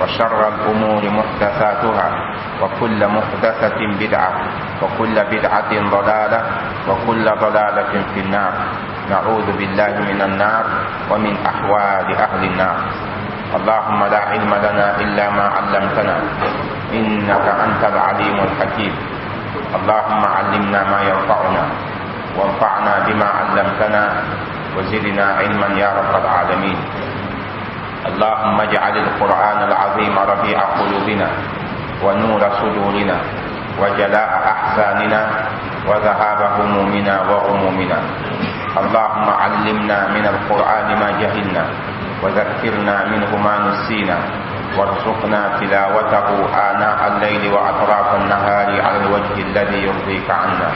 وشر الأمور محدثاتها وكل محدثة بدعة وكل بدعة ضلالة وكل ضلالة في النار نعوذ بالله من النار ومن أحوال أهل النار اللهم لا علم لنا إلا ما علمتنا إنك أنت العليم الحكيم اللهم علمنا ما ينفعنا وانفعنا بما علمتنا وزدنا علما يا رب العالمين اللهم اجعل القرآن العظيم ربيع قلوبنا ونور صدورنا وجلاء أحزاننا وذهاب همومنا وغمومنا اللهم علمنا من القرآن ما جهلنا وذكرنا منه ما نسينا وارزقنا تلاوته آناء الليل وأطراف النهار على الوجه الذي يرضيك عنا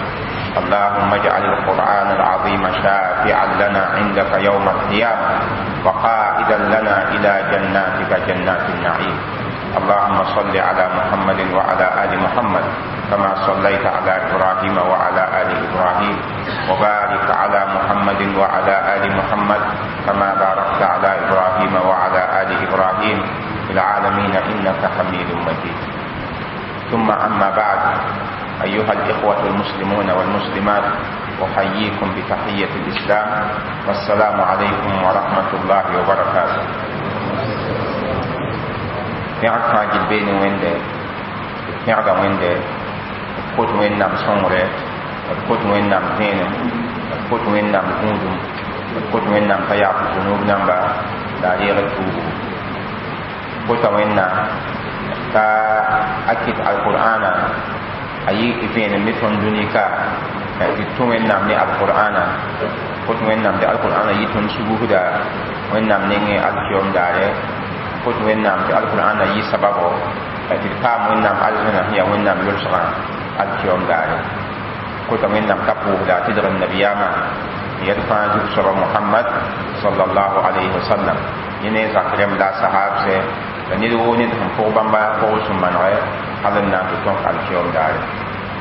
اللهم اجعل القرآن العظيم شافعا لنا عندك يوم القيامة وقائدا لنا إلى جناتك جنات النعيم اللهم صل على محمد وعلى آل محمد كما صليت على إبراهيم وعلى آل إبراهيم وبارك على محمد وعلى آل محمد كما باركت على إبراهيم وعلى آل إبراهيم في العالمين إنك حميد مجيد ثم أما بعد أيها الإخوة المسلمون والمسلمات أحييكم بتحية الإسلام والسلام عليكم ورحمة الله وبركاته يعد فاجل بين ويندي يعد ويندي كوت وين نام سمرة كوت وين نام دين كوت وين نام هندم كوت وين نام تياب جنوب نمبا دائرة توبو كوت وين نام تا أكيد القرآن ayi vẽenem ne tõnd dũnika tɩ tõ men nam ne alqur'ana ko to men nam de alqur'ana yi ton men nam yɩ ngi ak yom dare ko to men nam de alqur'ana yi sababo ti pa men nam alqur'ana ya men nam alsẽna sẽn ak yom dare ko to men nam ka pʋʋsda ti dg nabiyama ya ta ju soaba muhammad sallallahu alaihi wasallam ينه زكريم يعني نعم لا صحاب سي بني دو ني تم فو بام با فو سوم مان راي حل نا تو تو قال شي اور دار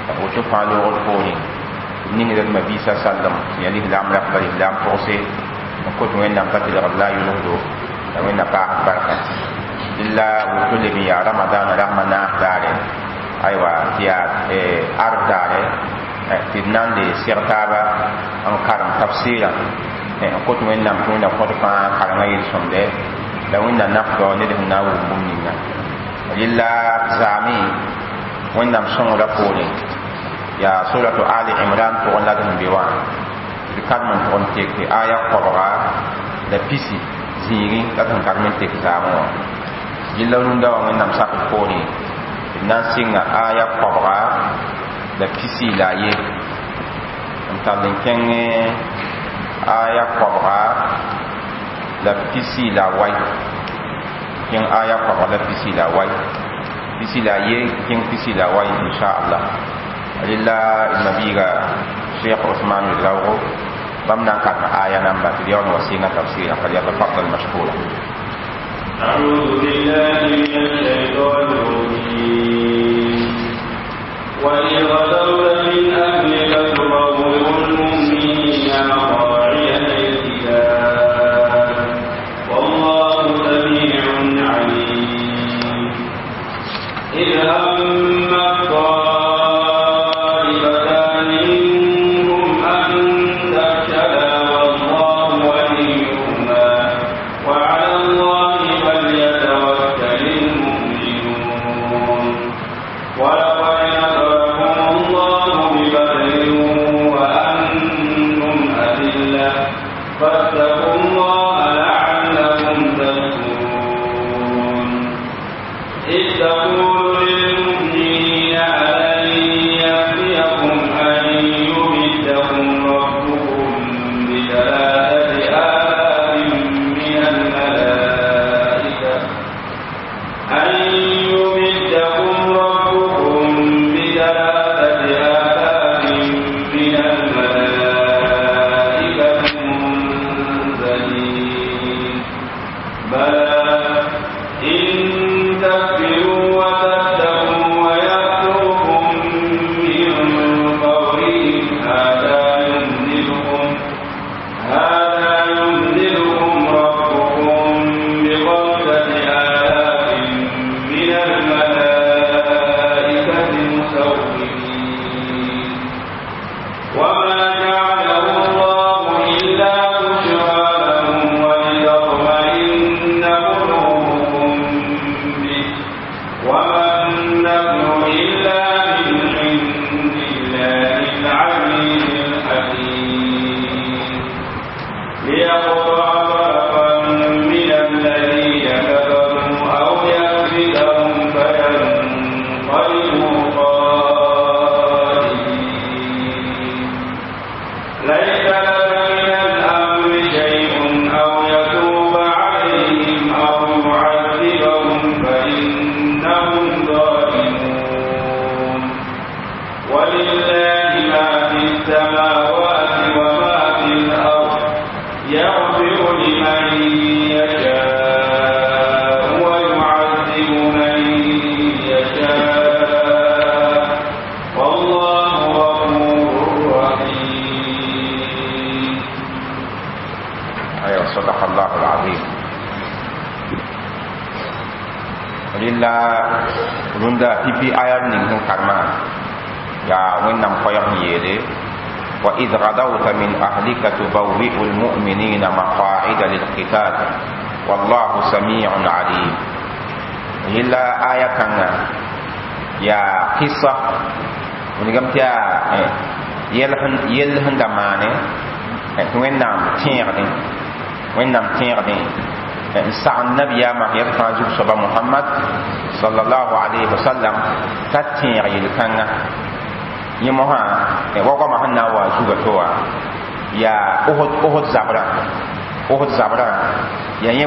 ابو تو قالو اور فو ني ني ني دم بي سا سالم ني لي لام لا قبل لام فو سي كنت وين نام بات لا الله يلوه دو وين نعم با بركه الا وكل بي رمضان رمضان دار ايوا تي إيه، ار دار إيه، تي نان دي سيرتابا ان كارم تفسيرا kot wẽnnaam tɩ wẽnna kõt fãa kaa yel sõmdɛ la wẽnna nafdɔ ne sẽn na n wʋm bũmb ninga rɩlla zaame wẽnnaam sõngda poore yaa suratu ali imran tʋg n la d sẽn be wã tɩ karem n aya pisi zĩigi la sẽn karem n tek zaamẽ wã rɩlla rũndã wã wẽnnaam sakd poore tɩ na aya kɔbga da pisi la ye aya kɔbga la pisi la wai kin aya kɔbga la pisi la wai pisi la ye kin pisi la wai insha Allah alila nabiga Sheikh usman Milawo bam na ka na aya namba fi yawan wasina tafsir fa ya tafaddal mashkura أعوذ بالله من الشيطان rajim wa غدوت من أهل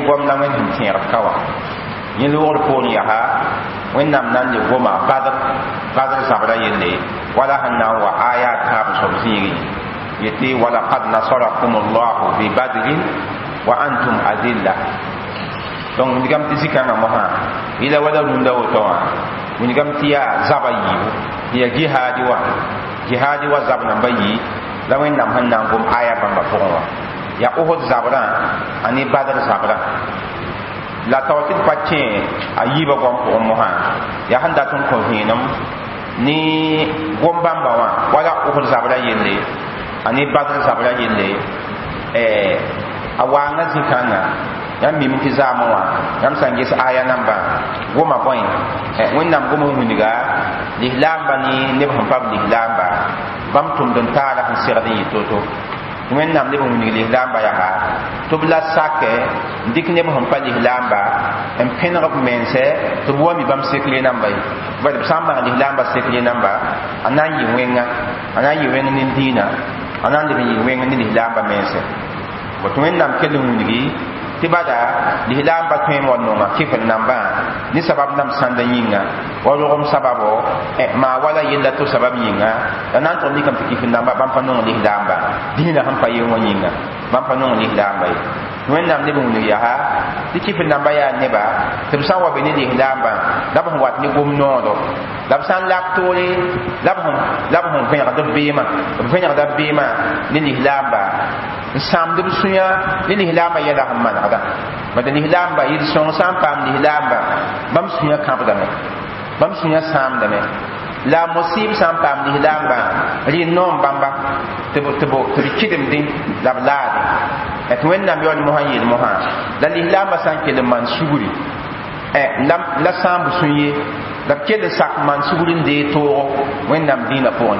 gom la wẽnnaam kẽer ka wã yẽ loogr poor yaa wẽnnaam na goma badr badr wala nasarakum bi wa antum azilla wala wa la gom badr la tawakid pa tẽ a yiibã goam pʋgẽ mosã yaa sẽn dat n kõ vẽenem ne gom bãmba wã wala ʋgr zabrã yelle a ne badr zabrã yelle a waangã zĩ-kãngã yãmb mim tɩ zaamẽ wã yãmb sã n ges aya nambã goma bõe wẽnnaam gom n winga lislaamba ne neb sẽn pa b lislaamba bãmb tʋmd n taara sẽn segd n yɩ to-to wẽnnaam leb n wing lislaamba yaa tɩ b la sakɛ n dɩk neb sẽn pa lislaamba n pẽneg b mensɛ tɩ b wa mi bãmb sekre namba ye bala b sã n maag lislaamba sekre namba a na n yɩ wẽnga a na n yɩ wẽng ne dĩinã a na n leb n yɩ wẽng ne lislaamba mensɛ bɩ tɩ wẽnnaam kell n wilgi tɩ bada lislaam pa tõe n wa nonga kɩfr nambã ne sabab nam sãnda yĩnga wa rogem sababo eh, maa wala yella to sabab yĩnga la na n tʋg likame tɩ kɩfr namba bãmb pa nong lislaamba dĩinã sẽn pa yel wã yĩnga bãmb pa nong lislaamba ye wẽnnaam neb wing yaa tɩ kɩf n namba yaa neba tɩ b sã n wa be ne lees daambã la b sẽn wat ne gom noodo la b sã n lak toore la b sẽn vẽegd b beemã b vẽegda b beemã ne lislaamba n sãamd b sũyã ne lislaambã yɛla sẽn manegda bata lislaamba yel-sõng sã n paam lislaamba bãmb sũyã kãbdame bãmb sũyã sãamdame la musib sã n paam lislaambã rɩ noom bãmba tɩ b kɩdemdẽ la b laade tɩ wẽnnaam yaool mosã yeel mosã la lislaambã sã n kell n man sugri la sãamb sũ ye la b kell sak man sugri de dee toogo wẽnnaam dĩinã pʋgẽ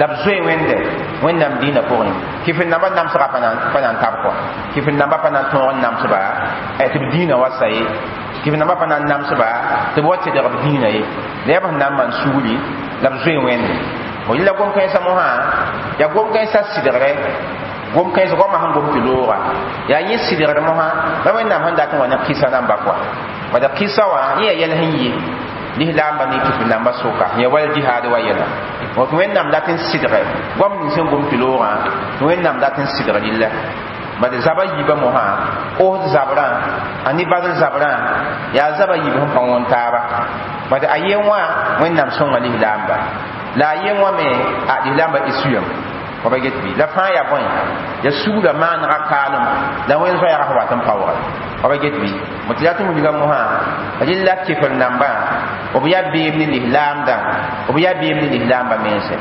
la b zoe wẽnde wẽnnaam dĩinã pʋgẽ kɩf n namba namsga pa na n tab kɔa kɩf n namba pa na n tõog n namsba tɩ b dĩinã wa sa ye tɩ b namba pa na n namsba tɩ b wa tɩdg b dĩinã ye la yaa b sẽn na n maan suuri la b zoe wẽnde fo yella gom-kãensã mosã yaa gom-kãensã sɩdgrɛ gom-kãens goamã sẽn gom tɩ looga yaa yẽ sɩdgd mosã la wẽnnaam sẽn wani n wa ne kɩsa namba kisa wa ni ya yẽ hin yi ni ye ba ni tɩ f namba soka ya wal jihad wa ko tɩ nan da n sɩdgɛ goam nin sẽn gom tɩ loogã tɩ nan da n sɩdg rɩlla bad zaba yiba mo ha zabra ani badal zabra ya zaba yiba hon pawon taba bad ayen wa wen nam son ali lamba la ayen wa me a di lamba isuyam ko baget bi la fa ya bon ya da man akalum la wen so ya rahwa tan pawra ko baget bi mutiyatu mu diga mo ha ajilla kifal namba o biya bi ibn lihlamda o biya bi ibn lihlamba mense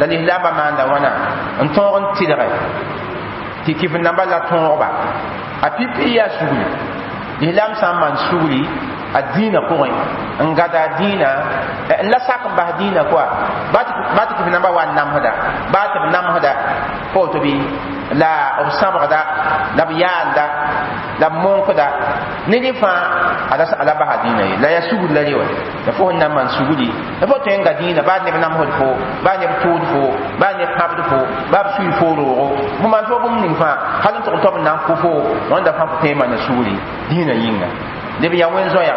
la lihlamba manda wana on ton on tidare tɩ kɩf namba la tõogba a pip y yaa sugri lislaam sã n maan sugri a dĩinã pʋgẽ n gada a dĩinã n la sak n bas dĩinã pʋa ba tɩ kɩf namba wa n namsda baa tɩ b namsda pa woto bɩ la b sãbgda la b yaanda la b mõnkda ne rẽ fãa ada ala basa dĩinã ye la yaa sugr la wa la fo sẽn na n maan sugri la fo tõe n ga dĩinã baa neb namsd fo baa neb tʋʋd fo baa neb pãbd fo baa b suy fo roogo fo maan fo bũmb ning fãa hal n tʋg n tɔb n na n kʋ fo rõnda fãa fo tõe n maana sugri dĩinã yĩnga leb ya wẽn zoɛɛga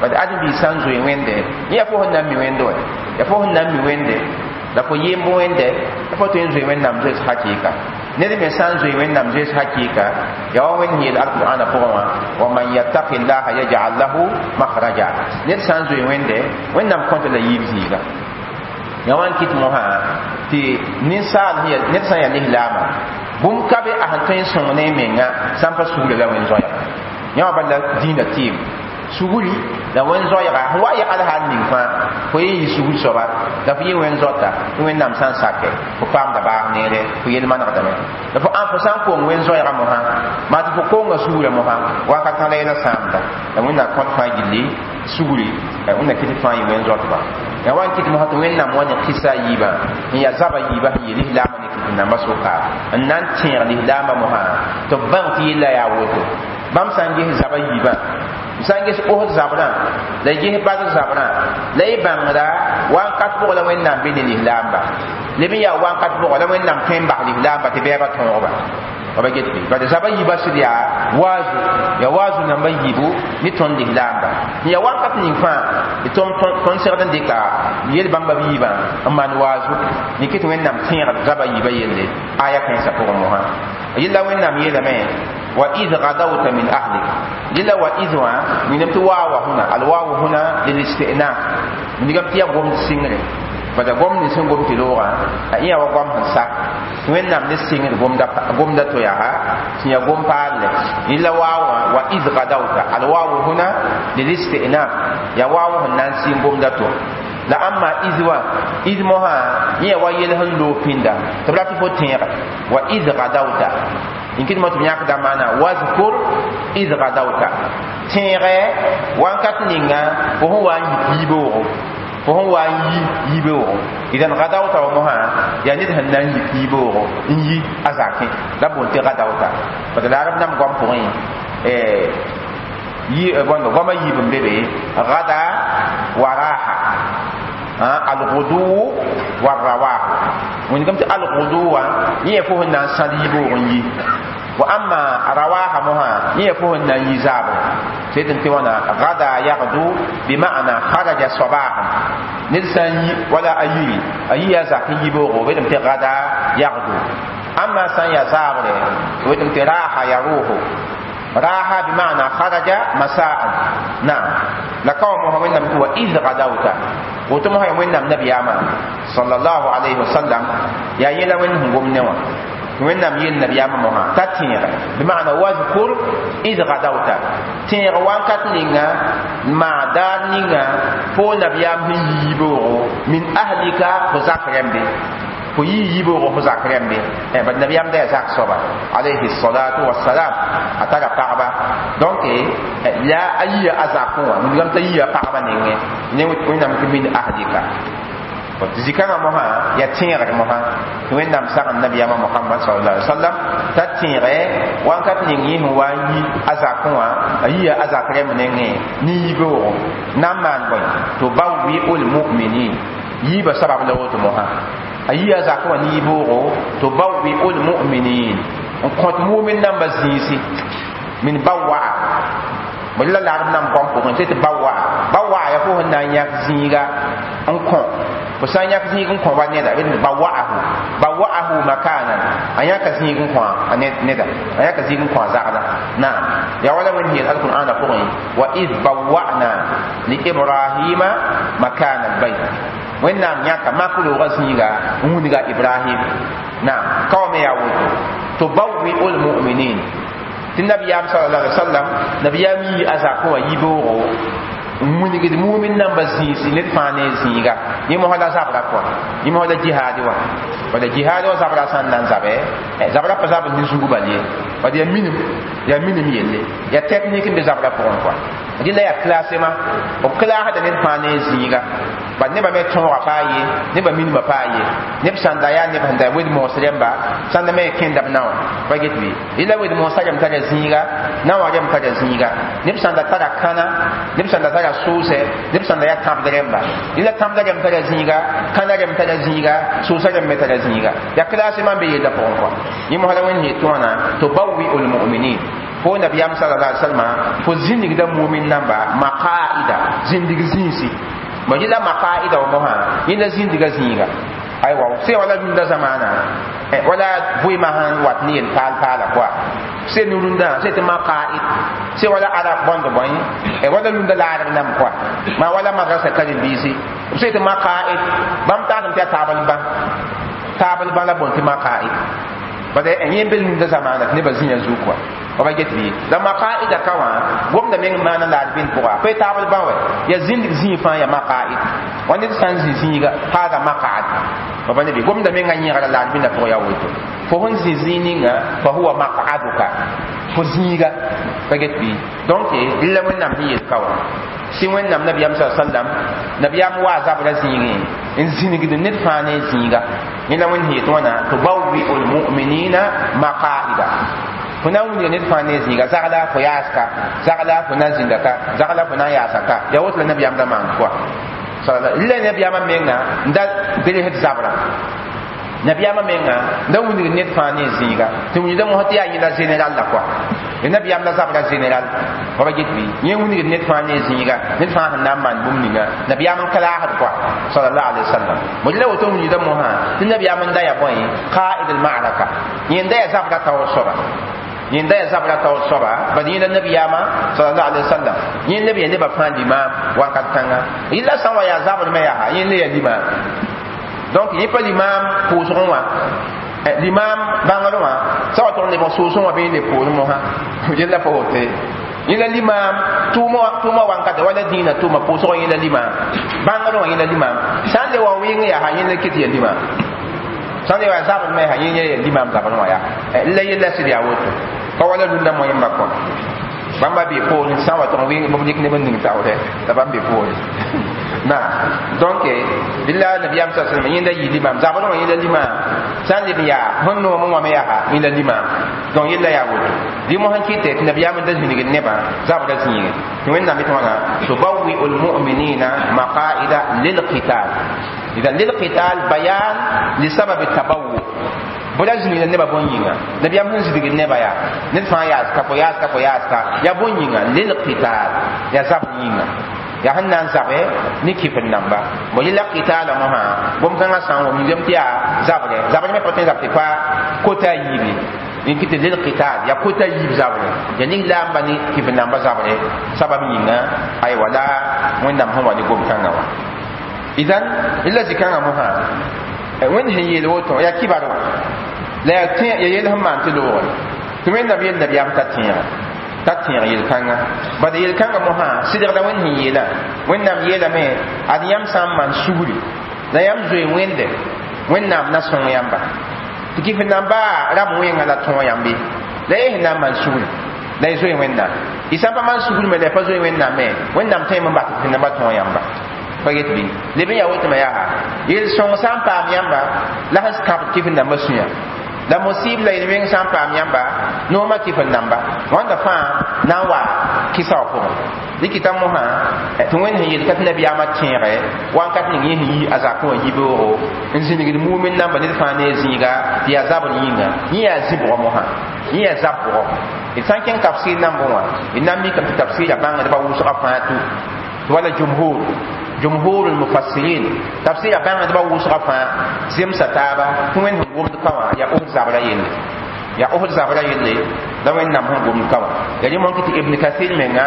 bad adbɩ sã n zoe wẽnde ya fo sẽn na n mi wẽnde wa ya fo sẽn na n mi wẽnde la fo yemb wẽnde la fo tõe n zoe wẽnnaam zoes hakɩɩka ned me sã n zoe wẽnnaam zeez hakɩɩka ya wa wẽnd yeel alqurana pʋgẽ wã wa man yataki llaha yajal lahu mahraja ned sã n zoe wẽnde wẽnnaam kõ la yiib zĩiga ya wa n kɩt mosã tɩ ninsaal ned sã n yaa lislaama bũmb ka be a sẽn tõe n sõng ne menga sã n pa sugra la wẽn zoya yã wã bala dĩinã tɩɩm suguri la wen zo ya wa ya ala hal fa ko yi suguri soba da fi wen zo ta wen nam san sake ko pam da ba ne re ko yi man da ne da fa an fo san ko wen zo ya mo ha ma ta fo ko nga suguri mo ha wa ka ta le na san da da wen na ko fa gilli suguri e wen na kiti fa yi wen zo ta ba ya wan kiti mo ha to wen nam wani kisa yi ba ni ya zaba yi ba yi ni la ma ni kiti na masoka nan tin ya ni ma mo ha to ban ti la ya woto bam san ge zaba yi ba sãn su osd zabra la ges badr zabra la y bãngra wãnkat pʋgã la wẽnnaam bi ni lamba le bi ya wãnkat pʋgã la wẽnnaam tõe n bag lislaamba tɩ bɛɛbã tõogba ba get ba bad zaba yiba sɩd yaa waazu ya yi bu ni ton tõnd lamba ni ya wãnkat ning fãa tɩ tõnd segd de ka yel bãmba ba yibã n maan ni ne wen tɩ wẽnnaam ra zaba yiba yelle aya la pʋgẽ mosã yi la me وإذ غدوت من أهلك للا وإذ من واو هنا الواو هنا للاستئناف من قبل تيا قوم السنغر فدا قوم نسن قوم تلوغا أيا وقوم هنسا وين نام نسنغر قوم دا قوم دا توياها سنيا قوم فعل للا واو وإذ غدوت الواو هنا للاستئناف يا واو هنا نسن قوم دا توياها la amma izwa izmo ha ni wa yel han lo pinda tabla ti fo tiya wa iz gadauta n kɩt ma tɩ b yãkda maana wazkur id gadawta tẽegɛ wãnkat ninga fo sẽn wa n yik yiiboogo fo sẽn wa n yi yiiboogo idan gadawta wa mosã yaa ned sẽn na n yik yiiboogo n yi eh, eh, a zakẽ la الغدو والرواح وإن قمت الغدو يفوه أن صليبه ونجي وأما رواح مها يفوه أن يزابه سيدنا تيوانا غدا يغدو بمعنى خرج صباحا نلسان ولا أيي أيي زكي بوغو بيتم غدا يغدو أما سان يزابه ويتم راح يروحه راها بمعنى خرج مساء نعم لقوم وينم هو إذ غدوت وتمه وينم نبي أما صلى الله عليه وسلم يا يلا وينهم قمنا وينم يل نبي أما مها تتير بمعنى وذكر إذ غدوت تير وانكت لنا ما دار لنا فو نبي أما من أهلك فزاك رمبي fo yi yibo ko fo eh, zak rẽmbe bad nabiyam da zak soaba alayhi salatu a tara pagba donc la eh, a yiya a zakẽ wã wilgame t'a yiya ne nengẽ ne wẽnnaam tɩ min ahdika zikãngã mosã yaa tẽegr mosã tɩ wẽnnaam sagn nabiyaamã mohamad sal la sallam t'a tẽegɛ wãnkat ning yẽ sẽn wa n yi a zakẽ wã a yiya a zak rẽmb nengẽ ne yiboogo na n maan bõe tɩ ba wi olmu'minin yiiba sabab la ayiya zakwa ni bogo to bawbi ul mu'minin on kont mu'min nan bazinsi min bawwa mulla la nan bon ko te bawwa bawwa ya ko nan yak zinga on kon ko san yak zinga kon ba ne da bin bawwa ahu bawwa ahu makana anya ka zinga kon ane ne da anya ka zinga kon za ala na ya wala min hiya alquran ko wa id bawwa'na li ibrahima makana bayt wẽnnaam yãka mak roogã zĩiga n wĩnga ibrahim naam ka wa me yaa woto tubawi olmuminin tɩ nabiyaam sal la alih wa sallam nabiyaam yi a zakẽ wã yi boogo munigd mumin namba zĩisi ned fãa ne zĩiga Ni mosã eh, la zabra pʋa ni mosã la jihaade wã bala jihaade wã zabra sã n na zabɛ zabra pa zabr ne zugu bal wala bala yaa minim ya minim yelle yaa tɛknik n be zabra pʋgẽ pʋa dɩ la yaa klasema b klaasda ned fãa ne zĩiga ba neba me b'a paa ye neba minimã paa ye neb sãn da yaa neb sẽn da wed moos rẽmba sãn sanda me yaa kẽndam na wã pa get bɩ yela wed moosã rem tara zĩiga na wã rem tara zĩiga ne sãn da tara kana, ne sãn da tara ya yaa sanda ya kam da yaa da rẽmba yela kãmda rem tara zĩiga kãna sosa tara zĩiga da rem me tara man yaa da pon kwa ni pʋgẽ kɔa wani to na, to yet ul tubawi ko na biya sala la salma fo da mumin namba maqaida zĩndig zĩisi ma maqaida wa mosã ina zĩndiga zĩiga aywa sẽn ya wala da zamana Eh, wala vɩɩmã sãn wat ne yel paal paala koa se ne rũndã se tɩ maqaid se wala arab bõnd bõe eh, wala rũndã laadb nam koa ma wala madrasa karen-biisi b se tɩ maqaid bãmb taasem tɩ a taab l bã taab l bã la bõn tɩ maqaid bare en yin bil da zamana ne bazin yanzu kwa o ba get bi da ma qaida kawa gom da men mana la bin kwa pe tabal bawe ya zindik zin fa ya ma qaid wani san zin zin ga ha da ma qaid o ba ne bi gom da men nganyi ga la bin da kwa ya wuto fo hon zin zin ga fa huwa ma qaaduka fo zin ga ba get bi donc illa mun nam ni kawa si wẽnnaam nabiyam sa sallam nabiyam wa zabrã zĩigẽ n zĩnigd ned fãa ne n zĩiga yẽla wẽnd sẽn yet wãna tubawi lmuminina maqaida fo na n wilga ned fãa ne n zĩiga zag la fo yaaska zag la fo na n zĩndaka zag la fo na n yaasaka ya woto la nabiyam da maan pʋa la nabiyamã menga n da belsd zabra nabiyama menga da wuni ne fani ziga to wuni da mu hatiya yi da general da kwa ne nabiyam da sabra general ko ba gitbi ne wuni ne fani ziga ne fa han nan man bum ni ga nabiyam kala har kwa sallallahu alaihi wasallam mu da wato wuni da mu ha ne nabiyam da ya boy qa'id al ma'raka ne da ya sabra tawassura yẽnda ya zabra taoor soaba bad yẽnda nabiyaamã salla alai wasalam yẽ neb ya nebã fãa limaam wakat kãnga yella sã n wa yaa zabr me yaa yẽnd ya ma. donc yẽ pa eh, limam pʋʋsgẽ wã limam bãngd wã sã wa tʋg neb sʋʋsẽ wã bee ne pʋʋsẽ mosã yella pa wote yẽla limam tʋʋma wãnkata wala dĩinã tʋʋma pʋʋsg yẽla limam bãngd wã yẽla limam sã eh, n le wa wɩɩng yaa yẽla ket ya limam sã n le wa zabd me yaa yẽ ya limam zabd wã yaa la yella sɩd yaa woto pa wala rũndã mo yẽmba kõ bãmba be poore sã n wa tʋg wɩɩng b dɩk neb n ning taoorɛ la bãmb be poore na donc billa nabi am sallallahu alaihi wasallam yinda limam zabal wa yinda lima san de biya honno mo wa ya ha yinda lima don yinda ya wuto di mo han kite nabi am da jini ne ba zabal da zini to wanda mi tawana bawwi ul mu'minina maqaida lil qital idan lil qital bayan li sababi tabawwu bula am hin jini ne ba ya ne fa ya ned fãa ya fo yaaska ya yaaska ya bon yinga lil qital ya zab yinga ya sẽn na n zabe ne kɩf n namba bõ yella kɩtaala mosã bõmb kãngã sã n wʋm yem tɩ yaa zabrɛ zabrɛ me pa tõe n zab tɩ pa kota yiibe n kɩtɩ lel ko ya yi bi zabrɛ ya ning la n ba ne kɩf n namba yi sabab yĩnga aywa la wẽnnaam sẽn wa gom-kãngã wa idan yella zĩ-kãngã mosã e, wẽnd sẽn yeel woto yaa kɩbar la ya yel sẽn maan tɩ loogre tɩ wẽnnaam yel nabiyaam t'a tẽega ta tẽeg yel-kãngã bad yel-kãngã mosã sɩdgda wẽnd sẽn yeela wẽnnaam yeelame ad yãmb sã n maan sugri la yãmb zoe wẽnde wẽnnaam na sõng yãmba tɩ kɩ sẽn na n baa rab wẽngã la tõog yãmb ye la ye na n maan sugri la y zoe wẽnnaam y sã n pa maan sugrime la y pa zoe wẽnnaame wẽnnaam tõe me batɩ sẽn na ba tõog yãmba pa get bɩ leb n yaa wotame yaa yel-sõng sã n paam yãmba la sẽn kãbd kɩ sẽn sũyã la musib la yelweng sã n paam yãmba noomã tɩ f n namba wãnda fa na n wa kɩsa wã pʋgẽ rɩkɩtã mosã eh, tɩ wẽnd sẽn yel ka tɩ nabiyaamã kẽege wãnkat ning yẽ sẽn yi a zakẽ wã yiboogo n zĩnigd mumin namba ni fa ne a zĩiga tɩ yaa zabr yĩnga yẽ yaa mo ha ni yaa zab-bʋgɔ d sã tafsir kẽng tabsɩɩr nambẽ wã d na n mikame tɩ tabsɩɩrã bãngdbã wʋsga tu wala jumhur جمهور المفسرين تفسير بان دبا وسرا فا زم ستابا توين غوم كوا يا اوه زابرا يا اوه زابرا يل وين نام غوم كوا يعني ممكن ابن كثير منا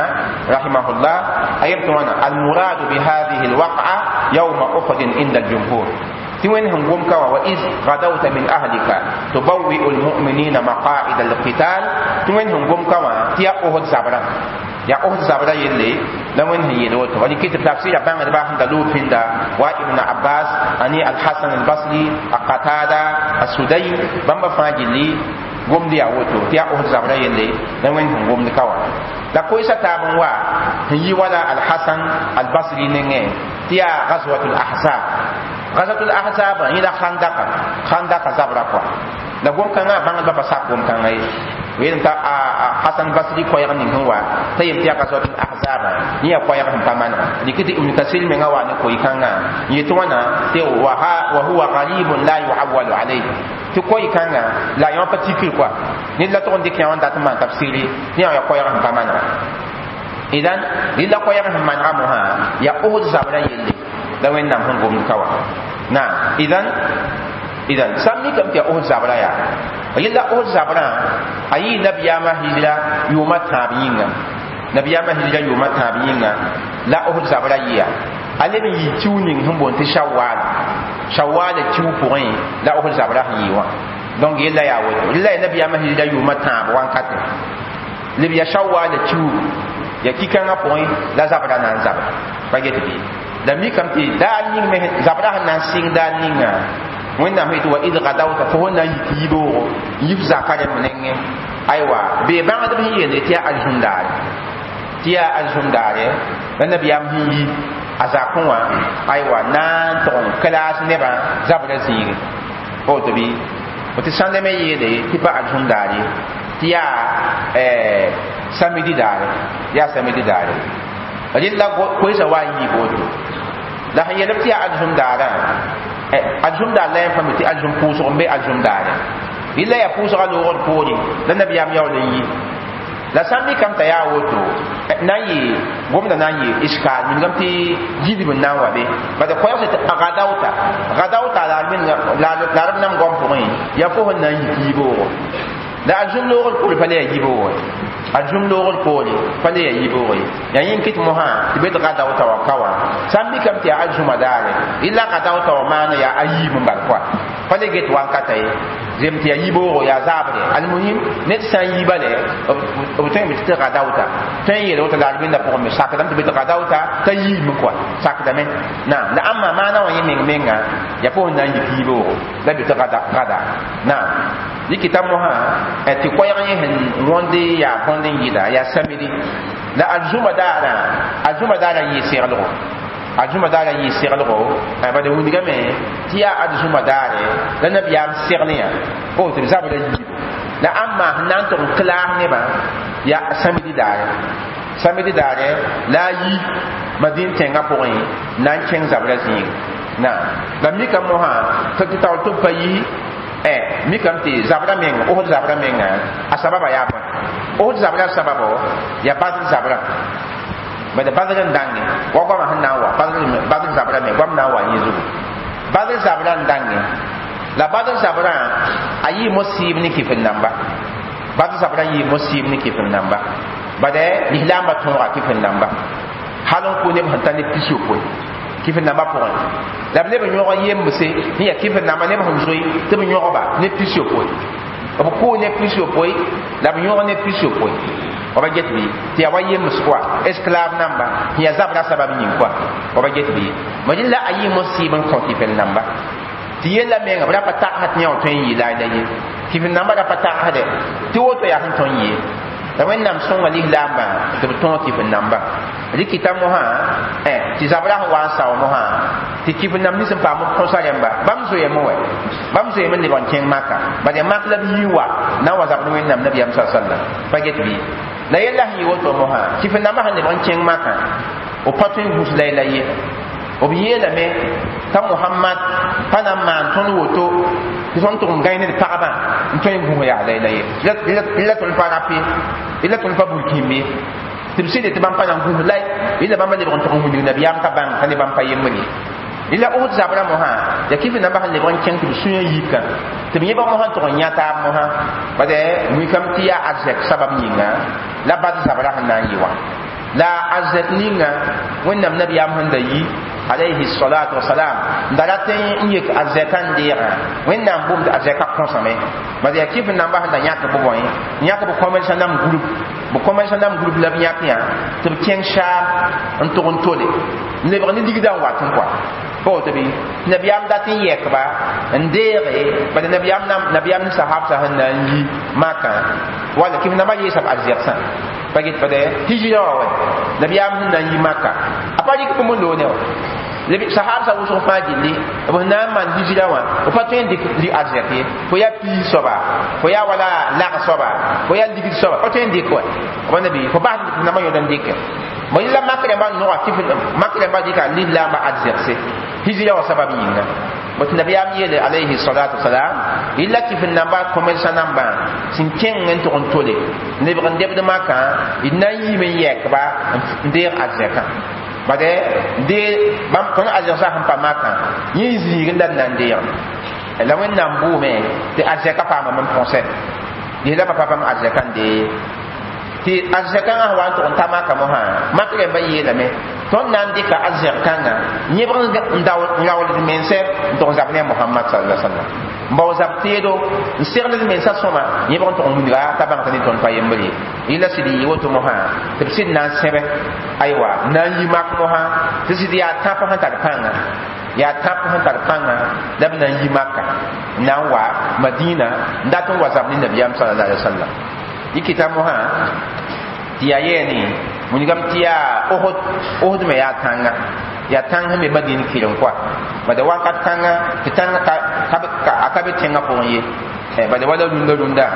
رحمه الله ايت وانا المراد بهذه الوقعه يوم احد عند الجمهور توين هم غوم كوا واذ غدوت من اهلك تبوئ المؤمنين مقاعد القتال توين هم غوم كوا تيا اوه زابرا ya ko zabra yelle la mun hin yele wato wani kitab tafsir ban da ban da lufin da wa ibn abbas ani al hasan al basri aqatada as-sudai ban ba fajili gomdi ya wato ya ko zabra yelle la mun hin gomdi kawa da ko isa tabun wa yi wala al hasan al basri ne ne tiya ghazwatul ahzab ghazwatul ahzab ni da khandaka khandaka zabra kwa la gom-kãngã bãngdba pa sak gom-kãngã ye wen ta hasan basri koɛɛg ning sẽn wa t'a yim tiya kaso gasɔt ahzaba ni ya ko sẽn pa manega dɩkɩ tɩ ibn kasir mengã wa ne koy-kãngã n yetɩ wãna te wa ha wa huwa qalibun la yuawalu alayhi tɩ ko ikanga la yã pa tikr koa ni la tog n dɩk yã wã dat n maan tabsiri ne yaa koɛɛg sẽn pa manega idan rɩla koɛɛg sẽn manega mosã yaa osd zabrã yelle la wẽnnaam sẽn gomd ka wa na idan idan sam ni kam tɩ ya osd zabra yaa yella osd zabrã a yɩɩ nabiyaamã hijra yʋʋmã tãab yĩnga nabiyaamã hijra yʋʋmã tãab yĩnga la osd zabra yɩa a leb n yɩ tiw ning sẽn boon tɩ shawaal shawaala tiw e pʋgẽ la osd zabra sẽn yɩɩ wã donc yella yaa woto rela ya nabiyaamã hijra yʋʋmã tãab wãnkate leb ya shawaala tiw e ya kikãngã pʋgẽ la zabrã na n zabra pa get bɩ la mikame tɩ daal ning me zabrã sẽn na n sɩng daal ninga wẽnnaam yetɩ wa id gadawta fo fõn na n yik yiboogo yif zakã rẽmb nengẽ aywa bee bãngd b sẽn yeende tɩ yaa alzũmdaare tɩ yaa alzũmdaare la nabiyaam sẽn yi a zakẽ wã aywa na n tog n kelaas nebã zabrã zĩige pa woto bɩ tɩ sãn dame yeele tɩ pa alzũmdaare tɩ yaa samidi daare yaa samidi daare rɩ la koesa wa n yiib woto la sẽn yelb tɩ yaa alzũmdaarã Eh, azum da la fami ti azum puso mbe azum da ne billa ya puso ga lor pori dan nabi yam yaw yi la sambi kam ta ya woto eh, na yi gomna na yi iska min gam ti jidi bin nan wabe ba da koyar ta gadauta gadauta la min la rab nam gom pori ya fo nan yi kibo da azum lor pori fa ne ya kibo a zum logol koole pa ne ya yiboore ya yin kit moha ti bet ka daw tawa kawa sam bi kam ti a zuma dare illa ka daw tawa mana ya ayi mun bal kwa pa ne get wan kata ye zem ti ya yiboore ya zabre al muhim net san yibale o tan mi ti ka daw ta tan yele wata dal binda pour mi sakadam ti bet ka daw ta ta yi mun kwa sakadam na la amma mana wa yin menga ya po na yi yiboore da bet ka da ka da na kita moha ti koyang yin wonde ya kon tõnd n yɩla yaa samiri la a zuma daarã a zuma daarã yɩɩ seglgo a zuma daarã yɩɩ seglgo bada wilgame tɩ yaa ad zuma daare la nabiyaam seglẽ yã tɩ b zabra yiibu la ãn maas n na n tog n klaag nebã yaa samiri daare samiri daare la yi madin tẽngã pʋgẽ na n kẽng zabra zĩig na la mika mosã tɩ tɩ tao tɩ b pa eh kam ti zabra menga ohod zabra menga eh. a sababa ya ba ohod zabra sababa ya bazin zabra ba da bazin dangi wa goma hanna wa bazin bazin zabra me gom na wa ni zugu bazin zabra dangi la bazin zabra ayi musib ni fin namba bazin zabra yi musib ni fin namba ba da lihlam ba tonga kifin namba halon ko ne ba tan ni tisho ko kifin namba pʋgẽ la b leb yõg yembse n yaa kifin namba neb sẽn zoe tɩ ne pisio poe b koog ne pisio poe la b ne pisio poe waba get bɩ tɩ wa yembs pʋa esclave namba sẽn yaa zabra sabab yĩng pʋa get bɩ ma la a yɩɩ mosɩɩb n kõ kifin namba tɩ yella menga b ra pa tagsd yã wã tõe n yɩ da ye kifin namba ra pa tagsdɛ ti wo to ya tõe n yɩ la wẽnnaam sõnga lislaambã tɩ b tõog kɩf n namba rɩkɩta mosã tɩ zabra sẽn wa n sao mosã tɩ kɩf nam nins n paam b kõsa rẽmba bãmb zoeeme wɛ bãmb zoeeme lebg n kẽng maka bare mak la b yi wa na n wa zabd wẽnnaam nabiyaam sa sallam pa get bɩ la yella sẽn yɩ woto mosã kɩf namba sẽn lebg n kẽng maka b pa tõe n gũs la y la yɩ b yeelame t'a mohamad pa na n maan tõnd woto tɩ tõnd tʋg n gae ned pagmã n tõe n bũmb yaa laɩla ye la tõnd pa rape y la tõnd pa burkĩmbe tɩ b sɩd tɩ bãmb pa na n gũs la y la bãmba lebg n tʋg n wilg nabiyaam ka bãng ka le bãmb pa ila uhud zabra moha ya kifi na bahal lebon ken tu sunya yipka te mi ba moha to nya ta moha bade mi kam tiya azek sabab nyinga la bad zabra hanan yiwa la azzat ninga wẽnnaam nabiyaam sẽn da yi alayhi salatu wasalam n da rat n yik a zɛka n deegã wẽnnaam bʋmd a zɛka kõsame bas yaa kɩf n namba sẽn da yãk bʋ bõe n yãk bɩ convention nam group bɩ convention nam group la b yãk yã tɩ b kẽng saam n tʋg n tole n lebg ne ligda n wat n kɔa pa woto bɩ nabiyaam dat n yɛkba n deege bala nabiyaam ne sahabsa sẽn na n yi maka wala kɩf namba yeesa b a zɛgsã pa get pa de hijira wa la biya mun nan yi maka a pa dik mun ne wa le bi sahab sa wusu fa gilli abu na man hijira wa o pa ten dik li azete ko ya pi soba ko ya wala la soba ko ya dik soba o ten dik ko wanda bi ko ba na ma yo dan dik ma illa makre ba no akifin makre ba dik lilla ba azete hijira wa sababi yinga bot nabiyam yele alayhi salatu illa namba namba sin tole ne bi ndeb de maka inna yi men yekba ndir azeka bade de bam kon azeka han pa maka yi nan de yam la wen nambu me de pa ma mon français de la papa ma tɩ a wa n tʋg n ta maka mosã mak rẽmbã yeelame tõnd na n zab t'a woto aywa yi mak yi wa madina dikita mosã tɩ yaa yɛɛne wingame tɩ ya ohd ohd me yaa tãnga yaa tãng sẽn be madin kɩren koa bada wakat kãnga tɩ tãng a ka be tẽngã pʋgẽ ye eh, bada wala rũndã rũndã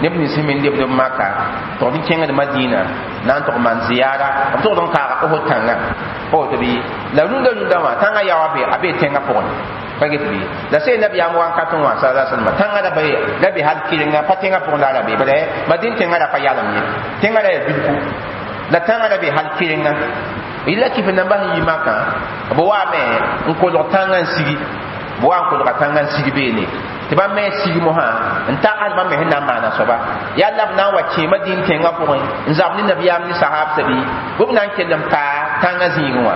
neb nins sẽn me n lebd b maka togd n kẽngd madiinã na n tog maan ziyaara b togd n kaaga ohd tãngã ohd bɩ la rũndã rũndã wã tãngã yaa a be tẽngã pʋgẽ pagit bi la sai nabi am wan katun wan sallallahu alaihi wasallam tanga da bai la bi hal kiringa patenga pun dah rabi bare madin tengah da ya ne Tengah da bilku la tanga da bi hal kiringa ila kif na ba yi maka bo wa me in ko tanga sigi bo wa ko tanga sigi bini. Tiba ba me sigi moha. Entah tagsd bãmb me sẽn na n maana soaba na n wa kẽema dĩin tẽngã pʋgẽ n zab ne nabiyaam ne sahabsa bɩ b b na n kell n paa tãngã zĩigẽ wã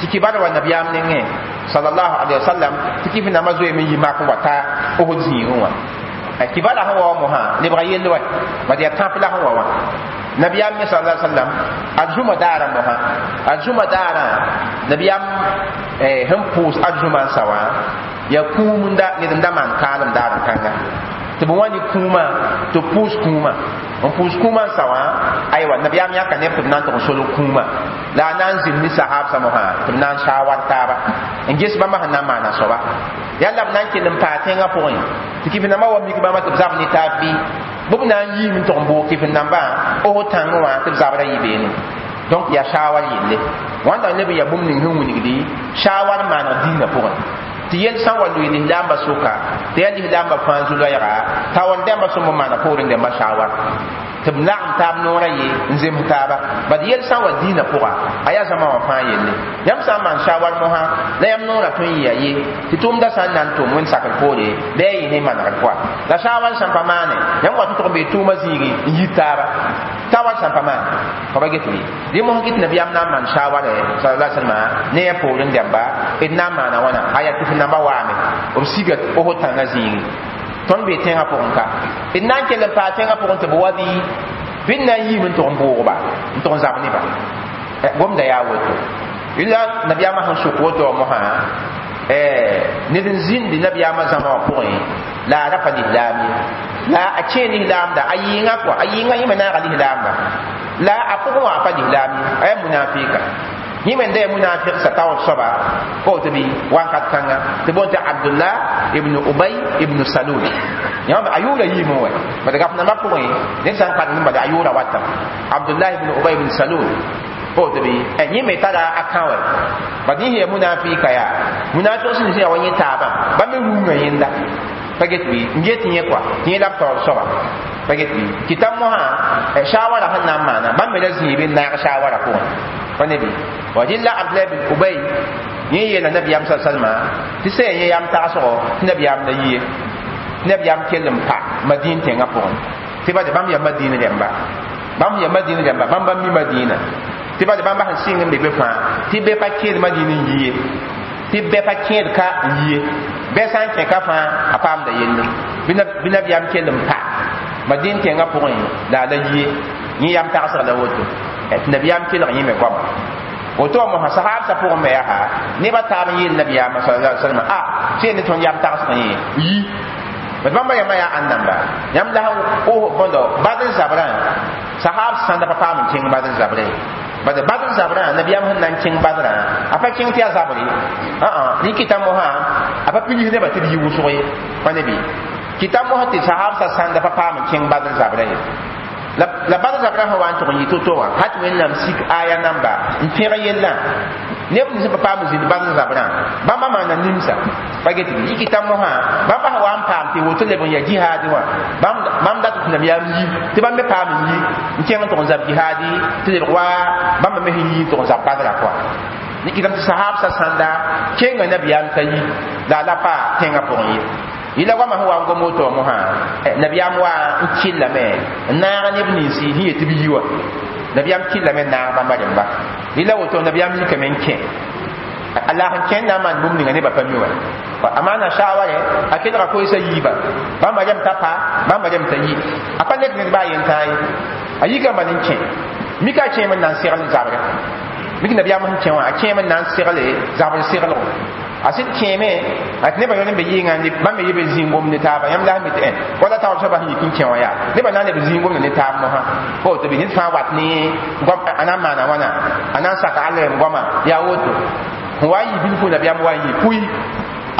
tiki bada wa nabiyaam ne sallallahu alaihi wasallam tiki fina fẽnama zoee me yi mak n wa ta ohd zĩigẽ wã kɩbara sẽn wa wa mosã lebga yell wa bad yaa tãp la sẽn wa wã nabiyaam me sa sallam a zuma daarã mosã a zuma daarã nabiyaam sẽn e, pʋʋs a zuma n sa wã yaa kũumda ned n da maan kanga to kãnga wani kuma to pus kuma on pus kuma sawa pʋʋs kũumã n sa wã aywa nabiyaam yãka neb tɩ b na n tog n la na n zĩnd ne sahab sãmo fãa tɩ b na n saa war taaba n ges bãmba sẽn na n maana soaba yalla b na n kell n paa tẽngã pʋgẽ tɩ kɩfenãmbã wa mik bãmba tɩ b zab ne taab bɩ bb na n yiim n tog n boog kɩfen-nãmbã osg yi wã tɩ b zabrã yɩ beene donc yaa saawar yelle wãnda leb n yaa bũmb ning sẽn wingdi saawar n maaneg dĩinã pʋgẽ tɩ yel sã n wa loe lislaamba soka tɩ yaa lislaamba fãa zu-loɛɛga t'a wa ma dɛmba sõm n maana poorẽ dẽmba saawar tɩ b lagem taab noorã ye n zems taaba bad yel sã n wa dĩinã pʋga a yaa zãma wã fãa yelle yãmb sã n maan shawar mosã la yãmb noorã tõe n yɩa ye tɩ tʋʋmdã sã n na n tʋm wẽn-sakr poore bɩ a yɩ ne manegd pʋa la shawar sã n pa maane yãmb wa tɩ n yi tʋʋmã zĩigi n yir taaba tawar sã n pa maane fa ba get ye dɩ mosã kɩ tɩ nabiyaam na n maan shawarɛ sala sãlma ne a poor n dɛmba d na n maana wãna a yaa tɩ f namba waame b sigat osd tãngã zĩigi tõnd be tẽngã pʋgẽ ka d na n kell n paa tẽngã pʋgẽ tɩ b wa dɩ bɩ eh, na n yiim n tʋg n boogba n tʋg n zab nebã gomda yaa woto yla nabiyaamã sẽn sʋk woto wã mosã ned n zĩndi nabiyaamã zãma wã pʋgẽ la a rapa lislaam ye la a kẽe lislaamda a yɩɩngã kɔa a yɩɩngã yẽ me naaga lislaamda la a pʋgẽ wã a pa lislaam ye a yaa munafɩɩka yẽ me da munafiq sã taood soaba pa woto bɩ wankat kãnga tɩ bõn tɩ abdullah ibn ubay ibn salul yãmb ayura yi yiime wɛ Ba gaf nãmbã pʋgẽ ne sã n kpat nẽ bad a yʋʋra wata abdullah ibn ubay ibn salul pa woto bɩ yẽ me tara a Ba wɛ bad yẽ ya munafiika yaa munafiq sẽn sẽn ya wa yẽ taabã ba me rũngã yẽnda pa get bɩ n get yẽ koa tɩ yẽ la b taood soaba pa get bɩ shawara sẽn na n maana bãmb me la zĩig bɩ n naag shawara pʋgẽ pa ne be wa dilla abdullah bin ubay ni ye na nabiyam sallallahu alaihi wasallam ti se yi yam ta so nabiyam na yi nabiyam kelim pa madin tenga pon ti ba de bam ya madina demba bam ya madina demba bam bam mi madina ti ba de bam ba han singin be be fa ti be pa kelim madina yi tɩ bɛ pa kẽed ka n yie bɛ sã n kẽ ka fãa a paamda yelle bɩ nabiyaam kell n pa ma dẽn tẽngã pʋgẽ la yi la yie yẽ yam tagsg la woto Eh, nabiyam kelg yẽ me goaba woto mo ha sahab pʋgẽ me yaa nebã taab n yeel nabiyaamã sa salm a sẽn ne tõnd yam tagsg yẽ yi bd bãmba yãmbã yaa ãn namba yãmb la bõndo badr zabrã sahab sãnda pa paam n kẽng badr zabre bada badr zabrã nabiyam sẽn na kẽng badrã a pa kẽng tɩ yaa zabre ãã ne kɩta mosã a pa pilis nebã tɩ d yi wʋsg pa nebi kɩta mosã tɩ sahab sa sãnda pa paam n kẽng badr zabrã ye la bal zabra fa wan tɔgɔ yito to wa hat wen nam sik aya namba woto ya me zab wa me yi zab kenga la la pa yila wa ma wa ngo moto mo ha eh, nabiyam wa nkilla me na ne ibn si hiye tibiwa nabiyam killa me na ba marim ba yila wato nabiyam ni kamen ke Allah ken na man bum ni ne ba pami wa amana shaware akida ko isa yiba ba marim ta pa ba marim ta yi apan ne ba yin tai ayi ga manin Mi ka ce min nan siral zabra miki nabiyam hin ce wa a ce min nan siral zabra siral asit sɩd kẽeme ne nebã yõn n be yɩɩngã ne bãmb me yɩ be zĩngom ne taaba yãmb la sẽn bɩ tɩ wala taob soabã sẽn yik n kẽ wã yaa nebã na n leb zĩngom ne ne taab mosã o tɩ bɩ sẽd fãa wat ne a na n maana wãna a na n sak a lɛɛm goamã yaa woto n wa n yɩ bil fũna bɩ yãmb wa n yɩ pʋɩ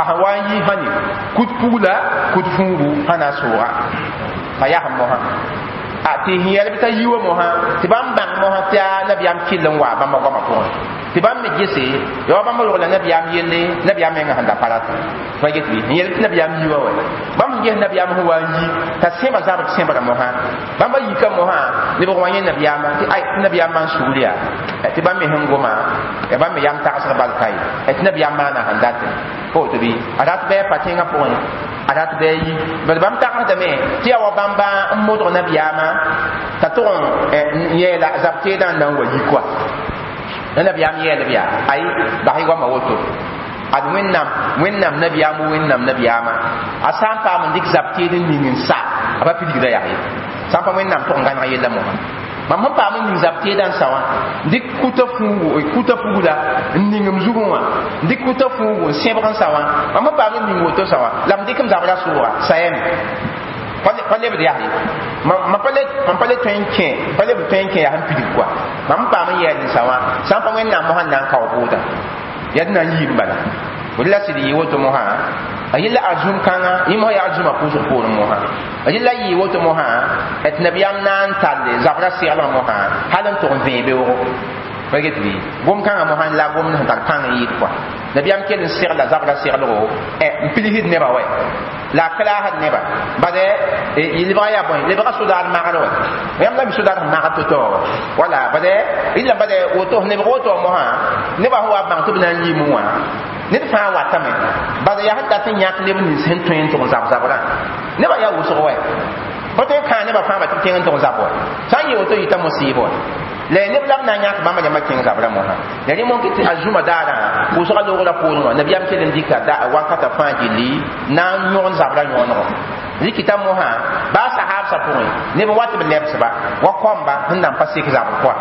a sẽn wa n yɩ sã ne kut pugla kut fũugu sã na n sʋʋga pa yasem mosã a tɩ sẽn yɛlb t'a yi wa mosã tɩ bãmb bãng mosã tɩ a nabiyam kell n wa bãmba goamã pʋgẽ tɩ bãmb e e e me gese yaa bãmb rog la nabiyaam yelle nabiyaam mengã sẽn da pa fa get bɩ yel tɩ nabiyaam yi wɛ bãmb n ges nabiyaam sẽn wa n yi t'a sẽba zabd sẽbra mosã bãmba yika mosã lebg wã yẽ nabiyaamã tɩ ay tɩ nabiyaam maan sugr yaa tɩ bãmb me sẽn goma bãmb me yam tagsg balka ye tɩ nabiyaam maana sẽn datẽ pa bɩ a rat bɩ a pa tẽngã pʋgẽ a rat bɩ a yi bal bãmb tagsdame tɩ ya wa bãmba n modg nabiyaamã t'a tʋg n yɛɛla zab teedã n na n wa yi nabiyam yɛɛlb eh, yaa ay basy goama woto ad wẽnnaam wẽnnaam nabiyaam wẽnnaam nabiyaamã a sã n paam n dɩk zab teed n ning n sa a pa pilgda yaa ye sã n pa wẽnnaam tʋg n gãneg yella mosã mam sẽn paam n ning zab teedã n sa wã dɩk kuta fũugu kuta pugda n ningm zugẽ wã dɩk kuta fũugu n sẽbg n sa wã mam sẽn paam n ning woto sa wã la m dɩk m zab ra sʋʋga sa yɛme pa lebd yaa ma pa le tõe n pa lebd tõe n kẽ yaa sẽn pidg pa wẽnnaam na n kao bʋʋda yaa d na n yiim bala bd la woto a yella a zũm-kãngã yẽ mosã yaa zũmã pʋʋsg a yella yɩɩ woto mosã d na talle zabrã sɛglg mosã hal n tog pa get bɩ gom kãngã mosã n la gomd sẽn tar pãng n yɩɩd kɔa nabiyam kell n segla zagra seglgo eh, n pilsd nebã wɛ la a klaasd nebã bare eh, lebga ya bõe lebga sodaar magr wɛ yãmb la mi sodaar sẽn magr to-tɔ wala bare yla bare woto nebg woto mosã nebã sẽn wa bãng tɩ b na n liim wã ned fãa watame bare yaa sẽn dat n yãk neb nins sẽn tõe n tʋg n zab-zabrã nebã yaa wʋsg wɛ pa kan n kãa nebã fãa ba tɩ b tẽng n tʋg n zab wɛ sã n yee woto yita mosɩɩb la neb la b na n yãk bãmba rãmbã kẽng zabrã mosã la rẽ mõn tɩ a zuma daarã pʋʋsga logra poorẽ wã nabiyam kell n dɩka wakata fãa gilli na n yõgn zabrã yõonegɔ rɩkɩtã mosã baa sahaabsã pʋgẽ neb wa tɩ b lɛbsba wa kɔmba sẽn na n pa sek zabr pʋa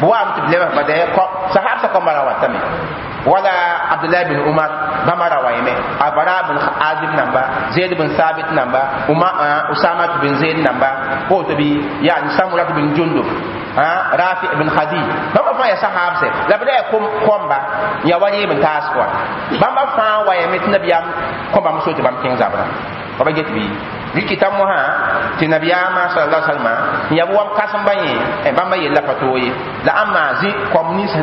buwam tɩ b lebs pa dɛɛ kɔ sahabsa kɔ mara watame wala abdullahi bin umar ba mara wa yeme abara bin azib namba zaid bin sabit namba uma uh, usama bin zaid namba ko to bi ya ni samura bin jundub ha uh, rafi bin khadi ba ba ya sahabse la bada ya kom komba ya wani bin taswa ba ba fa zabra ba get bi ha ti sallallahu alaihi wasallam ya bo kasam banye e bamba ye la la amma zi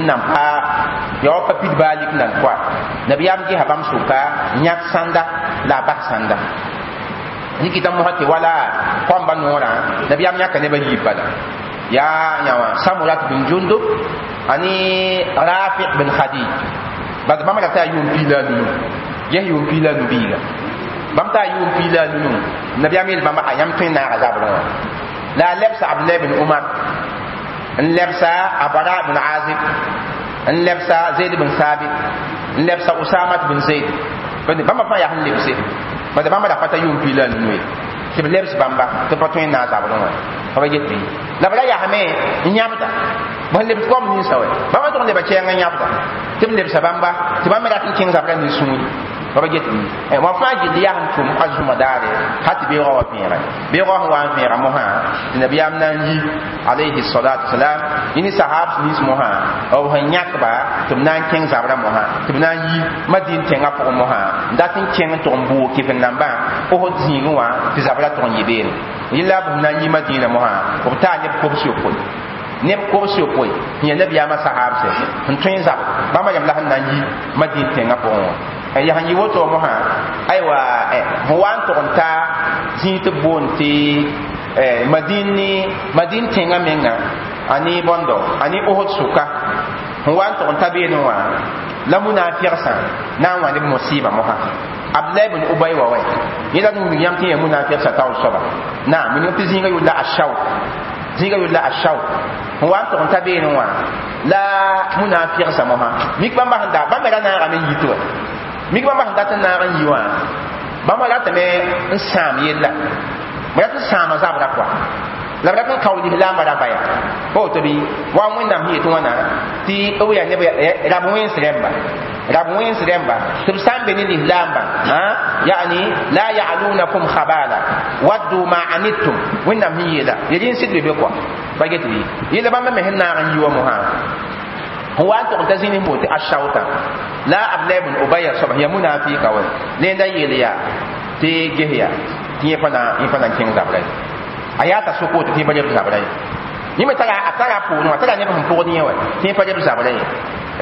nan pa yo pa pit balik nan kwa suka nyak sanda la ba sanda rikita mo ha ti wala nora ne ba ya nyawa samurat bin jundub ani bin khadij bamba ta yum pila nu ye yum pila nu bam ta yʋʋm piila a lulum nabiyaam yel bãmba a yãmb tõe naaga zabrẽ wã la a lɛbsa abdulahi umar n lɛbsa a bara bn azib n lɛbsa zaid bin saabit n lɛbsa usamat bin zaid bamba fa ya hande lebse bada bamba da fata ta yʋʋm piila a lulum ye bamba b lebs na tɩ pa tõe n naag ba get la bala ya hame nyamta yãbda b ko ni goam bamba to ne tog n leba kɛɛngã yãbda tɩ b lebsa bamba tɩ bãmba rat n kẽng zabrã sunu. b get yi wa fãa gilli yaa sẽn tʋm a zũma daare hat beoogã wa na n yi salatu wasalam yẽ ne sahaab nins mosã b sẽn yãkba tɩ b na n kẽng zabrã mosã tɩ b na n yi madin tẽngã pʋgẽ mosã n dat n kẽng tʋg n boog kɩf n nambã osd zĩigẽ wã tɩ zabrã tʋg n yɩ beene yella ya yi woto mo ha aiwa eh, mo wan to nta jin to bonte eh, madini madin tenga menga ani bondo ani ohot suka mo wan to nta be no wa la munafiqsa na wa ni musiba mo ha abdullah ibn ubay wa wai ni nu yam tiya munafiqsa taw soba na mun yotti zinga yulla ashaw zinga yulla ashaw mo wan to nta be no wa la munafiqsa mo ha mi kamba handa bamba na ra men yitwa mikba mas dat n naag n yi wã bãmba ratame n sãam yella b rat n sãama zabra koa la b rat n kao lislaamba rãmba ya pa woto bɩ wa wẽnnaam sẽn yetɩ wãna tɩ b yaa neb rab wẽns rẽmba rab wẽns rẽmba tɩ b sã n be ne lislaamba yani la ya'lunakum khabala waddu ma anittum wẽnnaam sẽn yeela yel yĩn sɩd be be koa pa get bɩ yella bãmba me sẽn naag n yi wã mosã wa tog ta zĩni moote a shauta la abdulahi bn ubaya soab ya munafiika wa nenda yel yaa tɩ ges yaa tɩ yẽ fãna yẽ fãna n kẽng zabra ye a yaa t'a sokoo tɩ tɩ yẽ pa leb zabra ye tara a tara a poorẽ wã tara neb sẽn ni yẽ wa tɩ yẽ pa leb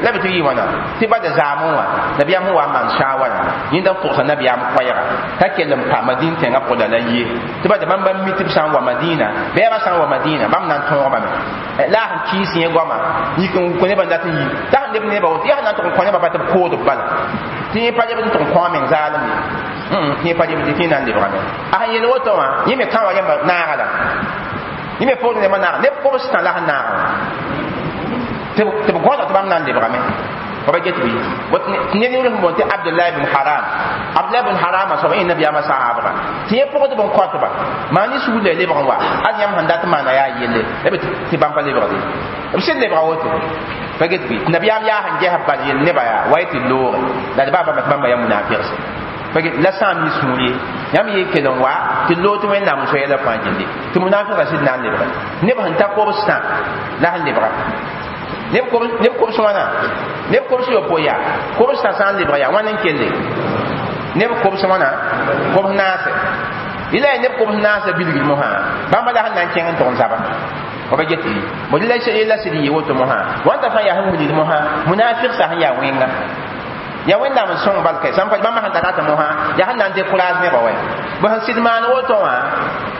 la bɩ tɩ yɩ wãna tɩ bada zaamẽ wã nabiyaam wa n maan shawara yẽnda n pʋgsa nabiyaam koɛɛga t'a kell n pa madin tẽngã pʋda la yie tɩ bada bãmb bãmb mi tɩ b sã n wa madina bɛɛbã sã n wa madiina bãmb na n me la sẽn kiis yẽ goama yik n kõ nebã n dat n yi t'a sẽn leb nebã woto yaa sẽn na n tʋg n kõ nebã pa tɩ b koodb bala tɩ yẽ pa lebd n tʋg n kõa meng zaalem ye tɩ yẽ pa lebd tɩ yẽ na n me a sẽn yel woto wã yẽ me kã wa rẽmba naaga la yẽ me pʋgd nebã naaga neb pʋgs sã la sẽn naaga tɩ b goda tɩ bãmb na n lebgame ba get bɩ ned yẽ rẽf boon tɩ abdulah bn haram abdulah bn harama soab ẽ sahabga tɩ yẽ pʋgd bn kõtba maa ne sugr y lebg n wa ad yãmb sẽn dat maana yaa yelle b tɩ bãmb pa lebgde b sẽn lebga woto pa get bɩ tɩ nabiyaam yaa sẽn ges bal yel nebã yaa wa y tɩ la d baa bãmba tɩ bãmba yaa munafɩgse pake la sãam yi sũur ye yãmb yɩ kell n wa tɩ loog tɩ wẽnnaam n soɛɛla fãa gilli tɩ sɩd na n lebga neb sẽn ta kobs sã la sẽn lebga neb kobs wãna neb kobs yopoe yaa kobs sã sã n lebg ya wãn n kelle neb kobs wãna kobs naase yla ya neb kobs naasa bilgd mosã bãmba la sẽn na n kẽng n tog n zaba fa ba geti bo la yela sɩd n yɩ woto mosã wãnta fãa yaa sẽn wilgd mosã munafɩg sa sẽn yaa wẽnga ya wẽnnaam n sõng balkɛ sãn pa bãmba sẽn da rata mosã yaa sẽn na n décourage nebã wɛ bõ sẽn sɩd maan woto wã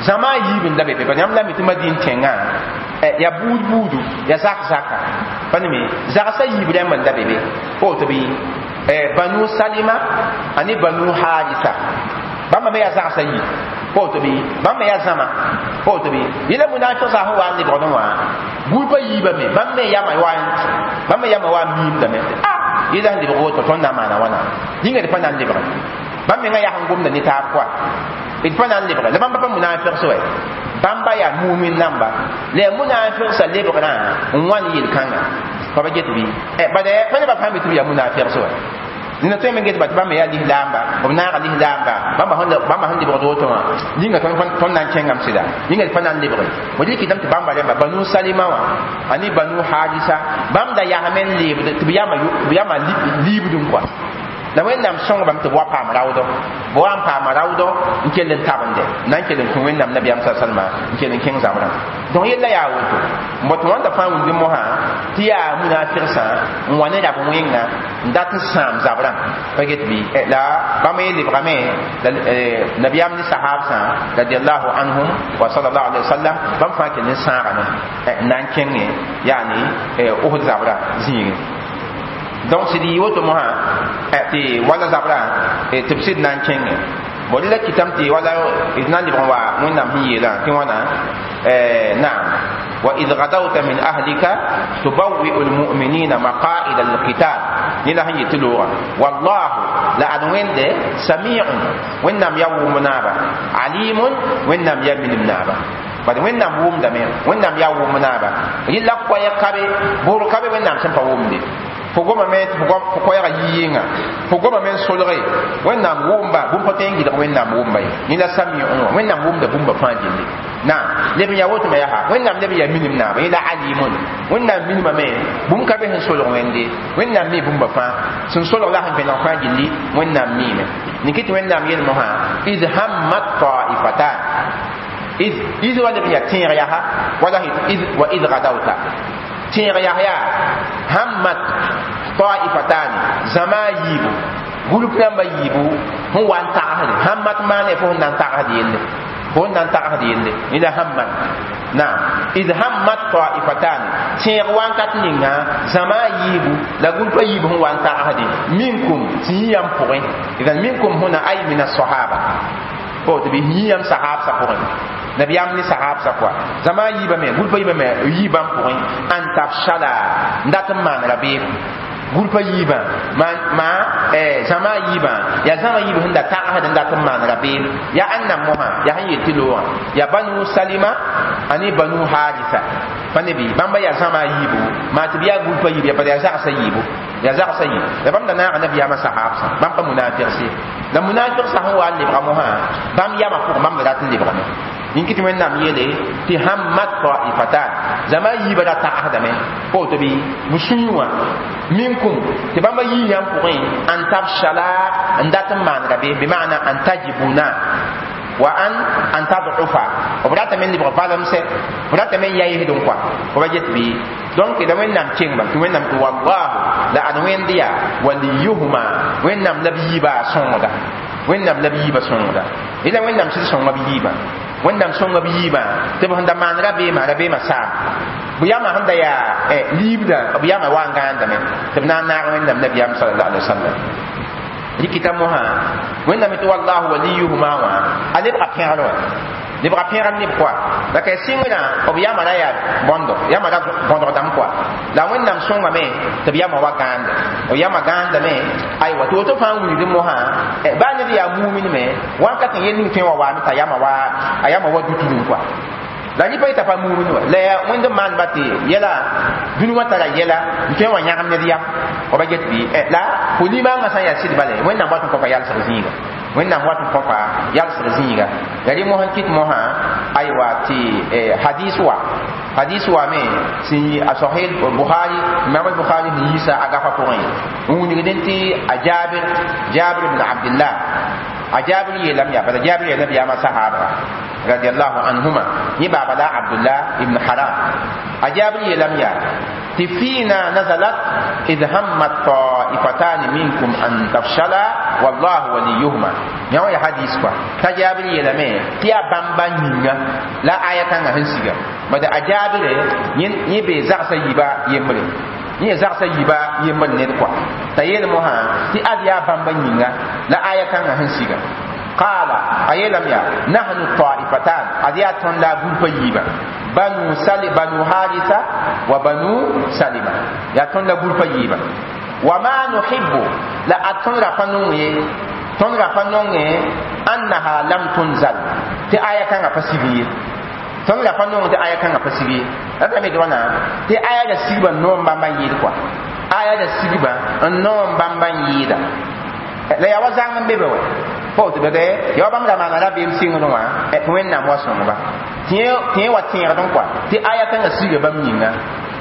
zãma yi yiib n da be be pa yãmb la mi tɩ madin tẽngã Eh, ya buud buudu ya zak zaka pani me zagsa yibrɛ man da bebe oto bi eh, banu salima ani banu harisa bãmba me ya zagsa yi oto bi bãmba ya zãma oto bi yela munafiq sã sẽn wa n lebgd wã buud pa yiiba me bãmb me yama wa bãmba yama wa miimdame yela sẽn lebg woto tõnd na n maana wãna yĩnga d pa na n lebga bãmb me nga yaa sẽn gomda ne taab koa d pa na n lebga la bãmba pa munafiq sẽn wa bamba ya mumin namba le munafiq sa le bana ngwan yil kanga baba get bi e eh, bada e fane ba pambi tiya munafiq so dina to men get ba bamba ya di lamba o na ka di lamba bamba honda bamba honda bodo to ma ninga ton ton nan cengam sida ninga ton nan libre o di kitam bamba le banu salima wa ani banu hadisa bamba ya hamen libre tiya ma tiya ma libre dum kwa la wẽnnaam sõngdame tɩ b wa paam raoodɔ b wa n paama raoodɔ n kell n tabende na n kell n kõ wẽnnaam nabiyaam sa salma n kell n kẽng zabrã dõnc yella yaa woto n bõt wãnda fãa wilgi mosã tɩ yaa munafɩgsã n wa ne rab wẽnga n dat n sãam zabrã pa get bɩ la bãmb ye eh, lebgame nabiyaam ne sahabsã radiallahu anhum wa salallahu alaihi wasallam bãmb fãa kell n sãagame n na eh, n kẽnge yaane eh, ohd zabrã zĩige donc sɩd yɩ woto mosã tɩ wala zabrã tɩ b sɩd na n kẽngẽ bon la kɩtame tɩ wala d na n lebg n wa wẽnnaam sẽn yeelã tɩ wãna naam وإذ غدوت من أهلك تبوئ المؤمنين مقاعد القتال la هن يتلوغا والله لأن وند سميع وإنم يوم نابا عليم وإنم يمن نابا bad wẽnnaam wʋmdame wẽnnaam yaa wʋm naaba yɩ la koɛ kabe bʋʋr kabe wẽnnaam sẽn pa wʋmde fo me fo solre wẽnnaam wʋmba bũmb tõe n gɩdg wẽnnaam wʋmba ye wẽnnaam wʋmda bũmba fãa dĩnde na n yaa yaa wẽnnaam n yaa alimun wẽnnaam me bũmb ka solg wẽnde wẽnnaam mi bũmba fãa sẽn solg la sẽn fãa wẽnnaam miime wẽnnaam yel mosã id hammat taifatan id wa n yaa tẽeg yaa wala wa id gadauta tẽeg yahya sãn mat taifatani zãma a yiibu gulp rãmbã yiibu sẽn wa n tagsde sãn mat maane fo sẽn na n tagsd yelle fo sẽn na n tagsd yelle ila sãn mat naam id hammat taifatan tẽeg wa n kat ninga zãma a yiibu la gulpã yiibu sẽn wa n tagsde minkum tɩ yẽ yãmb pʋgẽ idan minkum hũna ay min asahaba fo to bi yiyam sahab sa ko nabiyam ni sahab sa ko zama yiba me gulba yiba me an tafshala ndatam man rabi gurpa yiba ma ma eh sama yiba ya sama yiba hunda ta ahad da kan man rabi ya annam muha ya hayi tilowa ya banu salima ani banu harisa panabi bamba ya sama yibu ma tibiya gurpa yiba ya pada sa sayibu ya za sa yi da bam da na annabi ya masa hafsa bam ka munafiqi da munafiq sa hawa ne ba moha bam ya ma ko bam da tin ne ba ninkit wẽnnaam yeele tɩ hammat taifatan zãma yiibã ra tagsdame pa woto bɩ bɩ sũur wã minkum tɩ bãmba yiis yãmb pʋgẽ n tab sala n dat n maanega be bɩ maana n tajibuna wa an an tad'ufa b rata me lebg valemsɛ b rata me yaɩsd n kɔa b ra get bɩ nam la wẽnnaam kẽngba tɩ wẽnnaam tɩ wallahu la ad wẽnd yaa waliyuhuma wẽnnaam la b yiibã sõngda wẽnnaam la b yiibã sõngda yela wẽnnaam sɩd sõngã b yiibã wẽnnaam sõnga b yiibã tɩ b sẽn da maanega beemã ra beemã saam b yama sẽn da yaa liibdã b yama wa n gãandame tɩ b na n naag wẽnnaam nabiyaam salla ali wasalam rɩkɩta mosã wẽnnaame tɩ wallahu waliyuhuma wã a leb a pẽgr wã lebga pẽgr neb pʋa la ka sɩngdã b yama ra yaa bõndo yama ra bõdgdame pʋa la wẽnnaam sõngame tɩ b yama wa gãanda b yama gãandame aywa tɩ woto fãa n wilgd mosã baa ned yaa mumin me wãnkat n yel ning tõe wã waame tɩ a yama wa a yama wa dutudum pʋa la ni pa ita pa mumin wa e, la wẽnd maan ba tɩ yɛla dũni wã tara yɛla n tõe wã yãgem ned yam wa ba get bɩ la fo limaangã sã n yaa sɩd bale wẽnnaam wat n kõ pa yalsg zĩiga wẽnnaam wat n kõka yalsg zĩiga la rẽ mosẽn kɩt mosã aywa tɩ hadis wa hadis wa me si sahih bukhari imam bukhari ni isa aga fa ko on ni denti ajabir jabir ibn abdullah ajabir ye lam ya bada jabir ye nabi ama sahaba radiyallahu anhuma ni baba la abdullah ibn haram ajabir ye lam ya تفينا نزلت إذ همت طائفتان منكم أن تفشلا والله وليهما يوم يا حديث فا تجابني يلمي تيا بامبانينا لا آية كان هنسيغا بدا أجاب taabire yẽ bee zagsã yiba yembre yẽ ye zagsã yiba yembr ned kɔa t'a yel mosã tɩ ad yaa bãmba yĩnga la aya kãngã sẽn siga qala a yeelame yaa nahnu taifatan ad yaa tõnd la a gurpa yiibã banu, sali, banu harisa wa banu salima yaa tõnd la gurpa yiibã wa ma nuhibu la a tõnd ra nong ye tõnd ra pa nongẽ annaha lam tunzal tɩ aya kãngã pa sig ye tõnd la pa noong tɩ aya kãngã pa sige rata me dɔna tɩ aya da sigba noom bãmba n yeel kɔa aya da sigba n noom bãmba n yɩɩda la ya wa zãng n be be wɛ pa tɩ bɩgɛ ya wa bãmb da maana ra beem sɩngdẽ wã wẽnnaam wa sõmba tɩ yẽ wa tẽegd n kɔa tɩ aya kãngã siga bãmb yĩnga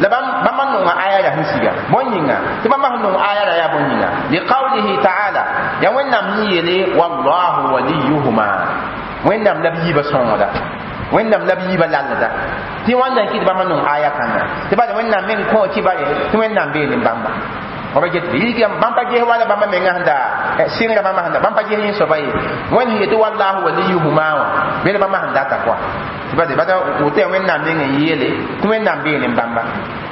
la bãmba nonga aya ra sẽn siga bõn yĩnga tɩ bãmba sẽn nong aya ra yaa bõn yĩnga liqaulihi taala ya wẽnnaam yẽ yeele wallahu waliyuhuma wẽnnaam la b yiibã sõngda wẽnnaam la b yiibã langda tɩ wãn nan kɩt bãmba nong aya kãnga tɩ bala wẽnnaam meng kõ kɩbare tɩ wẽnnaam beene bãmba ba get yik yam bampa je wala bamba me ngahanda eh, singa bamba handa bampa je yin so baye wen ye to wallahu waliyuhuma wa bele bamba handa ta kwa ba de ba da uh, wote wen na me ngiyele kuma na be ne bamba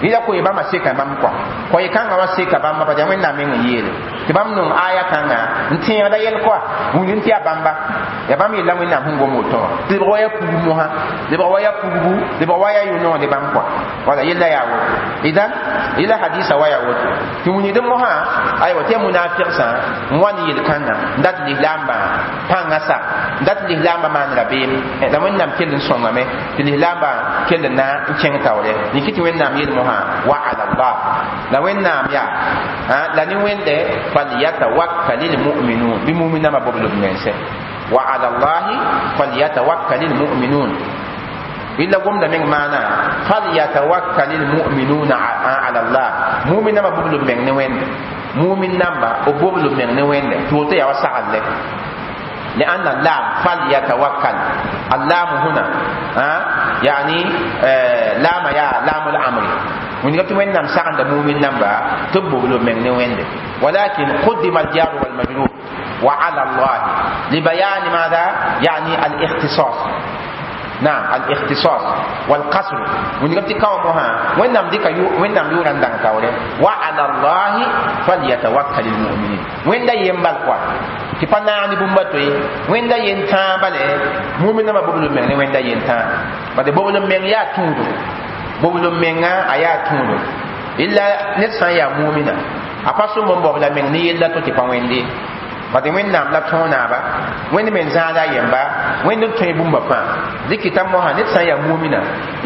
yɩla ba ma seka bãmb kɔa kɔe kãngã wã seka bãmba pa ya wẽnnaam meng n yeele tɩ bãmb nong aya kãngã n ya yɛl kɔa wing n'ti yaa bãmba ya bãmb yella la sẽn gom woto wã waya wa ya ha mosã ba wa ya pugbu lebg wa ya yʋ-noogde bãmb kɔa wala yella yaa woto idan yela hadiisa wa yaa woto tɩ wingdẽ mosã aywa tɩ ya munafɩgsã n wa ne yel na, ndat ni lamba panga sa e, n'a dat lislaambã maanega beem na wẽnnaam kell n sõngame tɩ lislaambã kell na n kẽng ni nikɩ tɩ mi yel mosã وعلى الله لو ان نعم يا لن وين فليتوكل المؤمنون بمؤمن ما بقول الناس وعلى الله فليتوكل المؤمنون إلا قمنا من معنى فليتوكل المؤمنون على الله مؤمن ما بقول من نوين مؤمن ما بقول من نوين توتي وسعد لك لأن اللام فليتوكل اللام هنا ها يعني آه، لام يا لام الأمر ونقت وين نام سعند مؤمن نمبا تبو لو من وين ولكن قدم الجار والمجنون وعلى الله لبيان ماذا يعني الاختصاص نعم الاختصاص والقصر ونقت كومها وين نام ديكا يو وين نام يوران دان كاوله وعلى الله فليتوكل المؤمنين وين دا يمبال كوا tɩ pa naagd bũmba toe wẽnda yen-tãabã le mũminã ma boblem meng ne wẽnda yen-tãa bade boblem meng yaa tũudu bobulum menga aya tunu illa ne san ya mu'mina apa so mon la men ni illa to ti pawende pati nam la tõonaaba ba men men za da yemba wẽnd n tõe bũmba fãa zikita mosã ned sã san ya mumina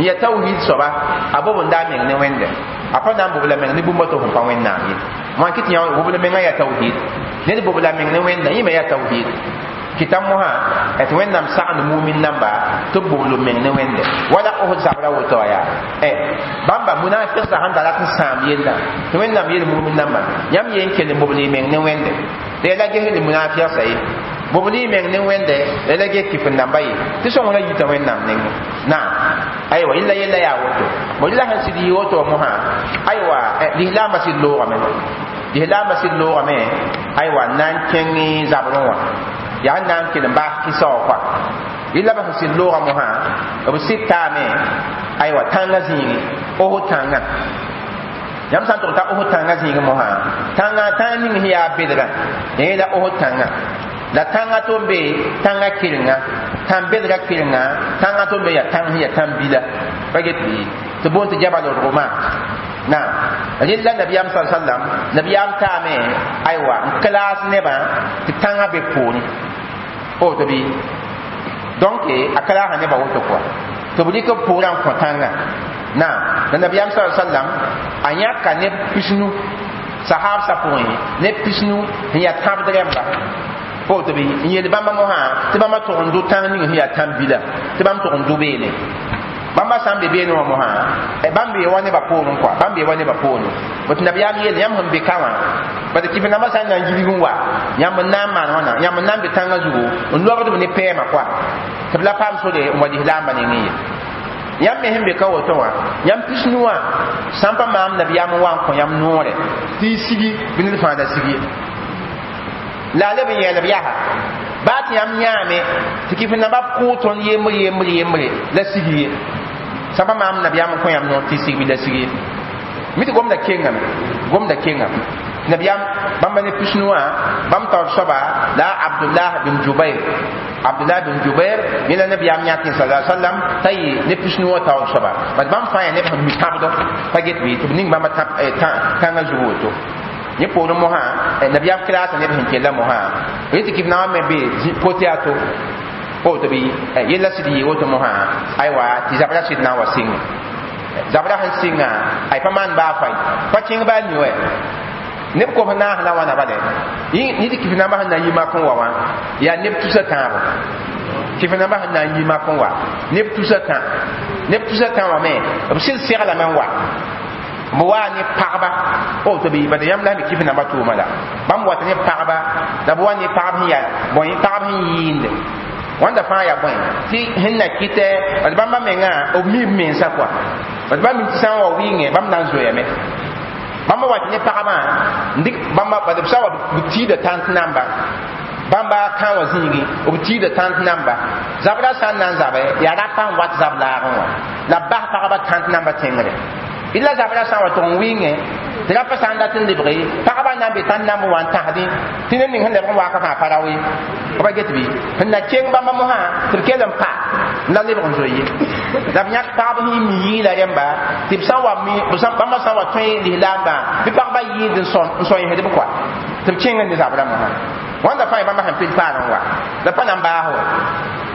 ya tawhid so a abo n daa ne wende, a pa na n bob la ni ne bũmba tɩ fn pa wẽnnaam ye mam kɩ tɩ yã bob la mengã yaa tawhid ned bob la ne wende ni me ya tawhid kita moha et wẽnnaam sagend mumin namba to b bʋglb meng ne wẽnde wala osd zabra woto ya e bãmba munafɩgsã sãn da rat Sam, yenda to tɩ wẽnnaam yel mumin namba yam yen kele mo bobli men ne de la yɛla sa yi bo bobli men ne de la yɛla ges kɩf n dãmba ye tɩ sõngrã yita wẽnnaam nengẽ naam aywa yella yella yaa woto bo yella sãn sɩd yɩ woto di la lislaambã sɩd loogame lislaambã sɩd loogame aywa n na n kẽng zabrẽ wa nan yaa ki n kell n baas kɩsa wã kɔa yella ba sẽn sɩd loogã mosã b sɩd taame aywa tãngã zĩige oho tãngã yãmb sã n tʋg tanga oho tãngã zĩigẽ mosã tãngã tãng ning sẽn yaa belga da yeela oho tãngã la tãngã tʋm be tãngã kelngã tãn belga kelngã tãngã tʋm be yaa tãng sẽn yaa tãn bila pa get tɩ boond tɩ jabal ma. نعم ريلا النبي صلى الله عليه وسلم نبي ام تامي ايوا كلاس نبا تتانا بكوني او تبي دونك اكلا هنبا وتكوا تبدي كبوران فتانا نعم النبي صلى الله عليه وسلم انيا كان بيشنو sahab sapõe ne pisnu n yaa tãb drɛmba fo tɩ n yel bãmba mosã tɩ bãmba tʋg n do tãng ning sẽn yaa tãmb bila tɩ bãmb tʋg n do beene bãmba san n be beene wã mosã bãmb be wa e nebã ba kɔa bãmb be wa nebã ba bt nabiyaam yel yãmb sẽn be ka wã bara tɩ b namba ma san na n yilg n wa yãmb n na ma maan wana? yãmb n na n be tãngã zugu n lobd b ne pɛɛmã kɔa tɩ b la so de n wa lislaambã nengẽ ye yãmb me sẽn be ka woto wã yãmb pis nu wã sã n pa maam nabiyaam n wa ko kõ yãmb noore tɩ sigi bɩ ned fãa da sig ye la leb n yɛɛlb yaa baa tɩ yãmb yãame tɩ kɩf namba b kʋʋg tõnd yembre yembre yembre la sig sãba maam nabiyaam kõ yãmb noog tɩ sig bila sige mi tɩ gomda kengame gomda kengame nabiyaam bãmba ne pisnuwã bãmb taoor soaba la abdullah bin jubair abdullah bin jubair yẽla nabiyaam yãk sa la sallam t'a eh, yɩ ne pisnuwã taoor soaba bat bãmb fãa ya neb sẽn mi tãbdo pa get bɩ tɩ b ning bãmba kãngã zug woto yẽ poorẽ mosã nabiyaam kɩraasa neb sẽn kella mosã yetɩ kɩf na wã me be pote to Eh, woto bɩ yella sɩd yɩ woto mosã aywa tɩ zabra sɩd na n wa sɩngẽ zabra sẽn sɩngã ay ah, pa maan baa fai pa kẽng baa eh. ni wɛ neb na naasẽ la wãna bale nid kɩf nãmba sẽn na yi ma n wa wã yaa neb tusa tãabo kɩf nãmba na yi ma n wa neb tu tã neb tusa tã wame b sɩd seglame n wa bɩ waa ne pagba oto bɩ bada yãmb la me kɩf nãmba tʋʋma la bãmb wata ne pagba la bɩ wa ni pagb sẽn yaa bõe pagb sẽn yɩɩnde wanda fãa ya bõe tɩ sẽn na kɩtɛ bad bãmba mengã b miib mensa kɔa bad bãmb tɩ sã n wa wɩɩngẽ bãmb na n zoyame bãmba wa tɩ ne pagmã dɩk bãmba bad b sã wa b tiida tãnt namba bãmba kã wã zĩigi b tiida tãnt namba zabrã sã n na n zabe yaa ra pa n wat zab laagẽ wã la bas pagba tãnt namba tẽngre ila gabra san wa tʋg n wɩɩngẽ tɩ ra pa sã n dat n lebge pagba na n be tãn namb wan tãsdẽ tɩ ne ning sẽn lebg n waaka fãa pa ra we ba get bɩ na keng bãmba mosã tɩ d kell n pa la lebg n zoe ye la b yãk pagb sẽn mi yɩɩla rẽmba tɩ b sã n wa bãmba sã n wa tõe lislaambã bɩ pa na n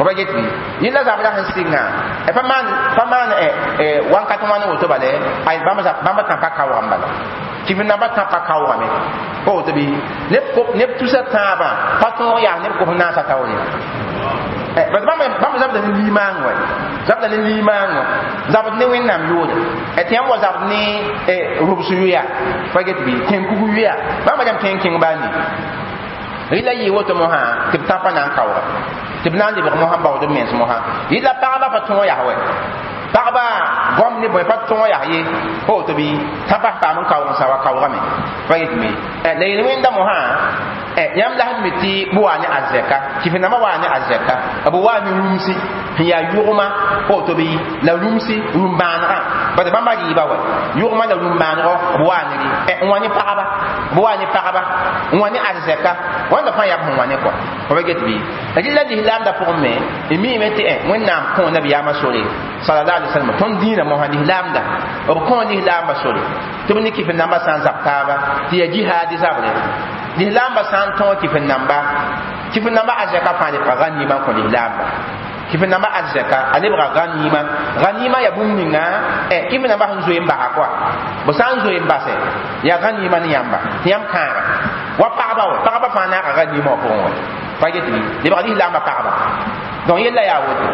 ba get bi yilla za bra singa e pa man pa man e e wan ka tuma no to bale ai bamba za bamba tan pa ka wa mbala ti bin namba tan pa ka wa me ko to bi ne ko ne tu sa ta ba pa to ya ne ko na sa ta wo eh ba bamba bamba za da ni man wa za da ni man wa za ba ne win nam yo e ti an wa za ni e rubsu ya ba get bi ken ku ya bamba jam ken ken ba ni rila yi woto mo tip tapa na kawra tɩ b na n lebg mosã baood b mens mosã yɩ la pagba pa tõog yaa wɛ pagba gɔm ne bõe pa tõog yaa ye pa woto bɩ sã pas paam n kaoog n wa kaoogame pa yetme la yel wẽnda mosã Eh, yãmb la sẽn eh, me tɩ bɩ waa ne a zɛka kɩfẽnamã waa ne a zɛka b waa ne rũmsi n yaa yʋgema pa woto bɩ la rũmsi rũmbãanegã bat bãmba rɩɩba wa la rũmbãanegɔ b waa ne rɩ n wa ne pagba b waa ne pagba n wa ne a zɛka wãnda fãa sẽn wa ne kɔ f ba get bɩ rɩ la lislaamdã pʋgẽ me eh, n miime tɩ ẽ wẽnnaam kõo nabiyaamã sore sallallahu alaihi wasallam tõnd dĩinã mosã lislaamda b kõo lislaamba sore tɩ b ne kɩfẽnamã sã n zab taaba tɩ yaa jihaadi zabre n tõog tɩ f n namba tɩ f namba a zɛka fãa lebga ganimã n kõ lislaamba tɩ f namba a zɛka a lebga ganimã ganimã yaa bũmb ninga tɩ f namba sẽn zoe n basa koa bõ sã n zoe n basɛ yaa ganimã ne yãmba tɩ yãmb kãaga wa pagba wa pagba fãa naaga ganimã wã pʋgẽ wa pa get bɩ lebg lislaamba pagba donc yella yaa woto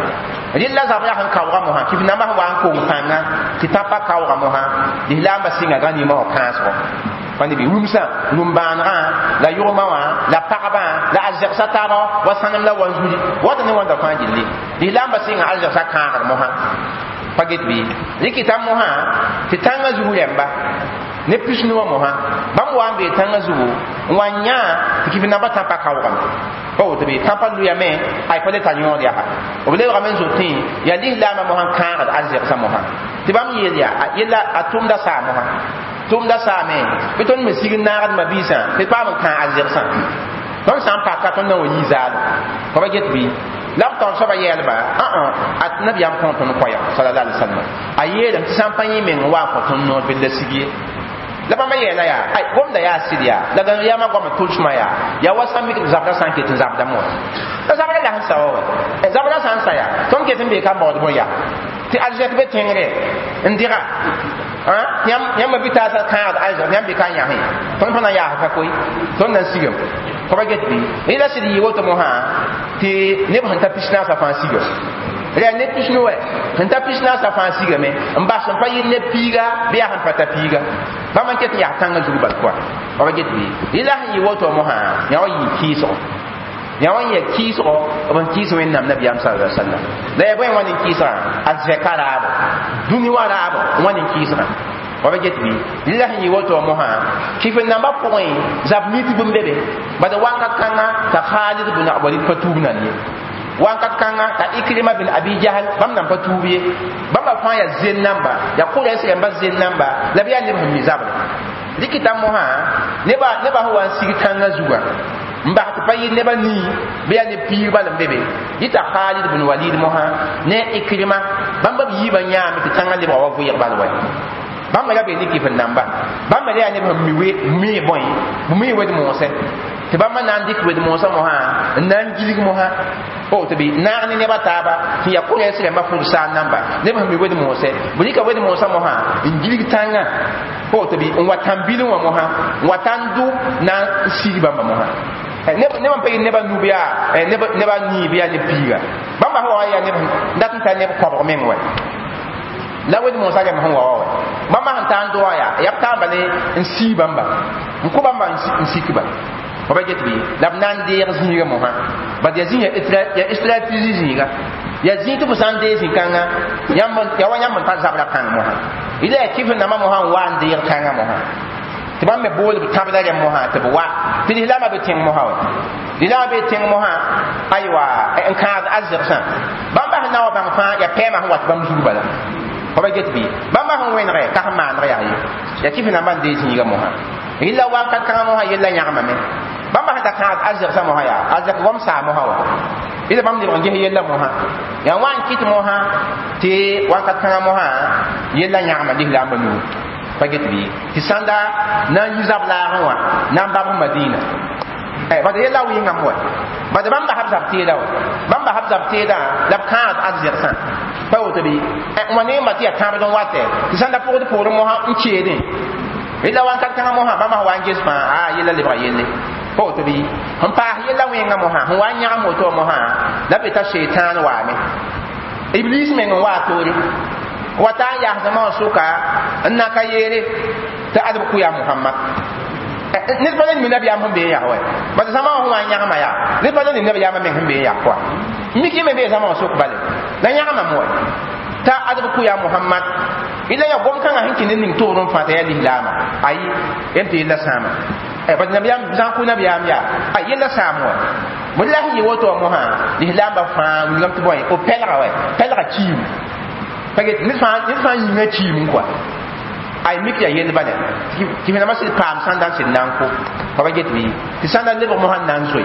rɩlla zab yaa sẽn kaooga mosã tɩ f namba ba wa n kong pãnga tɩ tã pa kaooga mosã lislaamba sɩnga ganimã wã kãasgɔ pa bi bɩ wumsã lʋm-bãanegã la yʋgmã wã la pagba la a zɛgsa wa sãnem la wa wata ne wãnda fãa gilli dɩ la n ba sɩnga a zɛgsa kãagr mosã pa get bɩ rɩkɩta mosã tɩ tãngã zugu rɛmba ne pis nuwã mosã bãmb wa n bee tãngã zugu n wa yã tɩ kɩf namba tã pa kaoogame pa woto bɩ tã pa lʋyame ay pa le t'a yõod yaa b lebgame n zo tẽ yaa lamba mosã kãagd a zɛgsa mosã tɩ bãmb yeel yaa yella a sa saa mosã tʋʋm da saame bɩ tõnd me sig naagd ma biisã tɩ paam n kã a zegsã tõnd sã n pa ka tõnd na wa yi zaalem fa ba get bɩ la b tɔg soaba yɛɛlba ãã a nabiyaam kõo tõnd koɛɛg sala la alsalma a yeelame tɩ sã n pa yẽ meng n wa n kõ tõnd noog bɩ la sig ye la bãmba yɛɛla yaa ay gomda yaa sɩd yaa la da yaamã goamã tʋlsmã yaa yaa wa sãn mikd zabda sã n ket n zabdame wa la zabda la sẽn sa wa wa zabda sã n sa yaa tõnd ket n bee ka n baood bõe yaa tɩ alzɛk be tẽngre n dɩga yãmb bɩ taasa kãag aiza yãmb be ka yãse tõnd pa na koe tõnd na n sigem get bɩ rẽla sɩd yɩ woto mosã tɩ neb sẽn ta pis naasã fãa sigem rẽa ne pis ne wɛ sẽn ta pis naasã fãa sigame n bas n pa yɩl ne piiga bɩ yaa sẽn pa ta piiga bãmb n ket n yaa tãngã zug bal koa fa ba get bɩ rẽla sẽn yɩ woto mosã yã wa yɩ kɩɩsg ya wani ya kiso ban kiso wani nam nabi am da alaihi da ya bai wani kisa azzakara abu duni wala abu wani kisa wa ba jetbi lillahi yi wato moha kifin nan ba point zab miti bum bebe bada wanka kanga ta khalid bin abdul na ne wankat kanga ta ikrima bin abi jahal bam nan patubiye bam ba fa ya zin namba ya ko ya sai ba zin namba labiya ne mu mizab dikita moha ne ba ne ba huwa sigi kanga zuwa mba ti pa yi neba ni be ya ne pir balam bebe yita khalid bin walid moha ne ikrima bamba bi yiba nya mi ti tanga le bawa fu ya balwa bamba ya be ni kifin namba bamba ya ne mi we mi e boy mi e we de mo se ti bamba nan dik we de mo se moha nan gilig moha o to bi naani ne ba taaba ti ya kure sire ma fu sa namba ne ba mi we de mo se buni ka we de mo se moha gilig tanga o to bi on wa tambili wa moha wa tandu na siri bamba moha Eh, ne ban payi neba nubiya eh, neba ni biya ne piga ban ba hawa ya ne datin ta ne wa la wadi mo saga mahwa wa ban ma han tan do ya ta ba n si ban ba ko ba ba ko get bi la ya zini ga ya ya strategy zini ga ya zini ya wa ta zabra kan mo ha ya kifin na ma mo wa de ya Ti bãmb me boolg kãbda rẽ mosã tɩ ti wa tɩ lislaamã be be tẽng mosã aywa n kãag a zegsã bãmb basẽn na wa bãng fãa yaa pɛɛmã sẽn wat bãmb la fa ba get bɩ bãmb basẽn wẽnegɛ ka sẽn maaneg yaa yi. Ya kɩ na bãn dee zĩiga mosã rɩlla wakat kãngã mosã yella yãgemame bãmb basẽn ta kãag a zegsã mosã yaa a zɛk gom saa wa ila bãmb lebg n ges yella mosã yaa wa n kɩt mosã tɩ wakat kãngã mosã yella paget bi ti sanda na yi zabla hawa na babu madina eh ba de yalla wi ngam wa ba da bamba habzab tida da bamba habzab tida lab kan azir san pa wo tabi eh wani ma ti akan don wate ti sanda pogo de pogo mo ha nchede ila wan kan kan mo ha bamba wan jes pa ah yalla le ba yelle pa wo tabi han pa yalla wi ngam mo ha han wan nya mo to mo ha da beta shaytan wa me iblis men wa to wata ya n yaas zãma wã soka n ka yeere tɩ adb ku ya muhammad ned pa ni nabi amma be ya wai ba ta zãma wã sẽn wa n yãgema yaa ned pa na nim nabiyaamã meng sẽn ya yaa pʋa mik me be zãma wã sok bale la yãgemam wɛ t'a adb ku ya muhammad ila ya gom kan hanki kẽnd nin toor n eh, t'a yaa lislaamã ayi yel sama yella ba nabi amma za ku nabiyaam yaa a yella sãam sama bõe la wato yɩ ha wã mosã lislaamba fãa wilgame tɩ bõe o pelra wai pelra chim 那个，你三，你三应该尽过。ay mik ya yel bale ti mi namasi pam sandan sin nan ko ba ba get bi ti sandan lebo mo han nan zoi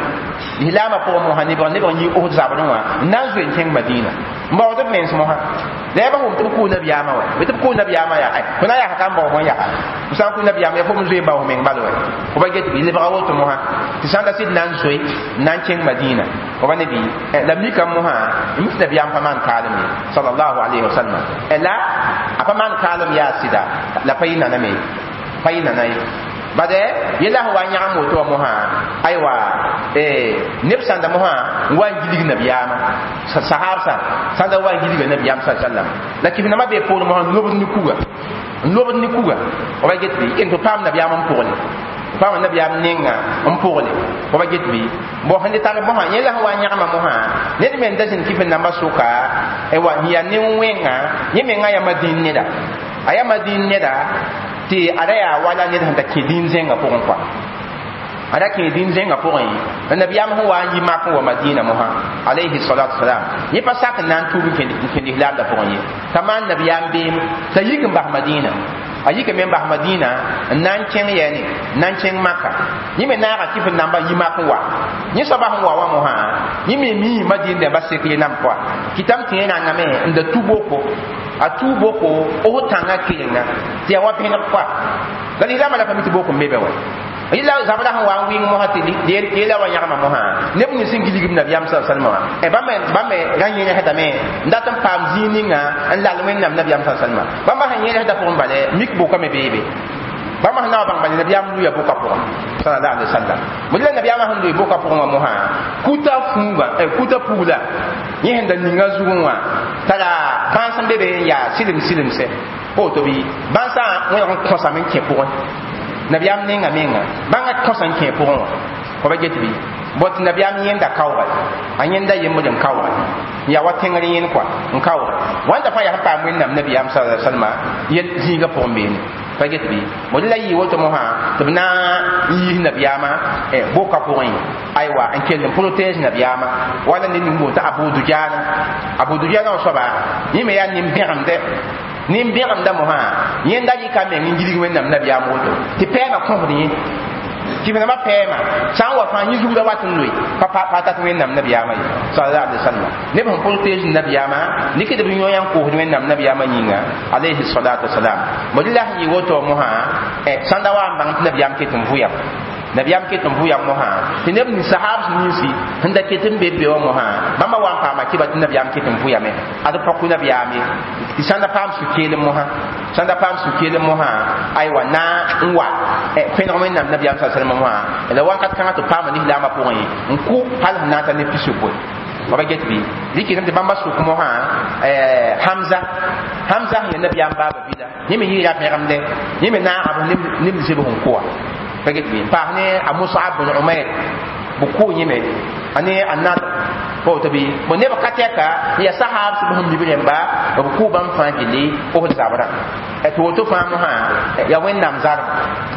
ni la ma po mo ni ba lebo ni o za ba wa nan zoi teng madina mba o to men mo han da ba hum to ku na biya ma wa bi ku na biya ya ai ko na ya ka ba ho ya san ku na biya ya ko mo zoi ba ho men ba lo ko ba get bi lebo o to mo han ti sandan sin nan zoi nan teng madina ko ba ne bi la mi kam mo han mi na biya ma man kalim sallallahu alaihi wasallam ela apa man kalam ya sida la payina na me payina na yi bade yela ho wanya am woto mo ha aiwa eh nipsan da mo ha wan gidi na biyama sa sahar sa da wan gidi na biyam sa sallam la kifi na mabe ko mo ha lobo ni kuga lobo ni kuga o ba getri en to pam na ma ko ni pam na biam ninga on pole ko ba get bi bo hande tan bo ha yela wa nya ma mo ha ne de men dasin kifen na masuka e wa hiya ne wenga ni men ya madin ne da aya madin ne da ti ara ya wala ne da ke din zenga po kwa ara ke din zenga po yi na biam ho wa yi ma ko madina mo ha alayhi salatu salam ni pa sak nan tu bi ke ni ke ni la da po yi tamam na biam bi sayyid madina ayika me bah madina nan ken yani nan ken maka ni me na ga kifin namba yi maka wa ni sabah wa wa moha ni me mi madina ba se ke nam kwa kitam tin na ngame nda tuboko a tuboko o tanga kelinga ti wa pin kwa dali la mala pamiti boko mebe wa ila zabra han wa wi mo hati li ila wa yama mo ha ne sin sa salma e ba me ba me ganye ne hata me ndatam pam an la lumen nam sa salma ba ma hanye ne hata mik bo kame bebe ba ma na ba lu ya bo sallallahu alaihi wasallam han lu bo mo ha kuta e kuta pula be be n yaa silem-silemsɛ pa woto bɩ bãnsã wẽg n nabiyam ninga menga banga kosan ke pon ko ba getbi bot nabiyam yenda kawra anyenda yembo den kawra ya watengri yin kwa nkawra wanda fa ya pa min nam nabiyam sallallahu alaihi wasallam yel jinga pon bene pa getbi modla yi woto moha ha tabna yi nabiyama e boka pon yi aiwa an kelle protege nabiyama wala ni ngota abudu jana abudu jana so ba ni me ya nim biramde nin-bẽgem da mosã yẽnda yɩka meng n gilg wẽnnaam nabiyaam woto tɩ pɛɛmã kõsd yẽ tɩ fẽnamã pe ma n wa fãa yĩ zugrã wat n pa pa pa ta sallallahu alaihi wasallam ne ban pon ye sala ali ma ni ke pʋg teesd nabiyaamã ko ni yõ yãn koosd ma nabiyaamã yĩnga alaihi salatu wasalam bõe yi woto mo ha e eh, sanda wa ban bãng tɩ ke ket n vʋyam nabiyam ke tum buya moha tinab ni sahab ni si handa ke tum be wa moha mama wa pa ma ke bat nabiyam ke tum buya me adu poku nabiyam e. ti sanda pam su ke le moha sanda pam su ke le moha ai wa na wa e pe no men nabiyam sa sallam moha da e, wa kat kana to pam ni la ma po yi nku hal na ta ne pisu ba ba get bi diki nam de bamba su ko moha eh hamza hamza ya nabiyam baba bila ni me yi ya pe ramde ni me na abu ni ni se bo ko فقلت بي فهني مصعب بن عمير بكو يمي أني الناس ko bi mo ne ka teka ya sahab su mun bibire ba ba ku ban fangili ko oh, zabara e eh, to to fa mu ha eh, ya wen nam zar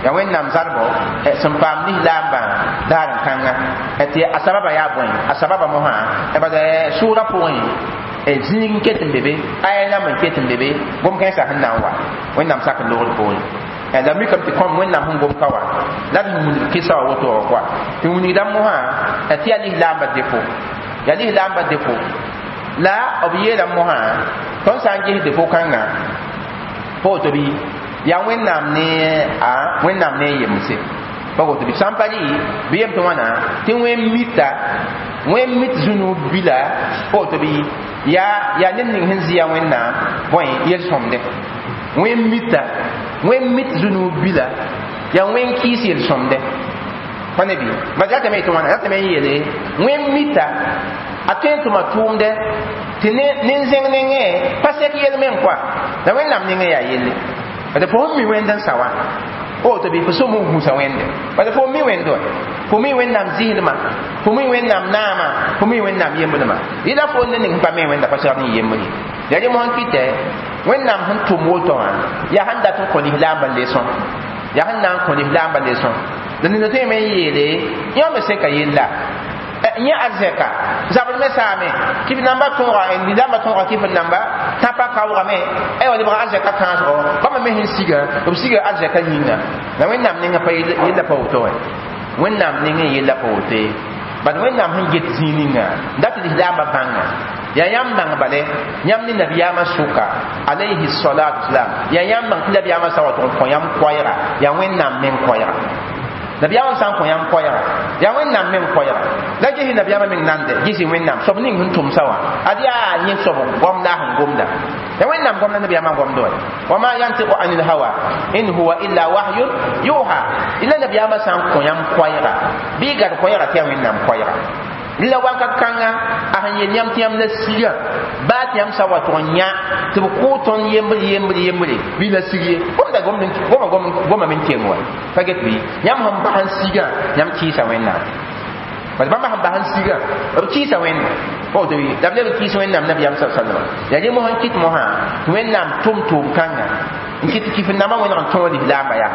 ya wen nam zar bo e eh, sun pam ni lamba daran kanga e ti asababa ya bon asababa mu ha e ba da sura point e zin ketin bebe ayana man ketin bebe gom kan sa hanna wa wen nam sa lo ko Eh, la mi kam ti kom wẽnnaam sẽn gom ka wa la d sẽn wilg kɩsa wã wotoogo koa tɩ wilgda mosã tɩ yaa lislaamba depo yaa lislaamba depo la b yeela mosã ton sã n depo kanga pa woto ya yaa wẽnnaam ne a wẽnnaam ne n yemse pa tobi bɩ sã n pa rɩ bɩ yem tɩ wãna mita wẽn mit zũnuub bila pa woto ya yaa ned ning sẽn zɩya wẽnnaam bõe yel-sõmde wẽn mita wen mit zunub bila ya wen kisi el mita nin mi fo mi fo mi fo mi fo mi fo ne pa me wẽnnaam sẽn tʋm woto wã yaa sãn dat n kõ lislaambã le yaa sẽn na n kõ lislaambã le la eh, nina tõe me n yeele yõ me sẽn yella yẽ a zɛka zabr me saame kɩf namba tõoga lislaambã tõoga kɩf namba tã pa kaoogame aywa lebga a zɛka kãasgɔ bãmba me sẽn siga b siga a zɛka yĩnga la wẽnnaam nengã pa yella pa woto wẽ wẽnnaam neng n yella pa wote bad wẽnnaam sẽn get zĩig ninga dat lislaambã bãnga ya yam bang bale yam ni nabiyama suka alayhi salatu wassalam ya yam bang nabiyama sa wato ko yam koyra ya wennam men koyra nabiyama san ko yam koyra ya wennam men koyra la nabi nabiyama min nande jisi nam, so ni huntum sawa adiya ni so gomda han da ya wennam gomda nabiyama do wa ma yantiqu anil hawa in huwa illa wahyun yuha illa nabiyama san ko yam koyra bi gar koyra ta nam koyra la wakat kanga ah, a nye nyam tiam la siga ah. ba tiam sa wa ton nya to ko ton yembre yembre yembre bi la sige on da gom gom gom min wa paget bi nyam ham ba han siga ah, nyam ti sa wenna ba ba ham ba han siga o ti sa wenna o oh, de da le sa wenna nabi am ya je mo han kit mo kanga nkit kifin nama wẽnd n tõog lislaamba yaa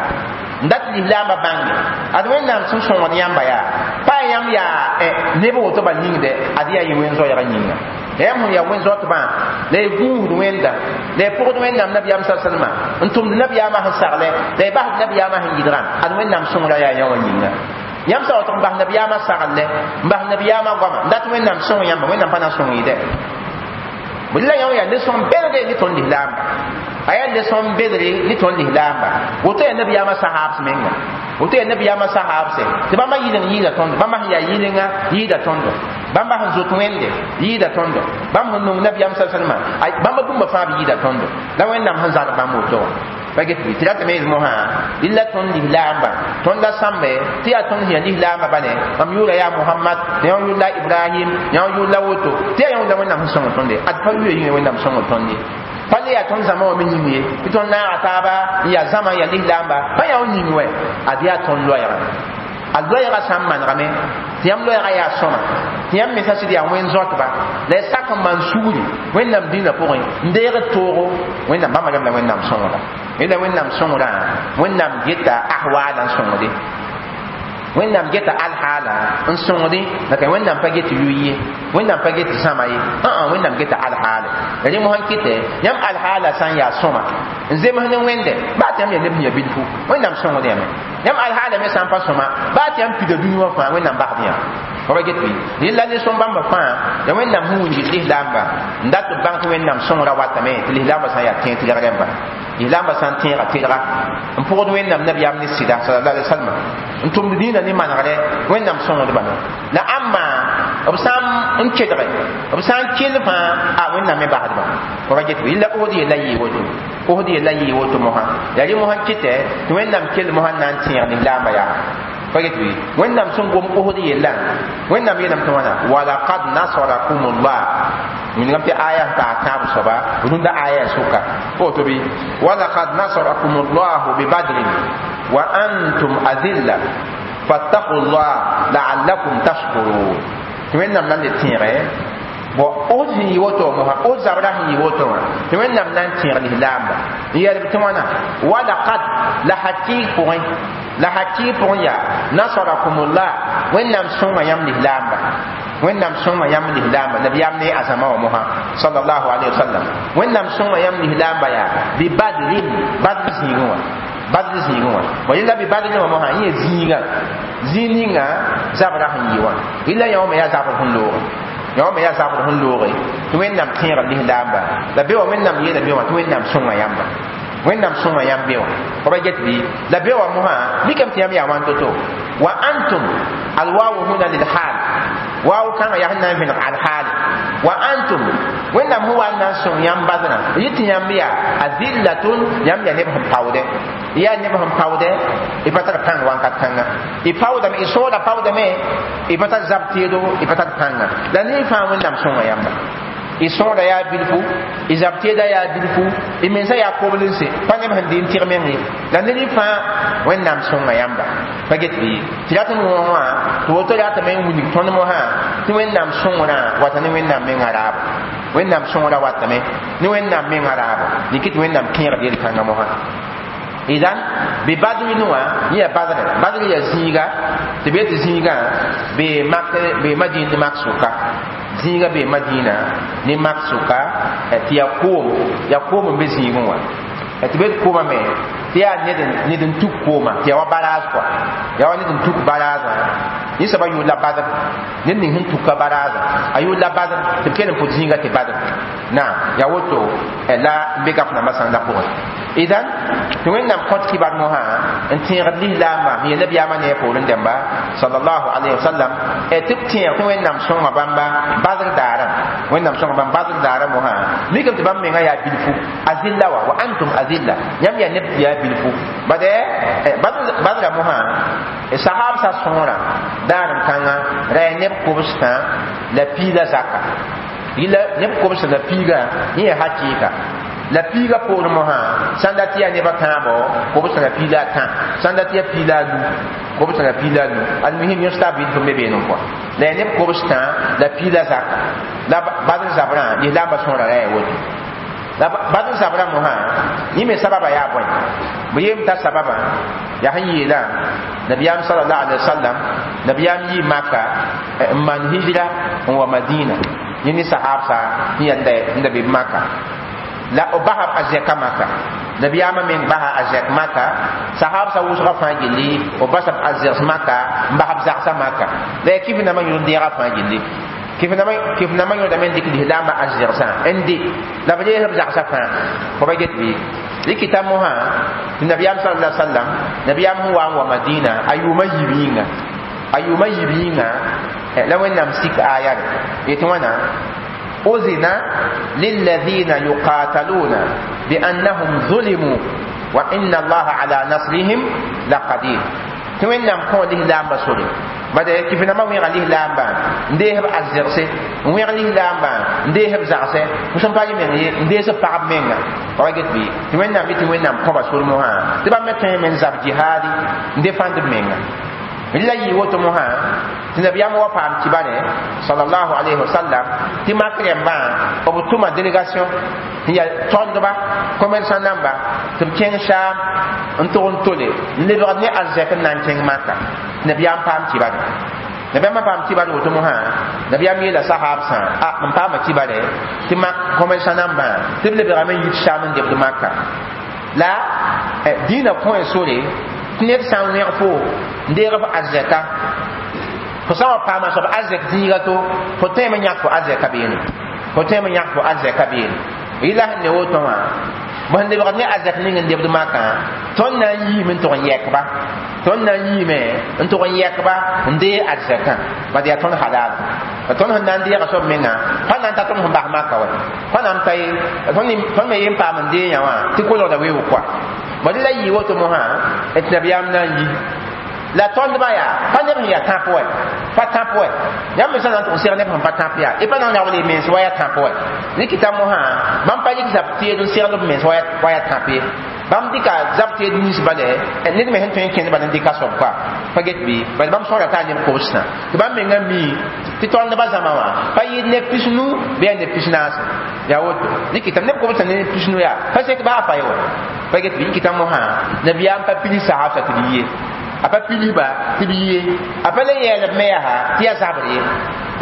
dat lislaamba bãnge ad wẽnnaam sẽn sõod yãmba yaa pa a yãmb yaa neb woto ba ningdɛ ad yaa yɩ wẽn-zoɛɛgã yĩnga yam sẽn yaa wẽn-zoa tɩ bãa la y gũusd wẽnda la y pʋgd wẽnnaam nabiyaam sa salma n tʋmd nabiyaamã sẽn saglɛ la y basd nabiyaamã sẽn yɩdgã ad wẽnnaam sõngra yaa yã wã yĩnga yãmb sa wa tɩ n bas nabiyaamã saglɛ n bas nabiyaamã goama dat wẽnnaam sõng yãmba wẽnnaam pa na n sõng yɩ dɛ bõe la yã wã yaa ne sõng bɛlge ne tõnd lislaamba ayat de son bedre ni ton ni lihlamba woto ya nabi ama sahabs menga woto ne biya ama sahabs te bamba yidin yida ton bamba ya yidinga yida ton do bamba ha zo twende yida ton do bamba no ne nabi ama sallama ay bamba bumba fa bi yida ton do la wen nam han za bamba to paget ti tira tame mo ha illa ton ni lamba ton da sambe ti ton ni ya lihlamba bane am yura ya muhammad ne on yura ibrahim ne on yura woto ti ya on da wen nam songo ton de at fa pa yura wen nam songo ton de pale ya ton zama wã me ning ye na tõnd naaga taaba ya yaa zãma n yaa lislaamba pa ya n ning wɛ ad yaa tõnd loɛɛgã a loɛɛgã sã n manegame tɩ yãmb loɛɛgã yaa sõma tɩ yãmb mesa sɩd yaa wẽn zɔtba la y sak n maan sugri wẽnnaam dĩinã pʋgẽ n deeg d toogo wẽnnaam bãmba yãmb nam wẽnnaam sõngda yela wẽnnaam sõngdã wẽnnaam geta ahwaala n sõngde wẽnnaam geta alhaala n sõngde la ka wẽnnaam pa get yuy ye wẽnnaam pa get zãma ye ãã wẽnnaam geta alhaala rẽ mo sãn kɩtɛ yãmb alhaala sã yaa sõma n zems ne wẽnde baa tɩ yãmb yaa leb n yaa bilfu wẽnnaam yãmb alhaala me sã pa sõma baa tɩ yãmb pida fãa wẽnnaam ba get wi ni la ne son bamba fa ya wen nam hu ni lihi lamba ndat bank wen nam son ra wata me ti lamba san ya tin ti ga remba lamba san tin ra ti ga en pour wen nam nabi am ni sida sallallahu alaihi wasallam ntum dina ni man gare wen nam son de bana la amma b sãn n kedge b sãn kell fãa a wẽnnaam me basdba ra get illa osd yeela yɩɩ woto osd yeela yɩɩ woto mosã la rẽ mosã kɩtɛ tɩ wẽnnaam kell mosã na n tẽeg lihi laamba yaa فقلت بي وين نام سنقوم أهدي الله وين نام ينام توانا ولقد نصركم الله من لم آية تعتاب سبا ونون آية سوكا أوتبي ولقد نصركم الله ببدر وأنتم أذلة فاتقوا الله لعلكم تشكرون وين نام نام تيري bo o zĩig woto mosã o zabra sẽn yɩ woto wã tɩ wẽnnaam na n tẽeg lislaamba n yɛlb tɩ wãna walakad la hakɩɩg pʋgẽ la hati hakɩɩ pʋgẽ yaa nasarakumla wẽnnaam sõma yãmb lislaamba wẽnnaam sun yãmb lislaamba lamba nabi a asama wa muha sallallahu alaihi wasallam wẽnnaam sõma yãmb lislaamba yaa bɩ badrin badr badri wã badr zĩigẽ wã wa yinda bi badri wa muha yin zinga zininga zabra zabrã sẽn yɩ wã yella yã wãma yaa zabr sẽn loogã ya wame ya zabr sẽn looge lamba wẽnnaam kẽega lislaamba la be wa wẽnnaam yeela be wã tɩ wẽnnaam sõnga wẽnnaam sõma yãmb be wã fa get bɩ la bewã wã mosã mikame tɩ yãmb yaa wãn to-to wa antum alwaawu hũna lilhaal waawu kãngã yaa sẽn na n vẽneg alhaale wa antum wẽnnaam sẽn wa n na n sõng yãmb badrã yɩ tɩ yãmb yaa azillatun yãmb yaa neb sẽn paoodɛ y yaa neb sẽn paoodɛ y pa tar pãng wãnkat kãngã y paoodame y sooda paoodame y pa tar zab teedo y pa tar pãnga la ne fãa wẽnnaam sõnga yãmba y sõoda yaa bilfu y zab teeda yaa bilfu y mensã yaa koblense pa neb sẽn deen tɩg mengẽ la ned fãa wẽnnaam sõnga yãmba pa get bɩ tɩ ratɩ n wõ wã tɩ woto ratame n wilg tõnd mosã tɩ wẽnnaam sõngrã wata ne wẽnnaam mengã raabo wẽnnaam sõngra watame ne wẽnnaam mengã raabo nikɩ tɩ wẽnnaam kẽegd yel-kãngã mosã idan bɩ badri nuwã yẽ yaa badrã badr yaa zĩiga tɩ be tɩ zĩigã bɩ madin tɩ mak sʋka zĩiga be madina ne mak sʋka tɩ ya koom yaa koom n be zĩigẽ wã tɩ be d koma me tɩ yaa ne n tuk kooma tɩ ya wa baraaz kɔa ya wa ned n tuk baraazã ninsãba yʋʋla badr ned ning ne tuka baraazã a yʋʋla badr tɩ b kell n pʋ zĩiga tɩ badr naam ya woto e la n be gap nãmbã sãnda pʋgẽ idan tɩ wẽnnaam kõt kɩbar mosã n tẽegd lislaamã n yel nabiyaamã ne a poorẽ dẽmba salallahu alaihi wasallam tɩ b tẽeg tɩ wẽnnaam sõnga bãmba badr daarã wẽnnaam sõnga bãmb badr daarã mosã mikame tɩ bãmb mengã yaa bilfu azilla wa wa antum azilla yãmb yaa neb yaa bilfu bade badra moha sahab sa sõora daarem kãngã ra neb kobsã la piiga zaka yila neb kobsã la piiga ni yaa hakɩɩka la piiga poor mosã sãn dat yaa nebã kãabɔ kobsã la piila a tã sãn dat du, piila a lu kobsã la piila a lu almuhim yõs t'a bilfu me beenem pʋa la yaa neb kobs tã la piila zaka la badr zabrã yeslaamba sõora ra yaa la badin sabra mo ha ni me sababa ya bwan bu yem ta sababa ya hayyila nabiyam sallallahu alaihi wasallam nabiyam yi maka eh, man hijra wa madina ni ni sahabsa ni yanda inda bi maka la obaha azeka maka nabiyama min baha azek maka sahabsa wusra fa gilli obasa azek maka mbahab zaksa maka la kibina man yundi rafa gilli كيف نما كيف نما يوم دامين ديك ديه دام أجزر سان عندي نبدي هرب جاك سفان فبيجت بي دي كتاب مها النبي أم صلى الله عليه وسلم النبي أم هو أم ومدينة أيوما يبينا أيوما يبينا لو إن نمسك آية يتوانا أذن للذين يقاتلون بأنهم ظلموا وإن الله على نصرهم لقدير tɩ wẽnnaam kõ lislaamba sore bada ya kifina ma wẽga lislaambã n deesb a zɩgse n wẽg lislaambã n deesb zagsɛ fo sẽn pa yemeng ye n deesb pagb menga fa get bɩ tɩ wẽnnaam bɩ tɩ wẽnnaam kõba sor mosã tɩ bãmb me tõe me n zab jihaadi n de fãndb menga la yi woto mo ha ti nabiyam wa pam ti bane sallallahu alaihi wasallam ti makre ba obo tuma delegation ya tondoba commerçant namba ti keng sham ntogon tole ne do ne arzek nan keng maka nabiyam pam ti bane nabiyam pam ti bane woto mo ha nabiyam yi la sahab sa ah, a mpam pam ti bane ti mak commerçant namba ti le beramen yit sham de maka la dina point sore ne san wer deeg f arzɛka fo sã wã paama sb arzɛk zĩiga to fo tõeme nyak fo arzɛka beene fo tõeme nyak fo arzɛka beene yɩla sẽn ne woto wã b sẽn lebgd ne arzɛk ning n lebd makã tõnd na n yiim n tog n yɛkba tõnd na n yiime n tog n yɛkba n dee arzɛkã bad yaa tõnd halaal tõnd sẽn na n deega sob menga pa na n ta tõnd sẽn bas maka wa pa na n pa tõnd me yen paam n dee yã wã tɩ kolgda weoog koa ba la yi woto mosã ha tɩ nabiyaam na n yi la tõndbã yaa pa neb ya yaa pa tã pʋɛ yãmb sã na n tʋg seg neb pa tã yaa pa na n yagl y mens wa yaa tã pʋɛ rɩkɩtã mosã bãmb pa yik zab teed n segd b mens wa yaa tã pye bãmb dɩka zab teed nins bale ned me sẽn tõe n kẽnd bala n dɩka soab pa t'a neb kobsã tɩ bãmb menga mi tɩ tõndbã zãma wã pa yɩɩd ne pis nu ne yaa neb pis naasẽ yaa woto ne pis ya pa sek baa pa ye wa pa get bɩ rɩkɩtã mosã nabiyaam pa pili sahabsa tɩ d apa pili ba tibiye apa le yele meya ha tiya sabri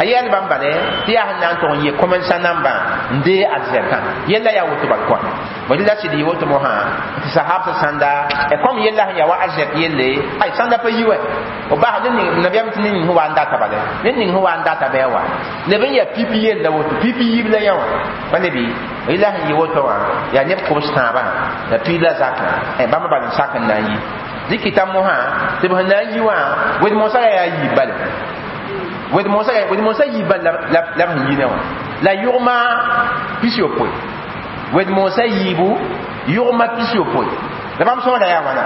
yaa ban yaa zabr ye a yɛɛl bãmb bale tɩ yaa sẽn na ye komen nambã n dee a zɛkã yella ya woto bal kɔa bõ rɩ la sɩd yɩ woto mosã tɩ sahab sẽn sãnda e kom yella sẽn ya wa a yelle ay e sanda pe yiwe o ba bas ni tɩ ne ning sẽn wa n data bale ne ning sẽn wa n data bɩ wa leb n ya pipi yella woto pipi yiib la yã wã pa ne bɩ rɩ la sẽn yɩ woto wã yaa neb kʋbs tãabã la piig la zakã bãmb e bal n sak n na n yi ziki mosã tɩ b sẽn na n yi wã wed mosã ya yi yiib bala wed mosã wed mosã yi bala la la sẽn yinã wã la yʋgma pis yopoe wed mosã yi bu yʋgma pis yopoe la bãmb sõoda yaa wãna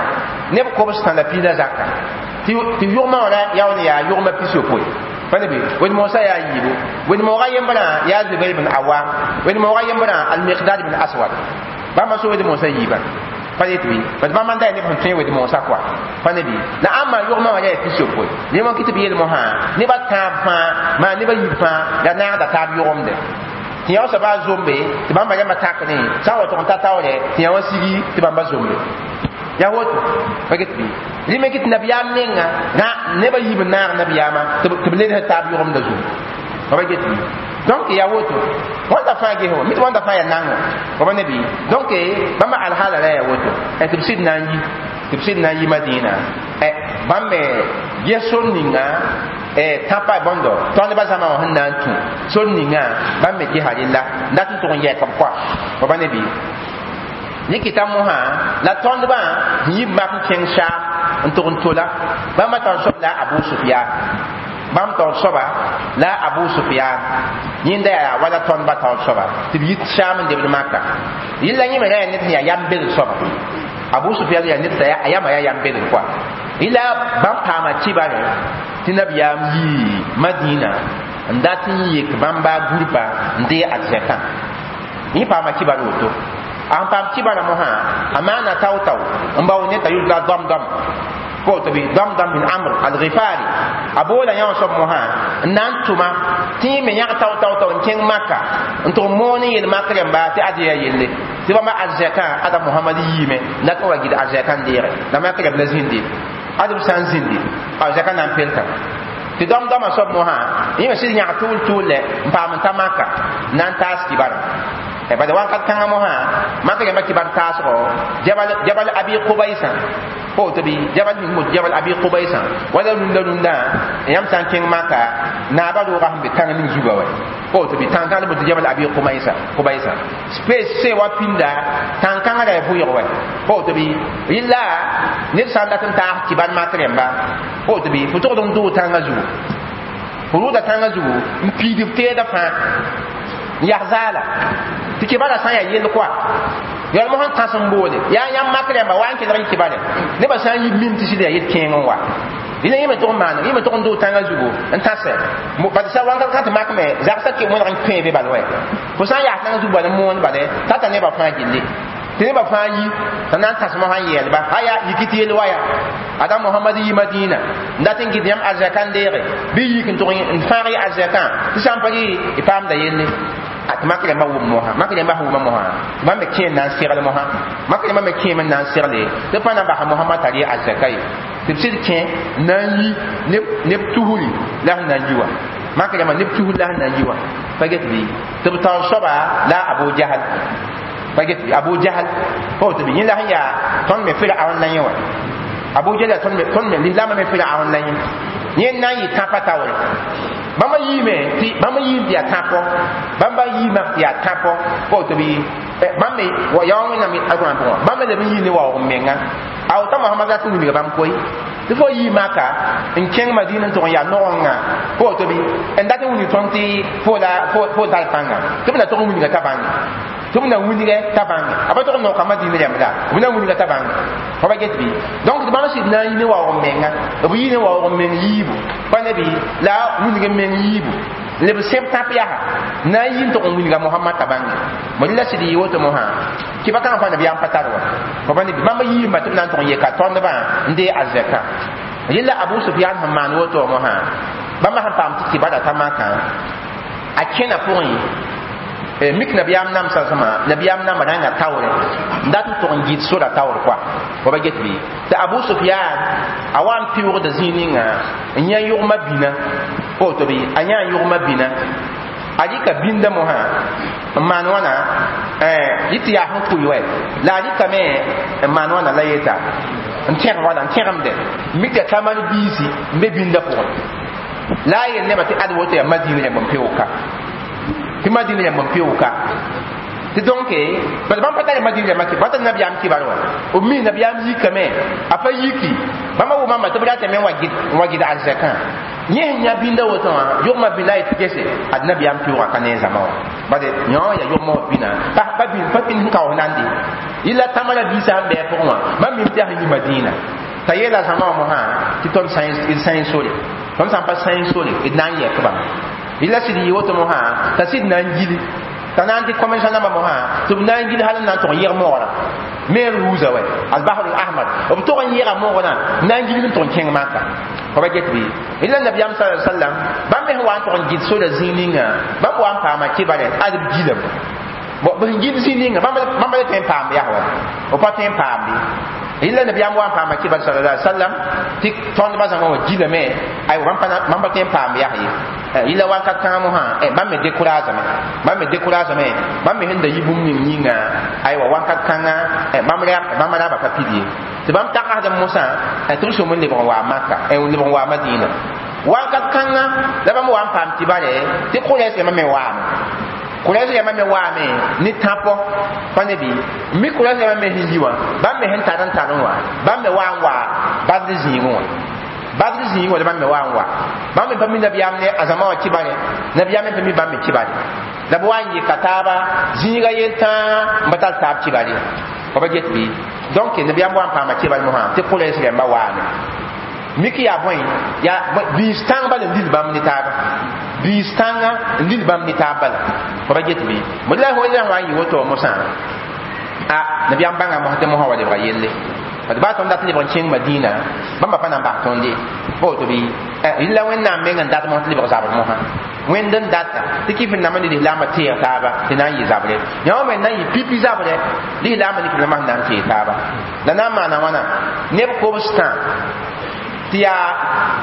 neb kobs tã la piila zakã ya ya tɩ yʋgmã bi yaa wẽnd yaa yʋgma pis yopoe فنبي وين موسى يا يجيبو وين موغا يمبنا يا زبير بن عوام وين موغا يمبنا المقداد بن أسود بما سوى yi يجيبان pa yet wi pa ba man da ne fon twen wedi mo sa kwa pa bi na amma yo ma ya fi so ko ne mo kiti bi mo ha ne ba ta fa ma ne ba yi fa ya na da ta bi yo de tɩ yã soaba a zombe tɩ bãmba rãmbã takne sã n wa tʋg ta taoorɛ tɩ yã sigi ti tɩ ba zombe ya woto bi get bɩ rɩme kɩ tɩ nabiyaam nenga nebã yiib n naag nabiyaamã tɩ b leds taab yʋgemda zum pa pa get bɩ donc ya woto wanda fa ge ho mit wanda fa ya nango ko bane bi donc eh, bama al hala la ya woto e tibsid nanji tibsid yi madina e eh, bamme yeson ninga e tapa bondo ton ba ma ho nan tu son ninga bamme ki halilla ndatin to ye kam kwa ko bane bi ni kita moha la yi ni mak kensha ntukun tola bama tan so la abu sufyan bãmb tõnd soaba la abu sufyan yẽnda yaa wala tõnd ba tõnd soaba tɩ b yit saam n debd maka yella yẽme ra yaa ned sẽn yaa yam belg soaba abu sufyan yaa ned t'a yama yaa yam belg koa yla bãmb paama tɩbare tɩ nabiyaam yii madina n dat gurpa a zẽkã yẽ paama tɩbar woto a maana tao tao n ne t'a yʋlga dɔm-dɔm kotu bi damdam min amr al-ghifari abola yawo sab moha nan tuma ti me nya ta ta maka on king makka nto moni yel makka yamba ti adiya yelle ti ba ma azzaka ada muhammad yime na ko wagi da azzaka ndire na makka ga blazindi adu san zindi azzaka nan pelta ti damdam sab moha yime sidi nya tul tul le pa man ta makka nan taski bar bala wakat kãngã mosã mam tɩ rẽmba kɩbar taasgɔ jabal abi kobaysã fo tɩ bɩ jabal mihmud jabal abi kobaysã wala rũndã rũndã yãmb sã n maka na rooga sẽn be kãng ning zugã wɛ fo tɩ bɩ tãn tãlb tɩ jabal abi kobaysã space se wa pinda tãn kãngrã ya vʋɩg wɛ fo tɩ bɩ rɩla san sã n dat n taas kɩbar mak rẽmba fo tɩ bɩ fo tʋgd n dʋʋg tãngã zugu fo rʋʋda ya zala ti ke bala san ya yel kwa ya mo han tasan bole ya ya makre ba wan ke dran ke bale ne ba san yi min ti sida yet kengon wa ina yima to mana yima to ndo tanga zugo an tase mo ba sa wanga ka ta makme za sa ke mo ran ba balwe ko san ya tanga zugo na mo on ta ta ne ba fa gille ne ba fa yi ta na n ha mosã ba ha aya yiki tɩ yel wa ya ada yi madina n dat n gɩd yãmb arzɛkã bi yi bɩ yik n fa ri azakan ti arzɛkã tɩ sã n pa rɩ at ma wum moha makrema huma moha mam be kien nan sirale moha makrema me kien man nan sirale de pana ba ha mohammed ali azzakai tɩ b sɩd kẽ na n yi neb tuhuri la nan na n yi wa maka yama neb tuhuri la sẽn na n yi wa pa get la abu jahal paget bi abu jahal ko oh, tɩ b yẽ la sẽn yaa me fira aon la yawa abu jahal ton me ton me lilama me fira yẽ nan yin nan yi tãpa bãmba yi me bãmba yiim yi yaa kãpɔ bãmba yiimã tɩ yaa kãpɔ pa tɩ b bãmb me wa me leb n yĩi ne waoog n menga a wota fo yɩɩ maka n kẽng madiinã tʋg n yaa nogengã fo tɩ b n dat n wilg fo dal pãnga tɩ b la tog n ta tɩ b na wilgɛ t'a bãnge a pa tog n kambã dĩin rɛmda b na wilga t'a bãnge fa ba get bɩ donc tɩ bãmb sɩd na n yɩ ne waoog n menga b yɩ ne waoog n meng yiibu pa ne bɩ la wilg n meng yiibu leb sẽb tãp yaa na n yɩ n tog n wilga mohamad t'a bãnge ma rɩla sɩd yɩ wotomo sã kɩ pa kãng pa neb yam pa tar wa fa pa ne bɩ bãmb yiimba tɩ b na n tog n yeka tõndbã n dee a zɛkã rɩla abu sufian sẽn maan wotomo sã bãmba sẽn paam tɩ tɩ bada ta a kẽna pʋgẽ Eh, mik nabiyam nam san sama na nabiyam nam ranga tawre ndatu to so sura tawre kwa ko ba get bi ta abu sufyan awam piwo da zininga nya yugma bina o oh, to bi anya yugma bina alika binda mo ha man wana eh yiti ya hu ku yoe la ka me eh, man wana la yeta ntiyar wana ntiyar mde mik ta man bizi me binda ko la yel ne ba ti adwo te madina ya bampe ka tɩ madina yãmb n peooka tɩ donc bal bãmb pa tar madina yãmbã kɩ bata nabiyaam kɩbar wã b mis nabiyaam yikame a pa yiki bãmba wʋma ma tɩ b ratame n wa gɩd arzakã yẽs yã bĩnda woto wã yʋgmã bĩnda a yetɩ gese ad nabiyaam peoogã ka ne zãma wã bare yõ ya yʋgmã wa bĩna pa bĩn pa pĩn ka f nande yɩla tãma rabiisã sẽn bɩa pʋgẽ wã bãmb mim tɩ yaa sẽn t'a yeela zãma wã mosã h'a, tõnd ton n sore tõnd sã n pa sã n sore d na n Ila la sɩd yɩ woto mosã t'a sɩd na n gili t'a na n tɩ commerçã nãmbã mosã tɩ b na n gil hal n na n tʋg yɩg moogrã meer wuusa wɛ albasr ahmad b tʋg n yɩga moogrã na n gilg n tʋg n kẽng maka fa ba get bɩ y nabiyam sa sallam bãmb me sẽn wa n tʋg n gɩd soda zĩig ninga bãmb wa n paama kɩba ad b gilame Bɔn bu gib sininga mamba mamba tem pam ya wa o pa tem pam bi illa nabi am wa pam ki bar sallallahu alaihi wasallam tik ton ba zama wa gida me ayiwa wa pa mamba tem pam ya yi illa wa ka ta mu ha e mamme de kuraza me mamme de kuraza me mamme hinda yibum ni nyinga ay wa ka kanga e mamme ba ka pidi ti bam ta ka da musa e tun so mun ne ba wa makka e ne ba wa madina wa ka kanga da ba mu wa pam ti yɛ ti kure se mamme wa kuraise yama me waame ni tapo pane bi mi kuraise yama me hiji wa ba me hen taran taran wa ba me wa waa, ba de zingo wa ba de zingo da ba me wa wa ba me ba mi nabi amne azama wa kibare nabi amne mi ba me kibare da bo anyi kataba zinga yenta mbata tab kibare ko ba jet bi donc nabi amwa pa ma kibare mo ha te kuraise yama waame miki ya boy ya bi tan ba le dil bam ni taaba biistãngã n lill bãmb ne taab bala fa get bɩ bõe la fo yãs wa n yɩ woto mosã a nabiyaam bãngã mos tɩ mosã wa lebga yelle pat baa tõnd dat lebg n kẽng madiinã bãmba pa na n bas tõnde pa woto bɩ yĩla wẽnnaam meng n dat mos tɩ lebg zabr mosã wẽnd n data tɩ kɩf n nama ne lislaamã teeg taaba tɩ na n yɩ zabre yã wã me n na yi pipi pipi zabrɛ lislaamã ne kɩbla mas n na n teeg taaba la na n maana wãna neb kobs tã tɩ yaa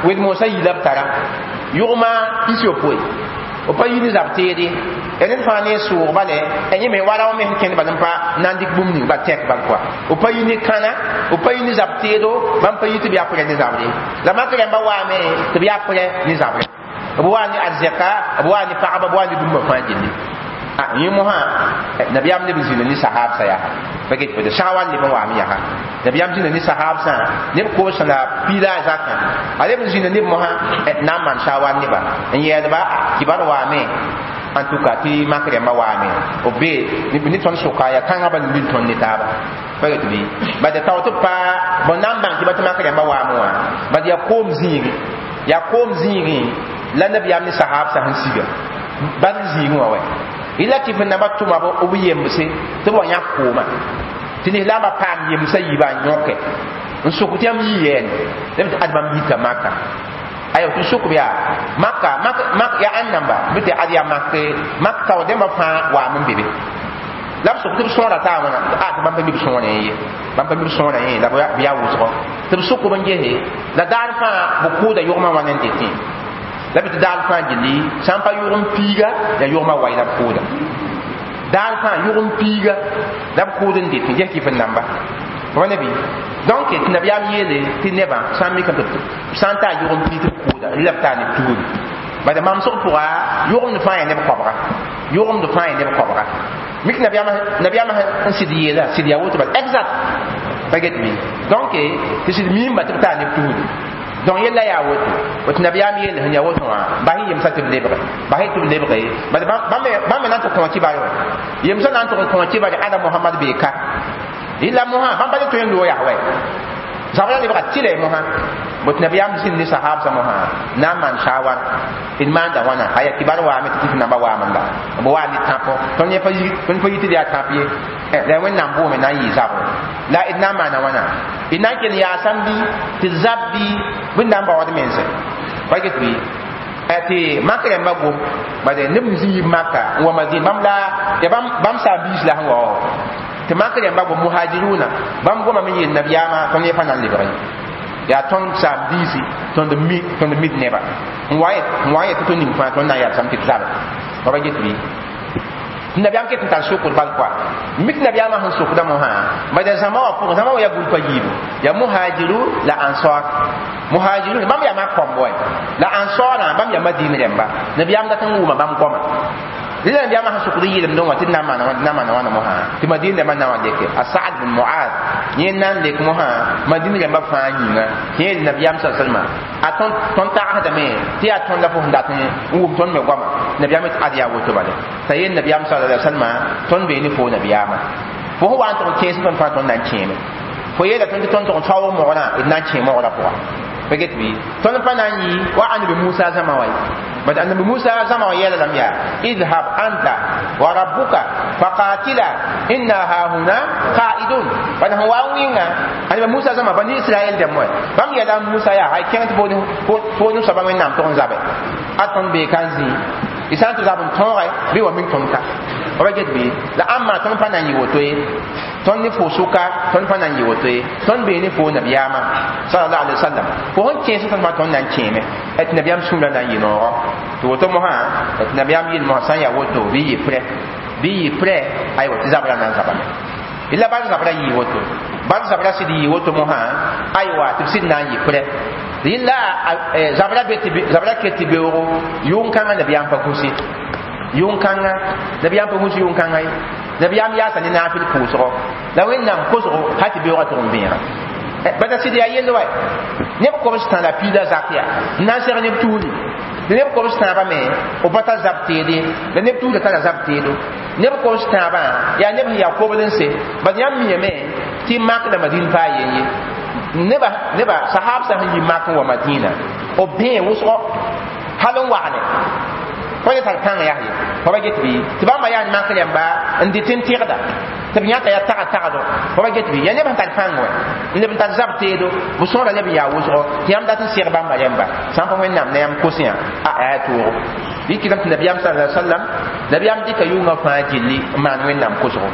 wed mosã yi la b tara yʋgma pis yopoe b pa yĩl zab teede rẽd fãa ne sʋʋg bale a yẽ me wala wa me sẽn kẽnd bal n pa na n dɩk bũmb ba kwa, bal koa b pa yĩ ne kãna b pa yĩ zab teedo bãmb pa yĩ tɩ b yaa zabre la mak rẽmba waame tɩ b yaa pʋrɛ ne zabre b waa ne arzɛka b waa ne pagba b waa ne bũmba fãa gilli a ah, yi mo ha eh, nabiyam ne bizina ni sahab sa ya ha fage ko de ne ban wa mi ya ha nabiyam zina ni sahab sa ne ko sana pila zakan ale bizina ne na man shawan ne ba in ya ba ki ban wa me an tuka ti makre ma wa me o be ni ni ton suka ya kan ba ni ton ni ta ba fage to bi ba da taw to ban ki ba ta makre ma wa mu wa ba ya kom ziri ya kom ziri la nabiyam ni sahab sa han siga ban ziri wa wɛ. ila tɩ f naba tʋma b yembse tɩ b wa yãk kooma tɩ nislaambã paam yembsã yiibã n yõke n sʋk tɩ yi yɛɛne leb tɩ ad bãmb yika maka ayo tɩ sʋk b yaa maka mak yaa ãn namba bɩ tɩ ya yaa mak mak tao dẽmbã fãa waam n be be la b sʋk tɩ b sõora taa wãna a tɩ bãmb pa mi b sõorã ye ye bãmb pa mi ye la b yaa wʋsgɔ tɩ b sʋkb n he, la daar fãa bu kʋʋda yʋgmã wã ne n la bɩ tɩ daal fãa gilli sã n pa yʋg piiga yaa yʋgmã wa la b kooda daal fãa yʋg piiga la b kood n det n ges kɩf n namba fa nabi donc tɩ nabiyaam yeele tɩ nebã sã n mikame sã n taa yʋg n piig tɩ b kooda rɩ la b taa ne tuuri bada mam sog pʋga yʋgemd fãa yaa neb kɔbga yʋgemd fãa yaa neb kɔbga mik nabiyaamã n sɩd yeela sɩd yaa woto bal exact pa get mi donc tɩ sɩd miimba tɩ b taa neb tuuri don yella ya woto woto nabiya mi yella hanya wato ma ba hi yimsa tib lebre ba hi tib lebre ba ba ba me nan to ba kiba yo yimsa nan to kan ba ga ala muhammad be ka illa muha ba ba to yin doya wai zabra ne ba tile mo ha but nabi am sin ni sahab sa mo ha na man shawar eh, in ma da wana Aya kibar wa mi tiki na ba wa da bo wa ni tapo to ne fa yi kun yi ti da tapi eh da wen nan bo me na yi zabo la in na ma na wana ina ke ya san bi ti zabbi bin nan ba wa de menze ba ke tu ati maka ya mabu ba de ne mu zi maka wa mazin bam la ya bam bam sa bi islah wa tɩ mak rẽmba go muhajiruna bãmb goma me yel nabiyaamã tõnd ye pa na n lebg yaa tõnd saam diisi tõnd mi tõnd mid neba n wa n wa n yetɩ tõnd ning fãa tõnd na n yalsam tɩ d zabe fa ba get bɩ nabiyaam ket n tar sokr bal koa mik nabiyaamã sẽn sokda mosã bada zãma wã pʋgẽ zãma wã yaa gul pa yiibu yaa muhajiru la ansar muhajirun bãmb ya ma kõmb wa la ansarã bãmb yaa madin rẽmba nabiyaam dat n wʋma bãmb goma dila biya ma sukuri yilim don watin nama na nama na wana ti madina man nawa deke asad bin muad yen nan dek moha madina ba fani na yen nabiyam sallallahu alaihi wasallam aton ton ta hada me ti aton da fon datin u ton me gwama nabiyam adiya woto bale ta yen nabiyam sallallahu alaihi wasallam ton be ni fo nabiyama fo ho wan ton kesi ton fa ton nan kene fo na paget bi ton pa nan yi wa annabi Musa zama wai bad Musa zama wai yala lam ya idhab anta wa rabbuka faqatila inna ha huna qa'idun bad Musa zama bani Israel da mai bam ya dan Musa ya hay kan ton zabe aton be isan to zabun ton bi wa min ton ka raget be la amma ton ton ni fo suka ton ton be ni fo sallallahu alaihi wasallam hon ba ton nan et nan to woto mo ha et mo san ya woto bi yi pre bi yi pre woto zabra nan ban zabra yi woto ban zabra yi woto mo ha wa nan yi pre eh, zabra zabra yun kan pa kusi yʋn-kãngã nabiyam pa wũsi yʋn-kãngã ye nabiyam yaasa ne naafɩl pʋʋsgɔ la wẽnnaam kosgo ha tɩ beoogã tʋg n bẽega bata sɩd yaa yell ne neb kobs tã la piila zak ya n na n seg neb ne la neb kobs tãabã me b pa ta zab teede la neb ta tara zab teedo neb kobs tãabã yaa neb sẽn yaa kobl n se bad yãmb miame tɩ mak la madin paa yen ye neba neba sahabsã sẽn yi mak n wa madina o bẽe wʋsgɔ hal n fo yetar kãng yaa ye fo ba get bɩ tɩ bãmba yaa makr yãmba n dɩ tɩ n tɩgda tɩ b yãka yaa taga tagdo fo ba get bɩ yaa neb sẽn tar kãng wɛ leb n tar zab teedo bɩ sõora leb n yaa wʋsgo tɩ yãmb dat n seg bãmba yãmba sã pa wẽnnaam na yãmb a a toogo bɩ kɩtame tɩ nabiyam sa la sallam nabiyam dɩka yʋʋngã fãa gilli n maan wẽnnaam kʋsgo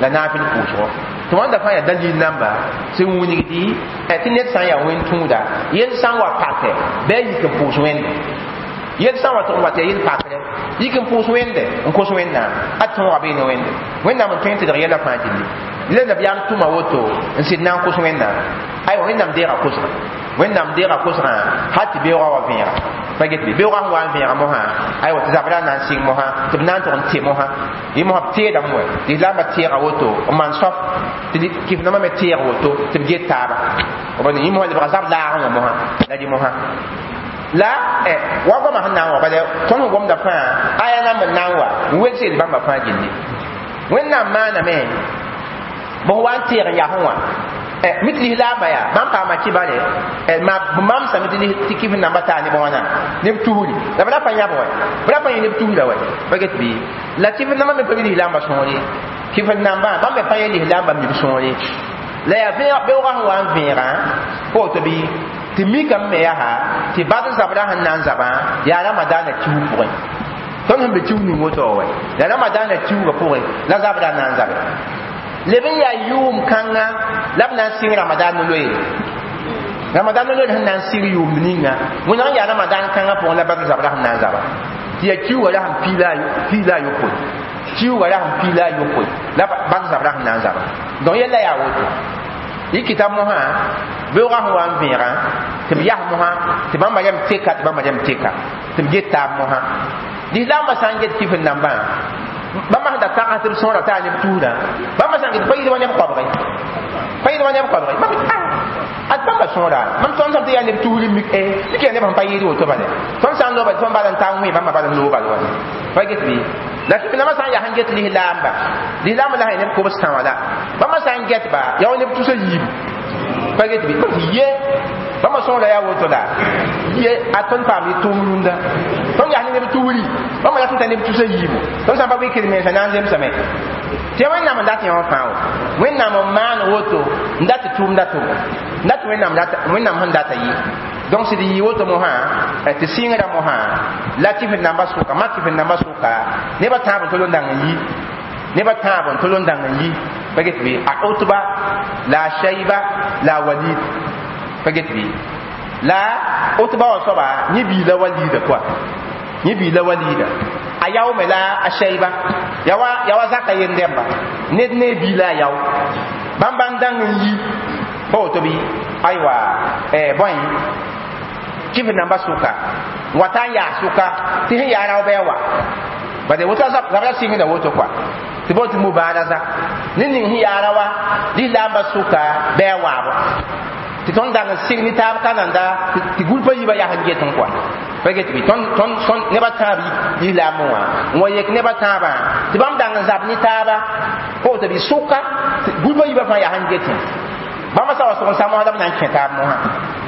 la naafɩl kʋʋsgo tɩ wãnda fãa yaa dalil namba sẽn wingdi tɩ ned sã n yaa wẽn tũuda yel sã n wa pakɛ bɩ yik n pʋʋs wẽnde yel sã n wa tʋg n wa yel pakrɛ yik n pʋʋs wẽnde n kos wẽnnaam a tõog a beene wẽnde wẽnnaam n tõe n tɩdg yɛlã fãa tɩlle la nabiyaam tʋma woto n sɩd na n kos wẽnnaam aywa wẽnnaam deega kosga wẽnnaam deega kosgã ha tɩ beoogã wa vẽega pa get beoogã sẽn wa n vẽega mosã aywa tɩ zabra na n sɩng mosã tɩ b na n tʋg n tɩ mosã yẽ mosã b teedame wɛ tɩ la teega woto n maan soab tɩ kɩfnamã me teeg woto tɩ b get taaba bõn mosã lebga zab laagẽ wã mosã la dɩ mosã la eh wa goma han nan wa bale ton gom da fa aya nan ban nan wa wese ban ba fa gindi wen nan ma na me bo wan ti ya hon eh mitli la ba ya ban pa ma ki ba eh ma sa mitli ti ki ba ta ni bona ne tuhuli da bala fa ya ba bala fa ne tuhuli da wa ba bi la ti ma me ni la ma so ni ki fa ba ba me ye ni la ba mi so ni la ya be wa wa an ko to bi ti mi kam me yaha ti bad zabra han nan zaba ya ramadan ki mu ko ton han be ti mu mo to wa ya ramadan ki mu ko ko la zabra nan zaba le bin ya yum kanga lab nan sin ramadan lo yi ramadan lo han nan sin yum ninga mo nan ya ramadan kanga po la bad zabra han nan zaba ti ya ki wa la han pila pila yo ko ki wa la han pila yo ko la bad zabra han nan zaba don yella ya wo yikita mosã beoogã sẽn wa n vẽega tɩ b teka tɩ teka tɩ b get taab mosã lislaambã sã n get kif n da t'a neb tuusdã bãmba sã n get pa yɩɩd wa neb kɔbge pa yɩɩd wa neb kɔbge mam ad bãmba sõora mam tõnd sãn tɩ yaa neb tuusd mik tɩ eh, kẽer neb sẽn pa yɩɩd woto bale tõnd loba tõnd bala n tar wẽ bãmba bala n loo bal wa pa get la tɩ bilama sã n lihi sẽn get lislaamba lislaamba la sẽn neb kobs tã wãla bãmba sã n get ba ya wa neb tusa yiibu pa get bɩ ye bãmba sõoda yaa woto la ye a tõnd paam yɩ tʋʋm rũndã tõnd yaa ne neb tuuri bãmba yaa sẽn ta neb tusa yiibu tõnd sã n pa wɩkd mensã na n zemsame tɩ wẽnnaam n dat yã wã fãa wẽnnaam n maan woto n dat tʋʋmda tʋm n dat wẽnnaam sẽn data yi. donc sɩd yi woto mosã tɩ sɩɩngda mosã la ha f namba sʋka ma tɩ f namba sʋka nebã tãab n tol n dãng n yi nebã tãab n tol n yi pa get a utba la a la a walid pa bi la utba wã soaba yẽ bii la walida ah, koa yẽ bii la walida a me la a shaiba ya wa zaka yen-dɛmba ned ne bii la a yao bãmb yi pa woto bɩ aywa eh, bõe kif namba suka wata ya suka ti hin yara bewa ba de wata zab zabra singi da woto kwa ti botu mubaraza nin ni hi yara wa di lamba suka bewa ba ti ton dang singi ta da ti gulpa yiba ya hanje ton kwa paget bi ton ton son neba tabi di la moa mo yek ta ba ti bam dang zab ni ta ba ko to bi suka gulpa yiba fa ya hanje ton bãmba sa wa sʋg n sa moosdb na n kẽ taab mosã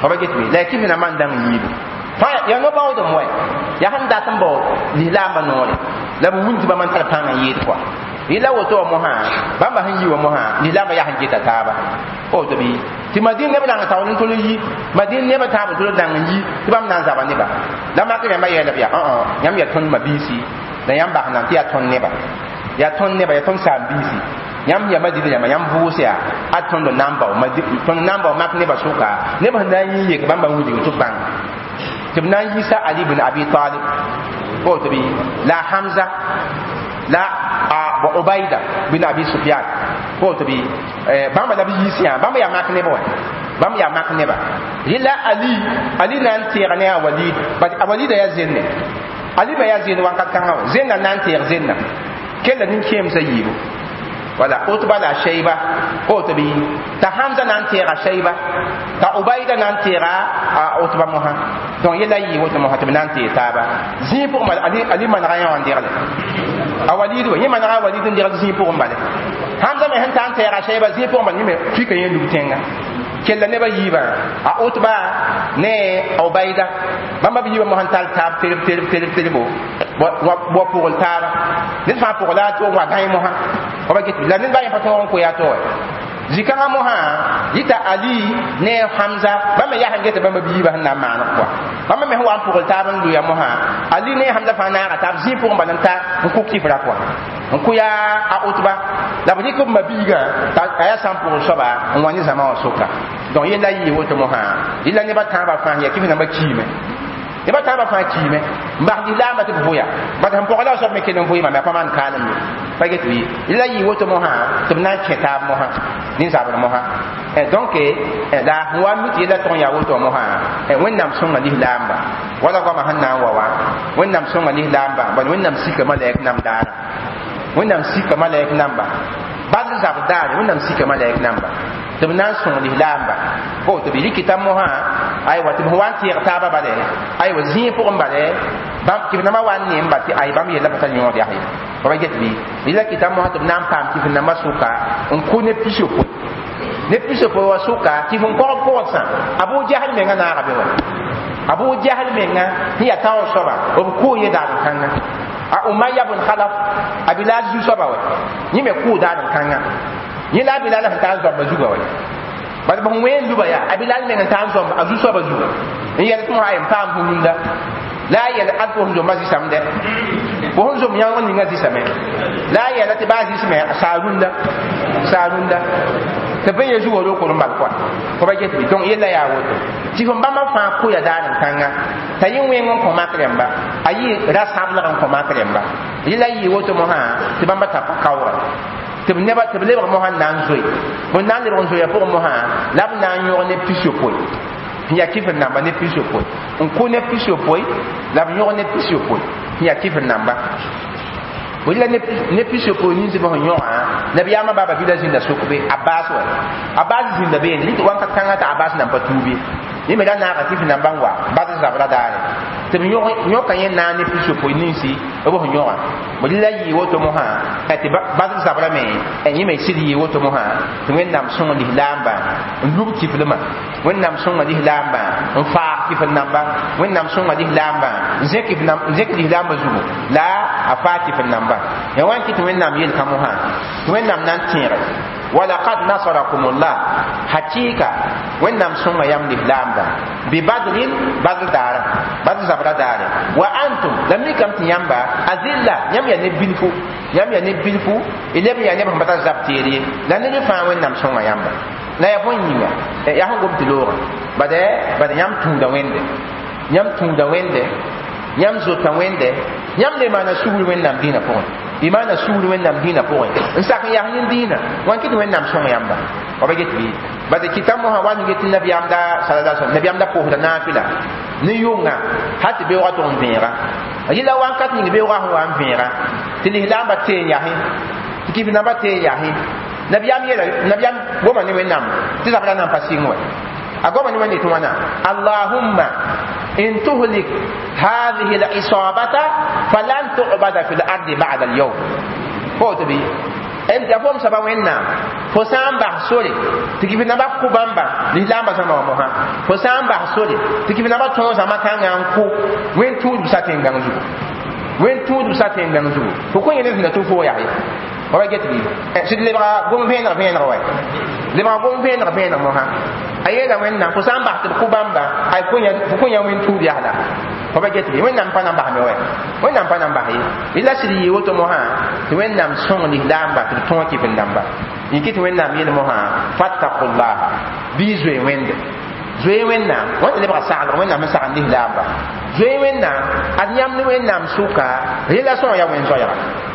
fa ba get be la kɩf na man dãng yiibu fa ya no baood n wɛ yaa sẽn dat n bao lislaamba noore la b wundba man tar pãng n yɩɩd pʋa yɩla woto wã mosã bãmba sẽn yi wã mosã lislaambã yaa sẽn geta taaba oto bɩ tɩ madin neb rãng taool n tol n yi madin neb taab n tol ba, dãng n yi tɩ bãmb na n zaba neba la mak rẽmbã yɛɛla b yaa ãã yãmb yaa tõnd mabiisi la yãmb basna tɩ yaa tõnd neba ya ne ba ya ton sabisi yam ya madina yãmba yãmb vʋʋs yaa a tõnd nan bao tõnd nan bao mak nebã suka neb sẽn na yi yɩ ban ban wilg tɩ bãng tɩ b na n ali bin abi talib to bi la hamza la wa ubaida bin abi sufyan bi bɩ eh, bãmba la b yiis yã bãmba ya ma nebã wa bam ya mak neba illa ali ali nan tiyar ne a walid but a da ya zinne ali ba ya zinne wa kan hawa zenna nan tiyar zinna kela nin kem sa yibu wala utba la shayba bi ta hamza nan tira shayba ta ubayda nan tira utba moha don yela yi wata moha ta nan tira taba zin pour mal ali ali man rayan wan dirle awalidu yi man rayan walidu zi zin pour mal hamza me han tan tira shayba zin pour mal ni me fika yen lutenga kella neba yiba a utba ne obaida bamba bi yiba mohan tal tab tel tel tel tel bo bo pour tar ne fa pour la to wa gaimo ha o ba get la ne ba ya pato on ko ya to zikãngã mosã yita ali ne hamza bãmb me yaa sẽn geta bãmba biiba sẽn na n maanek pʋa bãmba me sẽn wa n pʋgl taab n loya mosã ali ne hamza fãa naaga taab zĩig pʋgẽ bala n ta n kʋk tɩ ra pʋa n kʋ yaa a otba la b rɩk b ma biigã a yaa sã n pʋgl soaba n wa ne zãma wã soka donc yella yɩɩ woto mosã yella nebã tãabã fãa yaa kɩf namba kiime e ba taba fa ki me ba ilama te boya ba tan pokala so me kelen boya ma pa man kalam ni pa get wi ila yi woto mo ha to na cheta mo ha ni sa mo ha e donc e la e wa mi ti e la ton ya woto mo ha e wonnam songa ni lamba wala ko ma hanna wa wa wonnam songa ni lamba ba wonnam sika malek nam ma wonnam sika malek namba bag zab daare wẽnnaam sika malaɛk namba tɩ b na n sõng lislaamba o tɩ b rɩkɩta mosã aywa tɩ b sẽn wa n tẽeg taaba bale aywa zĩig pʋgẽ bale tɩ b nama wa n ne n ba tɩ ay bãmb yella pa tar yõod yaa ye fa ba get bɩ rɩla likita mosã tɩ b na n paam tɩ f nama sʋka ne pisio ko ne pisio po wa sʋka tɩ f n kɔg pʋgsã a bʋʋ jahl mengã naaga be wa a bʋʋ jahl mengã soba yaa tãor soaba b kʋʋ ye daam a umayya bin khalaf a bilal zu soba wa ni me ku da nan kanga ni la bilal han ta zo ba zuga wa ba ba wen zuba ya a bilal ne ta zo ba zu soba zuga ni ya tun hayin pam hununda la ya al ko hunjo mazi samde ko hunjo mi yango ni ngazi same la ya la te bazi sime sarunda sarunda tɩ bõe ya zuwa rokr n bal pʋa fo ba get bɩ dõnc yella yaa woto tɩ fõn bãmba fãa koya daarẽ kãngã t'a yɩ wẽng n kõ mak rẽmba a yɩ ra-sãblg n kõ mak rẽmba yella yɩɩ woto mosã tɩ bãmba t'a kaoora tɩ b neba tɩ b lebg mosã n na n zoe bõn na n lebg n zoya pʋgẽ mosã la b na n ne pisopoe n yaa kɩf namba ne pisopoe n kʋ ne pisopoe la b yõg ne pisopoe n yaa kɩf namba wila ne pisio ko yin zibo hon yoa nabi ama baba bila zinda sokbe abbas wa abbas zinda be ni wan ka tanga ta abbas nan patubi ni me dan na ka tifi nan bangwa tɩ b yõka yẽ na ne pisopo ninsi b f yõga b la yɩɩ woto mosã tɩ badr zabra me yẽ me sɩd yɩɩ woto mosã tɩ wẽnnaam sõng lislaambã n lug kiflmã wẽnnaam sõnga lislaambã n faag kif n namba wẽnnaam sõnga lislaambã n zẽk lislaambã zugu la a faag kif namba wa n kɩ tɩ wẽnnaam yelka mosã tɩ wẽnnaam na n tẽege walaqad nasarakumullah hakika wẽnnaam sõnga yam lislaamda bɩ badrin badr daara badr zabra daare wa antum la mikame tɩ yãmba azilla yãmb yaa ne bilfu yãmb yaa ne bilfu y leb n yaa neb sẽn pa tar zab teer ye la ned fãa wẽnnaam sõnga yãmba la ya bõn yĩnga yaa sẽn gom tɩ loogã bad bad yãmb tũuda wẽnde Imana maana suuri wẽnnaam dĩinã pʋgẽ n sak n yas nin-dĩinã wan kɩt wẽnnaam sõng yãmba wa ba get bɩ bas kɩta mosã wa n get nabiyaamda sala sm nabiyaamda pʋʋsda naafɩla ne yʋnga ha tɩ beoogã tʋg n vẽega yɩla wa n kat ning beoogã sẽn wa n vẽega tɩ lislaambã tee yãse tɩ kɩf nãmbã tee yãse nabiyaam yeela nabiyaam goma ne wẽnnaam tɩ zabra na n pa sɩng wa أقوم أن يتوانا اللهم إن تهلك هذه الإصابة فلن تعبد في الأرض بعد اليوم قلت بي إن تفهم سبوينا فسام بحصولي تكيف نبق كبامبا لهلام بسنا وموها فسام بحصولي تكيف نبق تنو زمتان ينكو وين تود بساتين غنزو وين تود بساتين غنزو فكون ينزل نتوفو يعيه wa get bi sɩd lebga gom vẽeneg vẽeneg wa lebga gom vẽeneg vẽeneg mosã a yeela wẽnnaam fo sã n bas tɩ b kʋ bãmba a fo kõ yã wẽn tuub yaala fa ba get bɩ wẽnnaam pa na n basme wɛ wẽnnaam pa na n bas ye yella sɩd yɩɩ woto mosã tɩ wẽnnaam sõng lislaamba tɩ b tõog kɩf n dãmba yĩn kɩ tɩ wẽnnaam de. mosã fattakullah na, zoe wẽnde zoe wẽnnaam wẽnd na saglg wẽnnaam n sagn lislaamba zoe na, ad yãmb ne wẽnnaam sʋka yella sõg ya wẽn zoɛɛga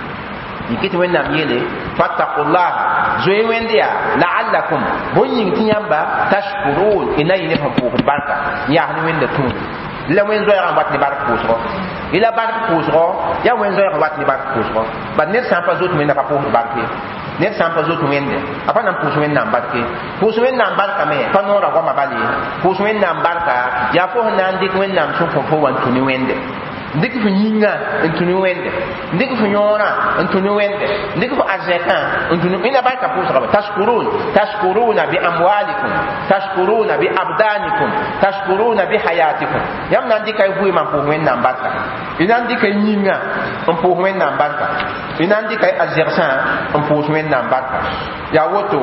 yikit wẽnnaam yeele fattakullah zoe wẽnd yaa laallakum bõn yĩng tɩ yãmba tashkurun y na yɩ ne pʋʋsd barka n yaas ne wẽnda tũudu la wẽn zoɛɛgã n wat ne bark pʋʋsgɔ y la bark pʋʋsgɔ yaa wẽn zoɛɛgã wat ne bark pʋʋsgɔ bad ned sã n pa zot wẽnda pa pʋʋsd bark ye ned sã n pa zot wẽnde a pa na n pʋʋs wẽnnaam barke pʋʋs wẽnnaam barka me pa noora goama bal ye pʋʋs wẽnnaam barka yaa fo sẽn na n dɩk wẽnnaam sẽn kõ fo wan tũ ne wẽnde dɩk fo yĩnga n tũni wẽnde dɩk fo yõorã n tũni wẽnde dɩk fo azɛkã n tũni ẽna barka pʋʋsgba taskurun taskuruna bi amwalikum taskuruna bi abdanikum taskuruna bi hayatikum yãmb na n dɩka y vɩɩmã n pʋʋs wẽnnaam barka y na n dɩka y yĩnga n pʋʋs wẽnnaam barka y na n dɩka y a zɛgsã n pʋʋs wẽnnaam barka yaa woto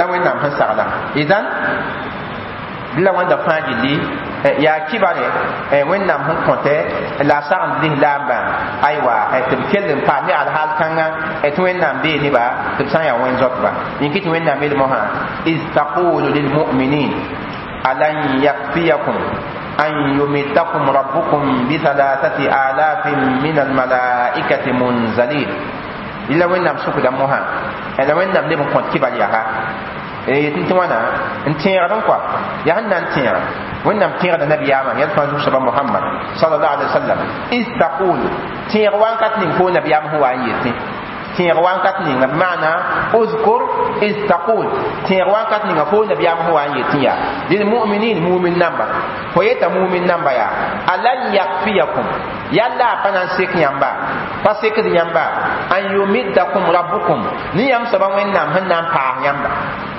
la wẽnnaam sẽn sagla la wanda fãa gilli yaa kibare wẽnnaam sẽn kõtɛ la sagem lislaamba aywa tɩ b kell n paas ne alhaal kãngã tɩ wẽnnaam bee neba tɩ b sã n yaa wẽn zɔtba yĩnkɩ tɩ wẽnnaam yel mosã is taqulu lilmuminin alan yakfiyakum أن يمدكم ربكم بثلاثة آلاف من الملائكة منزلين إلا وين نمسك دمها إلا وين نملك كبال يها yet n tɩ wãna n tẽegd n kɔa yaa sẽn na n tẽega wẽnnaam tẽegda nabiyaamã yɛl fãa zugsba mohamad sal la alih wa sallam is taqul tẽeg wa n ka tɩ ning poo nabiyaam sẽn wa n yetẽ tẽeg wankat ninga maana ozkor iz taqul tẽeg wankat ninga fo nabiyaam sẽn wa n yet n yaa dẽn muminin mumin namba fo yeta mumin namba yaa alan yakfiyakum yalla a pa na n sek yãmba pa sekd yãmba an yumiddakum rabbukum ne yãmb soaba wẽnnaam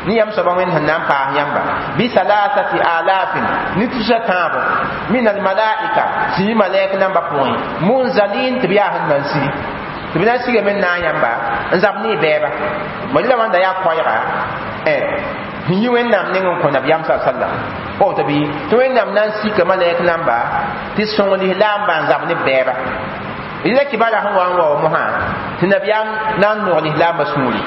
ni yam soba wen han nan paas yamba bi salasati alafin ni tusa tabo min al malaika si malaika namba point munzalin tibiya han nan si tɩ b na n sigame n na n yãmba n zab ne bɛɛba ma rɩla wãnda yaa koɛɛga n yi wẽnnaam ning n kõ nabiyaam sa sallam ota bɩ tɩ wẽnnaam na n sika malɛk namba tɩ sõnglis la n bãn zab ne bɛɛba rɩla kibara sẽn wa n wao mosã tɩ nabiyaam na n noglɩs la n sũuri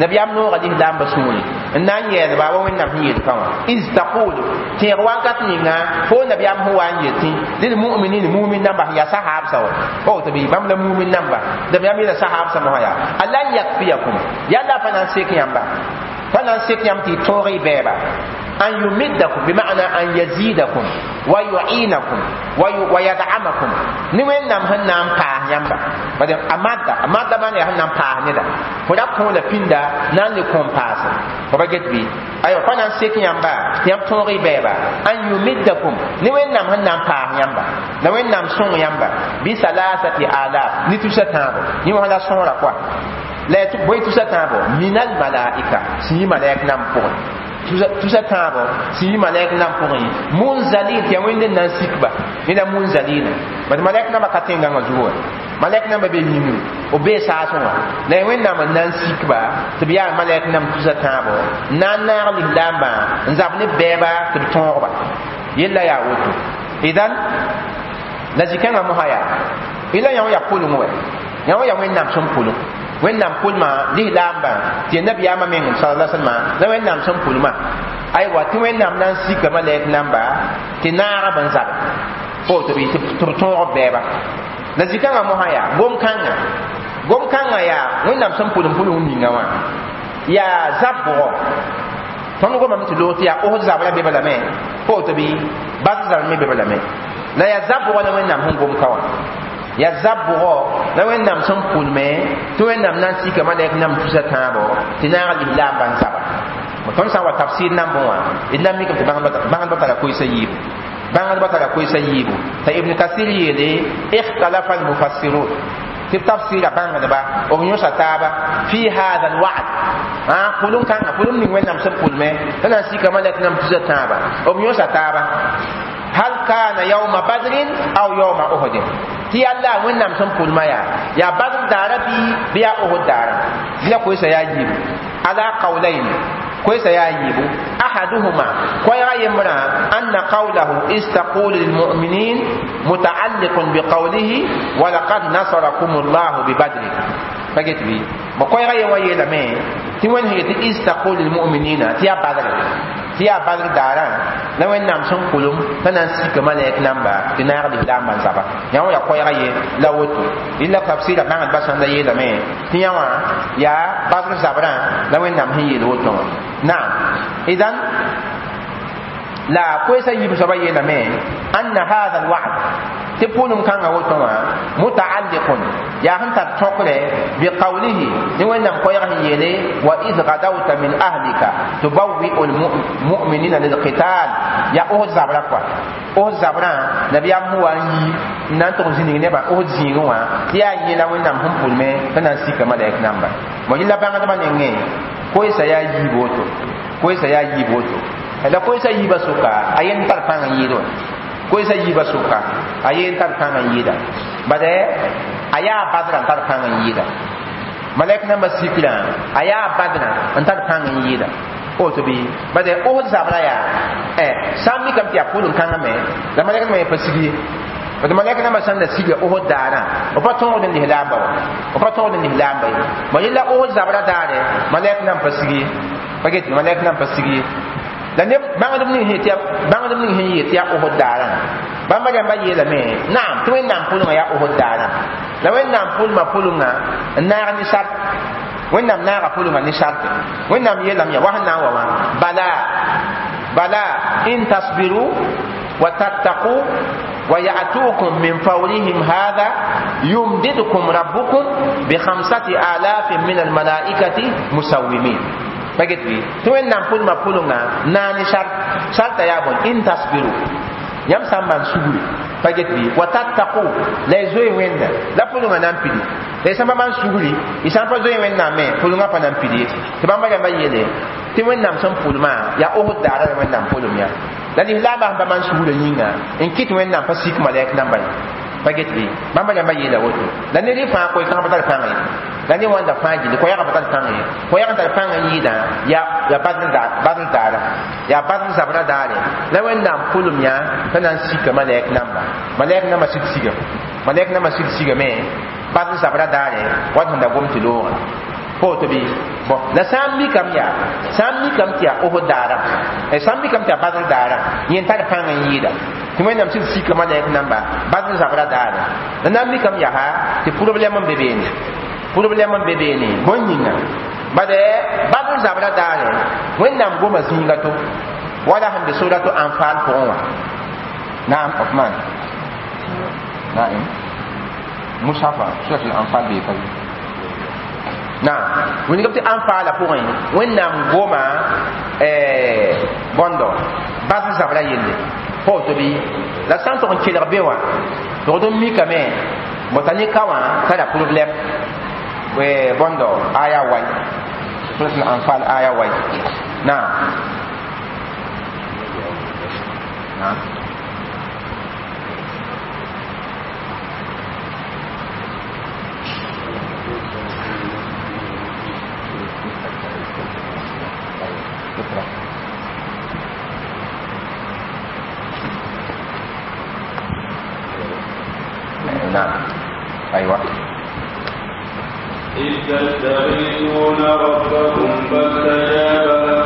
نبي عم نور قديم دام بسوني نان يا نبا وين نبي يتكلم إذ تقول تين روان كتنينا فو نبي عم هو عن يتي دل مؤمنين المؤمن نبا يا سحاب سوا هو تبي بام المؤمن نبا نبي عم يلا سحاب سوا هيا الله يكفيكم يلا فنان سيك يامبا فلن سيك يمتي توري بيبا أن يمدكم بمعنى أن يزيدكم ويعينكم ويدعمكم نوين نام هن نام پاه يمبا بدم أمادة أمادة بان هن نام پاه ندا فلا كون لفندا نان لكم پاس فبجد بي أيو فلن سيك يمبا يم توري بيبا أن يمدكم نوين نام هن نام پاه يمبا نوين نام سون يمبا بسلاسة آلاف نتوشتان نيوهن لا سون رقوا la boy tu sa tambo minal malaika si malaik nam tusa tu sa tambo si malaik nam pon mun zalil ya n nan sikba ni da mun zalil ba malaik nam ka tenga ngazuwa malaik nam be yinu o be sa so wa la wende n nan sikba to biya malaik nam tusa na n tu sa tambo nan nar li lamba nzabne beba to tonba yella ya woto idan la jikanga mohaya ila yawo ya pulungwe yawo ya wende nam som pulungwe wẽnnaam pʋlmã lislaambã tɩ nabiyaamã meng sala la sãlma la wẽnnaam sẽn pʋlmã aywa tɩ wẽnnaam na n sikame la d namba tɩ naagã bõn zabe fo tɩ b tɩ b tõog bɛɛba la zĩ-kãngã mosã yaa gom-kãngã gom-kãngã yaa wẽnnaam sẽn pʋlm pʋlg ninga wã yaa zab-bʋgɔ tõnd gomame tɩ loog tɩ yaa os zabrã be ba lame fo tɩ b bas zabrã me be ba lame la yaa zab-bʋgɔ la wẽnnaam sẽn gom-ka wã ya zabbʋgɔ la wẽnnaam sẽn pʋlme tɩ wẽnnaam na n sikame la nam tusa tãabɔ tɩ naaga lislaam bãn zaba tõnd sã n wa tabsɩr nambẽ wã d na n mikame tɩ bãsdbã tara koɛɛsã yiibu bãsdbã tara koɛɛsã yiibu t'a ibn kasir yeele ikhtalafa almufassirun ban b tabsɩra o b yõsa taaba fi hada alwaad pʋlum kãnga pʋlum ning wẽnnaam sẽn pʋlme la na n sikame la tɩ nam tusa o b yõsa taaba hal na yawma badrin au yawma uhud ti yalla wẽnnaam sẽn pʋlma yaa yaa badr daara bɩ bɩ yaa ohd daara bɩ la koesa yaa yiibu ala kaulain koesa yaa yiibu ahaduhuma koɛɛga yembrã anna qawlahu istaqulu lilmuminin mutaalliqun biqawlihi walakad nasarakum llahu bibadri pa get bɩ ma koɛɛga yẽ wã yeelame tɩ wẽnd sẽn yetɩ istaqulu tɩ yaa barg na wen nam sẽn kulum t'a si ke sika ek namba tɩ di f la n bal zaba yã wã ya wa ya ye la illa tafsir tabsɩɩra bãngdbã sãn da me tɩ yã wã yaa barg zabrã la wẽnnaam sẽn yeel woto wã naam idan la koesa yib la me anna hatha alwad tɩ pʋlem kãngã woto wã mutaallikun yaa sẽn tar tõkre bi qawlihi ne wẽnnaam koɛɛg sẽn yeele wa id gadawta min ahlika tubawiu lmuminina lilqital yaa osd zabrã kɔa osd zabrã nabiyaam sẽn wa n yi n na n tog zĩnig nebã osd zĩigẽ wã tɩ yaa yẽla wẽnnaam sẽn pʋlme sẽn na n sika malɛk namba bõ yella bãngdbã nengẽ koɛsa yaa yiib woto koɛsa yaa yiib woto la koɛsa yiibã soka a yen tar pãng n yɩɩd wa koesa yiba suka a yen tar kãngã yɩɩda bad a yaa badrã n tar kãngã n yɩɩda malɛk namba sikrã a yaa badrã n tar kãngã n yɩɩda oto bɩ bad ohd zabra yaa eh, sãn mikame tɩ yaa pʋl n kãngã me da malɛk nambã yã pa sig ye bad malɛk nambã sãn da siga ohd daarã b pa tõod n lislaamba wa b pa tõod n lislaamba ye ma yella ohd zabrã daare malɛk nan pa sig ye pa get malɛk nan pa sig ye la ne bãngdb ning sẽn ya bãngdb ning sẽn yet yaa osd daarã bãmba rãmbã yeelame naam tɩ wẽnnaam pʋlmã yaa osd daarã la wẽnnaam pʋlmã pʋlngã n naag ne sart wẽnnaam naaga pʋlngã ne sarte wẽnnaam yeelame ya wa sẽn na n wa wã bala bala in tasbiru wa tattaqu ويأتوكم من فورهم هذا يمددكم ربكم بخمسة آلاف من الملائكة مسومين paget wi tɩ wẽnnaam pʋlma pʋlengã naani sar sar t'a yaa in ĩn tasbiru yãmb sã n maan sugri paget wi wa tattaku la y zoe wẽnda la pʋlengã na n pidi la y sã pa maan sugri y sã n pa zoe wẽnnaam me pʋlengã pa na n pid ye tɩ bãmba rãmbã yeele tɩ wẽnnaam sẽn pʋlmã yaa osd daara la wẽnnaam pʋlm ya la lislaam basẽn pa maan sugrã yĩnga n kɩt wẽnnaam pa sik malɛk nambã ye pa bi bɩ bãmba yi yeela woto la ned y fãa koy kãsb tar pãngẽ la ne wãnda fãa gilli koɛɛgb tar pãngẽ koɛɛg tar pãngã yɩɩdã ya bad n da ya bad n zabrã da la wẽnnaam pʋlem yã t'a na n sika malɛk namba malɛk nambã sig sigame malɛk nambã sig sigame bad n zabrã daare wa tɩ sẽn da gom tɩ loogã fo bi bon la sambi kam ya sambi kam eh, ti dara e sambi kam ti dara yida zabra dara nambi kam ya ha ti bebe ni bebe ni zabra dara wen nam goma to wala han anfal ko wa na'am musafa anfal bi na wingam tɩ anfaala pʋgẽ wẽnnaam goma eh, bõndɔ bas n zabra yelle pa woto bɩ la sã n tʋg n kelg be mi tʋgd n mikame bõta nika wã tara pʋrg bondo bõndɔ aya wai sʋrs anfa anfaal aya wai nan. أيوة إذ تستغيثون ربكم فاستجاب لكم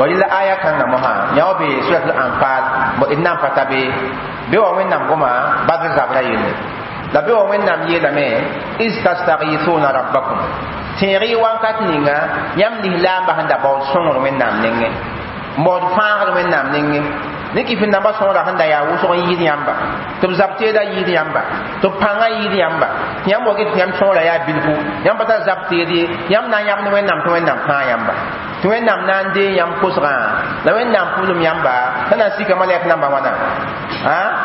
bari la aya kanga moha yawo be surat al-anfal bo inna patabe be wa wennam goma badr zabra yele la be wa wennam yela me is tastaghithuna rabbakum tẽegi wankat ninga yãmb lislaamba sẽn da baood sõngr wẽnnaam nengẽ baood fãagr wẽnnaam ne kɩ fẽn namba sõora sẽn da yaa wʋsg n yɩɩd yãmba tɩ b zab teeda yɩɩd yãmba tɩ b pãngã yɩɩd yãmba tɩ yãmb wa get tɩ yãmb sõora yaa bilgu yãmb pa tar zab teed ye yãmb na n yãgd tɩ wẽnnaam na n deen yãmb kosgã la wẽnnaam pʋʋlem yãmba sã na n sika malɛk namba wãna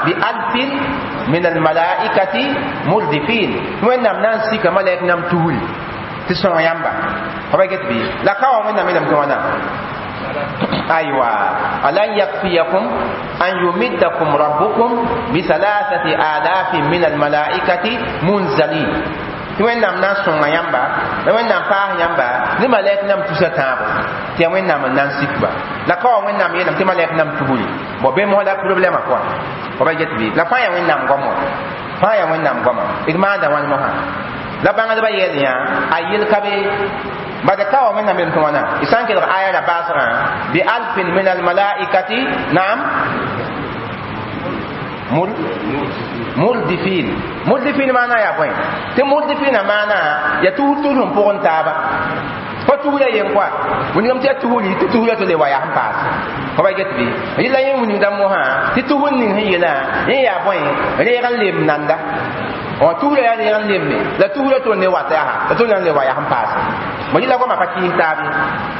bi alfin min almalaikati murdifin tɩ wẽnnaam na n sika malɛk nam tuul tɩ sõg yãmba fa get bɩ la ka wa wẽnnaam yeelame tɩ wãna أيوة ألن يكفيكم أن يمدكم ربكم بثلاثة آلاف من الملائكة منزلين tɩ wẽnnaam na n sõnga yãmba la wẽnnaam paas yãmba ne malɛk nam tusa tãabo tɩ ya wẽnnaam n na n sikba la ka wa wẽnnaam yeelame tɩ malɛk nam tugre bɔ bee mosla problɛmã kɔa fa get bɩ la fãa ya wẽnnaam gɔma fãa ya wẽnnaam gɔma d maanda wãn mosã la bãngdbã yɛɛl yã a yel-ka be بعد كاو من من تونا إسان كده آية لباسرة بألف من الملائكة نعم murdifin murdifin mana ya bõe tɩ murdifina mana ya tuus tuus n pʋgẽ taaba fo tuusã yen koa wilgame tɩ ya tuusri tɩ tuusã tɩ le wa yaa sẽn paas fo ba get bɩ yella yẽ wilgdã mosã tɩ tuus n ning sẽn yelã yẽ yaa bõe reeg n leb nanda o tuhra ya ne yan nemme la tuhra to ne wata ha to ne waya ya han pas mo yila ko ma pati tabi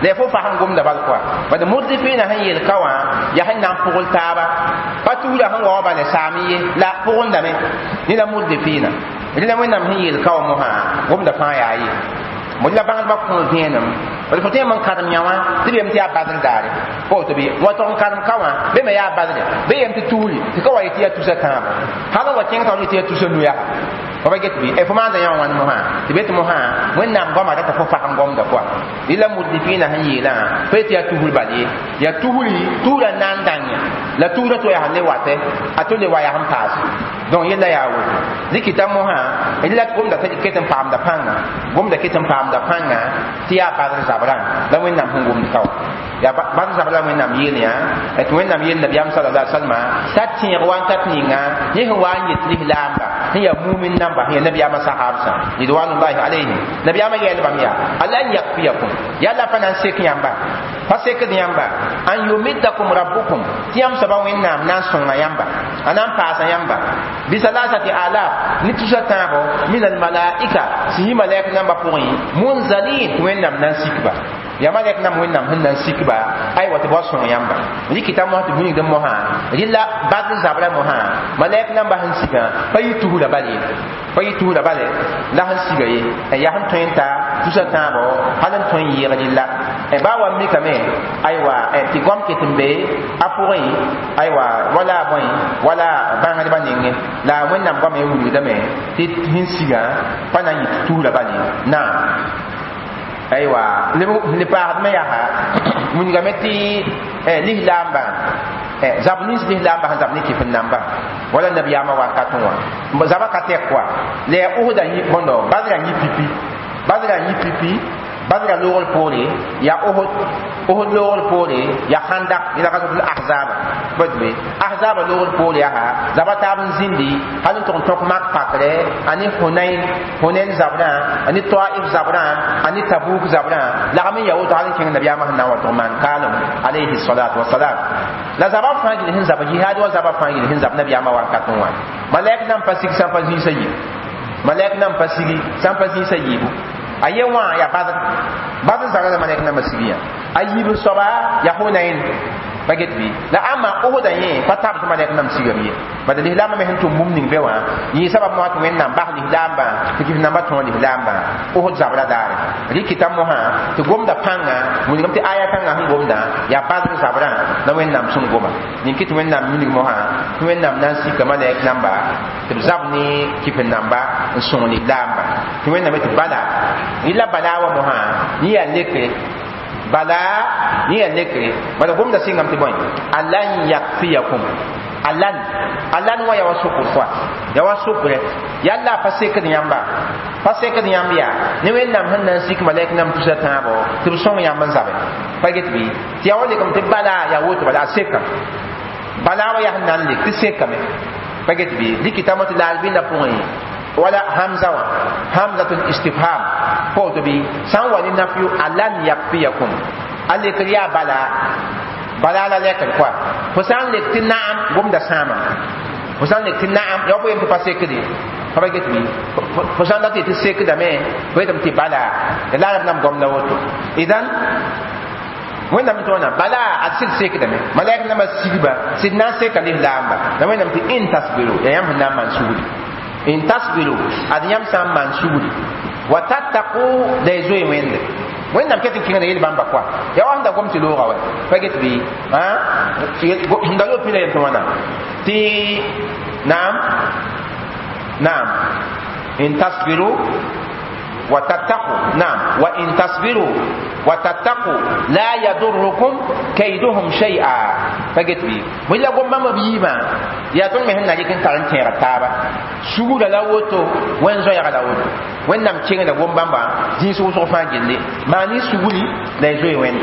le fo fa han gum da bal kwa ba de muddi fi na han yel kawa ya han nan pugul taba ba tuhra han wa ba ne samiye la pugun da me ni la muddi fi na ni la mo nam han yel kawa mo ha gum da fa ya yi mola bãng ba kõo vẽenem d fo tẽeme n kãdem yã wã tɩ b yem tɩ yaa badr daare pa woto be wã tog be me ya badre be yem tɩ tuuri tɩ ka wa yetɩ yaa tusa kãaba ha ba wa kẽng tag yetɩ yaa tusa nu yaga fa ba get bɩ fo maanda yã wãn mosã mo ha tɩ mosã wẽnnaam goama rata fo pagem gomda pʋa rɩla mudlifiinã sẽn yeelã pa yetɩ yaa tuusr bal ye yaa tuusri tuurã na n ya la tuurã to yaa sẽn le watɛ a to wa ya sẽn paase don yella ya woto ha moha illa gomda ta ketan fam da panga gomda ketan fam da fanga, ti ya pa zabran da wen nam hungum taw ya ban zabra wen nam yel ya et wen nam yel nabiyam sallallahu alaihi wasallam tatin ya wan tatni nga ne ho wan yit ni lamba ne ya mu'min namba ne nabiyam sahabsa ridwanullahi alaihi nabiyam ya lamba ya allah yakfiyakum ya la panan sekiyamba pa sekd yãmba an yumiddakum rabbukum tɩ yãmb soaba wẽnnaam na n sõnga yãmba a na n paasa yãmba bisalasati alaf ne tusa tãabo min almalaika sẽn yi malɛk nãmbã pʋgẽ munzalin tɩ wẽnnaam na n sikba yama rek nam wẽnnaam sẽn na n sikba aywa tɩ ba sõng yãmba rɩkɩta mos tɩ bũnigdẽ mosã rɩla bãd zabrã mosã malɛk namba sẽn sikã pa yɩ tugra bal ye pa yɩ tugra bale la sẽn siga ye n e, yaa sẽn tõe n ta tusa tãabo hal n tõe n yɩɩg rɩla e, baa wa mikame aywa e, tɩ gom ket n be a pʋgẽ aywa wala a bõe wala bãngdbã nengẽ la wẽnnaam goame wilgdame tɩ sẽn siga pa na n yɩ tɩ bal ye naam aywa ne paasd me yaa wingame tɩ eh, lislaamba eh, zab nins lislaamba sẽn zab ne kɩf n namba wala nabiyaamã wakatẽ wã zaba ka tɛk wa la ya usda bõndo badra yĩ pipi badra yi pipi بدر لغل بوري يا أهد أهد لغل بوري يا خندق إذا قصد الأحزاب بدوي أحزاب لغل بوري ها زبا تابن زندي هل انتون توق مك فاكري أني هنين هنين زبنا أني طائف زبنا أني تبوك زبنا لغم يهود هل انتون نبيا مهنا وطمان كالم عليه الصلاة والسلام لزبا فانج لهم زبا جهاد وزبا فانج لهم زبنا بيا ما وانكتون وان ملاك نام فسيك سنفزين سيب ملاك نام فسيك سنفزين سيبو a ye wã ya bad bad n zagra zãma na masibiã a yiib soaba ya fo baget bi la ama o da pata bu ma da nam sigam yi bada ni lama me hantum mum ning bewa ni sabab ma to nam ba ni lamba Ki na namba to ni lamba o ho zabra dar ri kitam mo ha to gom da panga mun ngam ti aya kan ngam gom da ya ba zu zabra na nam sun goma ni kit wenna min mo ha to nam nan si kama da lamba to zab ni ki kifin namba sun ni lamba to nam ti bala la bala wa mo ha ni ya leke bala ni ya nekre bala bum da singam ti boy alan yakfiyakum alan alan wa yawasuku fa yawasuku eh. yalla fa sekri yamba fa sekri yambiya ni wen nam hanna sik malaik nam tusa tabo tib song yamba zabe paget bi ti awle kam ti bala ya wotu bala sekam bala wa ya hanna lik ti sekam paget eh. bi likita mot la na pungi wala hamza wa hamzatul istifham ko to bi san wani nafiyu alan yakfiyakum alle kriya bala bala la lekal kwa ko san lekti na'am gum da sama ko san lekti na'am ya ko yim pa sekri fa ba getbi ko san da ti sekda me ko yim ti bala da la nam gum na woto idan wẽnnaam tɩ wãna bala a sɩd sekdame malɛk nama sigba sɩd na n seka lislaamba da wẽnnaam tɩ ĩn tasbiro yaa ya sẽn na n maan in tasbiru ad yãmb sã n maan sugri wa tattaqu da zoi zoe wẽnde wẽnnaam ket n kẽngda yel bãmba koa ya wa sẽn da gom tɩ looga wɛ pa get bɩ sẽn da yopɩla yel tɩ wãna tɩ naam naam in tasbiru وتتقوا نعم وإن تصبروا وتتقوا لا يضركم كيدهم شيئا فقلت بي ولا قم مبيما يا تون مهنا لك انت انت رتابا سورة لا وتو وين زويا لا وتو وين نام تشين لا قم بامبا دين سو سو فان جندي ما ني سوري لا زوي وين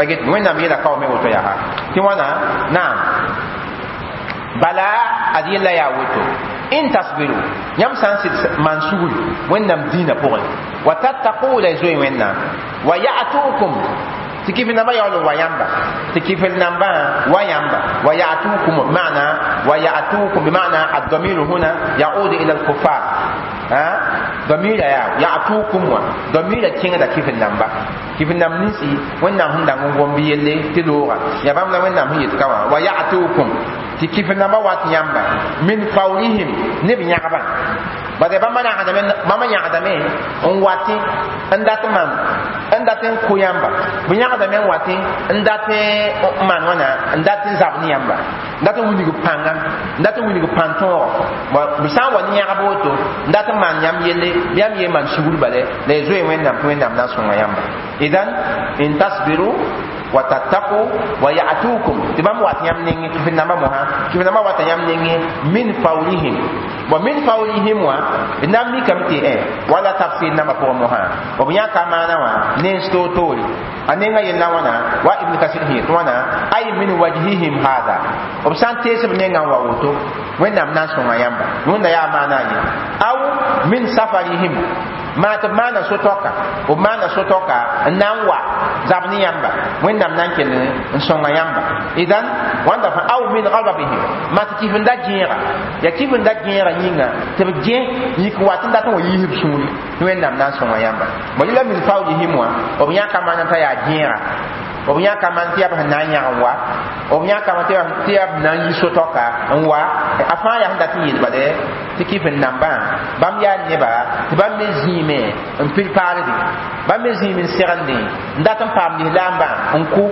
فقلت وين نام يلا قومي وتو يا تي وانا نعم bala adi la ya woto in tasbiru yam san sit mansugul wennam dina pore wa tattaqu la zoy wenna wa ya'tukum tikifin namba yawlo wa yamba tikifin namba wa yamba wa ya'tukum ma'na wa ya'tukum bi ma'na ad-damir huna ya'udu ila al-kufar ha damira ya ya'tukum wa damira kinga da kifin namba kifin nam si wennam hunda ngombi yelle tilora ya na wennam hiyet kawa wa ya'tukum ti kif namba wat yamba min qawlihim ne bi nyagaba ba de bamba na hadame mama nyagame on wati ndat man ndat en ku yamba bi nyagame wati ndat man wana ndat zabni yamba ndat wuni ko panga ndat wuni ko panto ba bi san wani nyagabo to ndat man yam yele yam ye man shugul bale le zoe wen nam wen nam na sunga yamba idan in tasbiru wa tattaqu wa ya'tukum tibam wat yam ningi fi nama moha fi ya min safarihim maa tɩ b maana so-toka b maana so-toka n na n wa zab ne yãmba wẽnnaam na n kell n sõnga idan wãnda fa aw min gadabihim maa tɩ kɩf n da gẽega yaa kɩf n da gẽega yĩnga tɩ b gẽ yik wat n dat n wa yiisb sũuri tɩ wẽnnaam na n sõnga yãmba bõ yɩla min faulihim wã b yãka maana t'a ya gẽega b yã kama tɩ yaa na n yãg n wa b yã kama tɩ yaa na yi so wa a fãa yaa sẽn dat n dɛ tɩ kɩf n nambã bãmb yaa neba tɩ bãmb me zĩime n pil paalde bãmb me n segende n dat n paam n ku.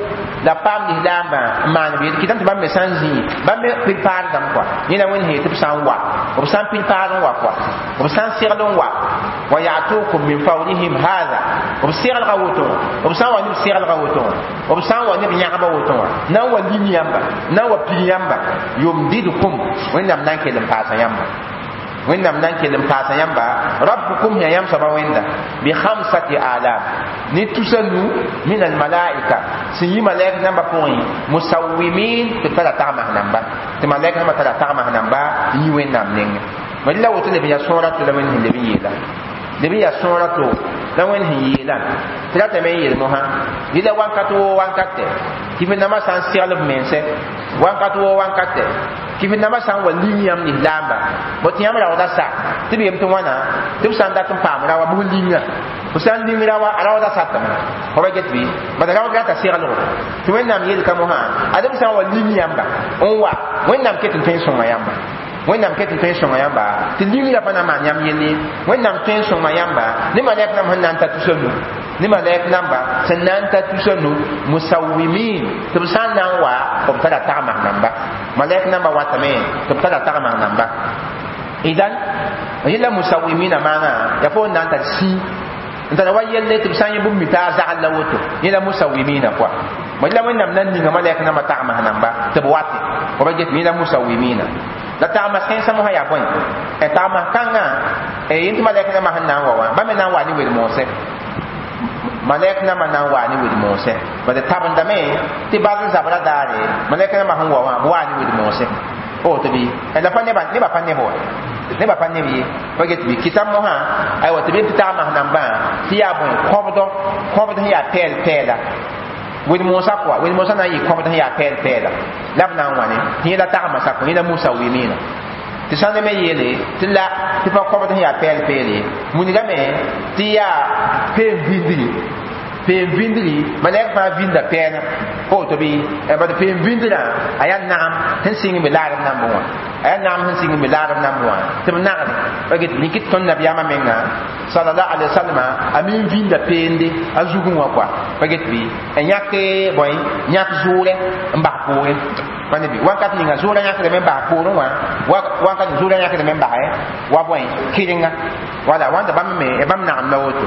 la paam lislaambã n maan beed kɩtame tɩ bãmb me sã n zĩig bãmb me pil paar dãmb kɔa yẽna wẽnse tɩ b sã wa b sã n pil wa kɔa b sã n segl n wa wa ya'tukum min fawrihim hadha b seglga woto b sã san wa neb seglga woto b sã san wa neb yãgba woto wã na wa lin yãmba na n wa pig yãmba yomdidkum wẽnnaam na n kell n paasa yãmba wẽnnaam na n kell n paasa yãmba rabbukum ya yãmb soaba wẽnda bɩ hamsati alam ne tusa nu min almalaika sẽn yi malɛk nãmbã pʋgẽ musawimin tɩ tara tagmas nãmba tɩ malɛk nãmbã tara tagmas nãmba n yi wẽnnaam nengẽ bõe la woto leb n ya sõora tɩ la wẽnd sẽn leb n yeela d b yaa sõora to la yi sẽn ha yi ratame n yel mosã yɩla wankat woo nama san dãmbã sã n se mensɛ wankat woo wankatɛ kifin-dãmbã nama san wa lim yãmb nis laamba bõ tɩ yãmb raooda sa tɩ b yem wana wãna san da sã n dat n paam rawa bf linga f sã n ling rawa a raooda satame fo ba get bɩ bala raood rata seglgo tɩ wẽnnaam yelka mosã ad b sã n wa lim yãmba n wa wen nam n tõe n sõma yãmba wẽnnaam ket tõe n sõma yãmba tɩ ligla pa na n maan yãmb yelle wẽnnaam tõe n sõma yãmba ne malɛk nam sẽn na n ta tusa nu ne malɛk namba sẽn na n ta tusa nu musawimin tɩ b sã n na n wa b tara tagmas namba malɛk namba watame tɩ b tara tagmas namba idan yella musawimina maana ya fo n na n tar sĩ n tara wa yelle tɩ b sã n yẽ bũmb mi taa zagl la woto yẽla musawimina pʋa ma yela wẽnnaam na n ninga malɛk namba tagmas namba tɩ b wate fa ba get mi yẽla musawimina la taama sẽnsa mosã wa ba me na wa wel na wa la pa pa pa get wẽd mosã pʋa wẽd mosã na n yɩ kõbd sẽn yaa pɛɛl-pɛɛla la b na n wa tɩ yẽla tagma sakõ yẽla musa wɩmɩɩna tɩ sãnda me yeele tɩ la tɩ pa kõbd sẽn yaa pɛɛl-pɛɛle wingame tɩ yaa peen vɩsdgi pen vindri malek pa vinda pena ko to bi e ba pen vindra aya nam hen singi mi laram nam bon aya nam hen singi mi laram nam bon te na ba get likit ton nabi ama menga sallallahu alaihi wasallam amin vinda pende azugun wa kwa ba get bi e nyake boy nyak zure mba pore mane bi wakat nga zura nyaka de memba poro wa wakat zura nyaka de memba e wa boy kiringa wala wanda bamme e bam na amna woto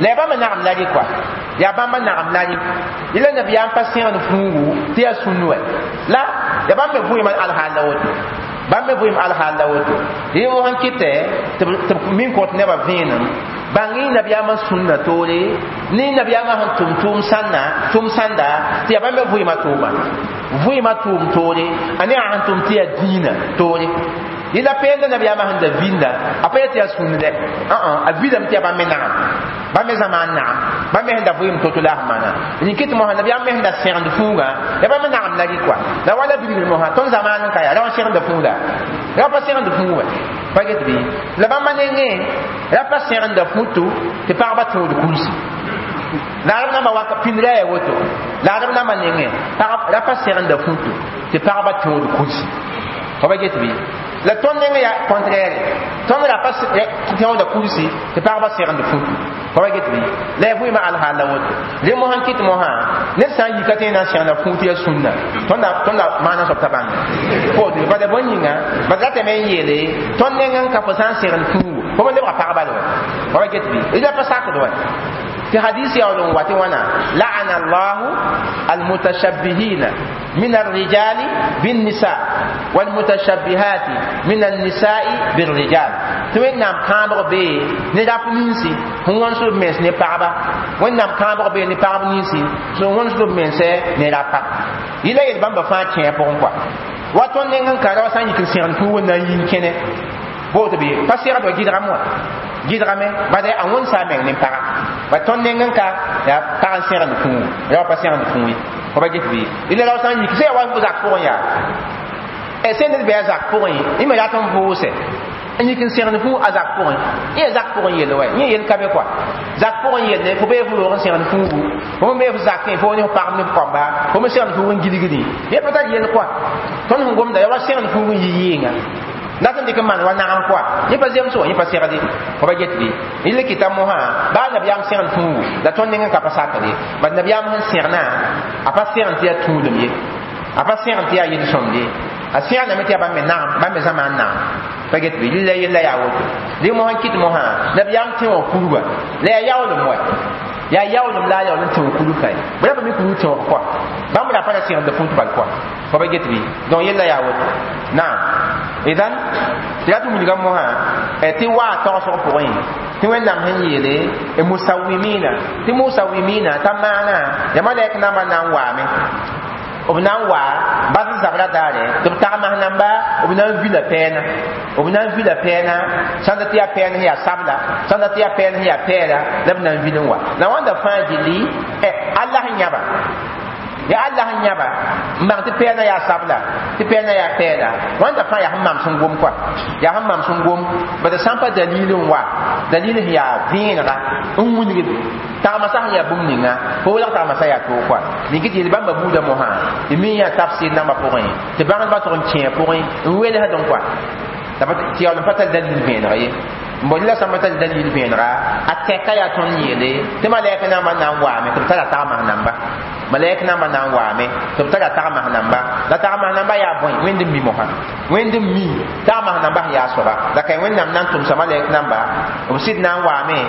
la ba ma nagem la re kwa ya bãmba nagem la re yela nabiyaam pa sẽgd fũugu tɩ yaa sũnd wɛ la ya bãmb me vɩɩm alhaal woto bãmb me vɩɩm alhaal woto yẽ kɩtɛ tɩ min kõt nebã vẽenem bãng y nabiyaamã sũnda toore ne nabiyaamã sẽn tʋm tʋʋm sãnna tʋʋm sãnda tɩ ya bãmb me vɩɩmã tʋʋma vɩɩmã tʋʋm toore a ne a sẽn tʋm tɩ yaa dĩinã toore yɩla pẽenda nabiyaamã sẽn da a pa yetɩ yaa ãã a vidame tɩ ya bãmb me nagem bãmb me zãmaan bãmb me sẽn da vɩɩm to-to la sẽn maana rẽn kɩt mosã nabiyaamb me sẽn da sẽgend fũugã ya bãmb me nagem la rɩk la wala bilgr mosã tõnd zãmaan n ka yaa ra sẽgenda fũuga ra pa sẽgend fũuga pa get bɩ la bãmba nengẽ ra pa sẽgenda fũtu tɩ pagba laadb wa pĩndra ya woto laadb nengẽ ra pa sẽgenda fũtu tɩ pagba fa ba get bɩ la tõnd nengã yaa contraire tõnd ra tion de kursi tɩ pagba segend fũtu fa wa get bɩ la ma al hala wot woto mo han kit mo ha ne sa yi katé na sian segda foot ya sunna tonda tonda mana maana taban ko oh, de pʋd de bõn yĩnga ba ratame n yeele tõnd nengã n ka fo sã n segend fũu fo ma pa pagba le wa fa wa get bɩ d sa ko de ti hadisi ya wani wati wana la'ana allahu almutashabbihina min arrijali bin nisa wal mutashabbihati min nisai bir rijal to wen nam kambar be ni da punisi hun won so mes ne paaba wen nam kambo be ne paaba nisi so won so mes ne da pa ila il bamba fa tiens pour quoi waton ne ka da wasan yikin sen tu na yi kene Bote bi pa sera to gidra mo gidra me ba da an won sa me ne para ba ton ne ngan ka ya ta sera ni kun ya pa eh, sera ni kun ko ba get bi ila la san yi kise wa bu zak ko ya e se ne be zak ko yi ni ma ya ton bu se n yik n segd fu a zak pʋgẽ yẽ zak pʋgẽ yelle wa yẽ yel ka be koa zak pʋgẽ yelle fo bee fo fu n segd fũugu fo me bee fo zakẽ fo ne fo pagem ne fo kɔmba fo me segd fu n gilgdẽ yẽ pa tar yel koa tõnd sẽn da ya wa segd fũug n yi yi nga. la sẽn dɩk n maan wa nagem pʋa yẽ pa zemsẽ wã yẽ pa segde fa ba get be yẽl kɩta mosã baa nabiyaam sẽgd tũubu la tõnd ning n ka pa sakde bad nabiyaam sẽn sẽgnã a pa sẽgn tɩ yaa tũudum ye a pa sẽgn tɩ yaa yel-sõmd ye a sẽgname tɩ yaa bãmb me nagem bãmb me zãmaan nagem pa get be yella yella yaa woto dɩ mosã kɩt mosã nabiyaam tẽ wã purba la yaa yaoolem wa ya yaonem la a yaonem tẽo kulu kae b rãmb me kulu tẽog kɔa bãmb ra pa ra sẽgemda fũt bal kɔa fa ba get bɩ donc yella ya woto Na, idan tɩ rat wilga mosã eh, tɩ waa tagsg pʋgẽ tɩ wẽnnaam sẽn yeele musawimina tɩ musawimina t'a maana yamalaɛk namba na n waame b na n wa bas n zabra daare tɩ b tag mas namba b na n vila pɛɛna b na n vila pɛɛna sãn da tɩ yaa pɛɛn sẽn yaa sabla sãn da tɩ yaa pɛɛn sẽn yaa pɛɛra la b na n vil n wa la wãnda fãa gilli eh, ala sẽn yãba ya allah n yãba n bãng tɩ pɛɛdã yaa sabla tɩ pɛɛdã ya pɛɛda wãnda fãa yaa sẽn mam sẽn gom kɔa yaa sẽn mam sẽn gom bd sã n pa dalil n wa dalil sẽn yaa vẽenega n wilgd tagma sã sẽn yaa bũmb ninga fo welg tagma sã yaa toog kɔa ning tɩ yel bãmba buudã mosã tɩ me yaa tab sɩd nãmbã pʋgẽ tɩ bãgdbã tog n kẽe pʋgẽ n welsd n kɔa tɩ yaool n pa tar dalil vẽenega ye la sãma ta dalil vẽenega a tɛka yaa tõnd yɩɩle tɩ malɛɛkã nambã na n waame tɩ ta ma tagmas ba. malaik namba na n waame tɩ b tara tagmas namba la tagmas namba yaa bõe wẽnd n mi mosã wẽnd n mi tagmas namba sẽn yaa soaba la kae wẽnnaam na n tʋmsa malaik namba b sɩd na n waame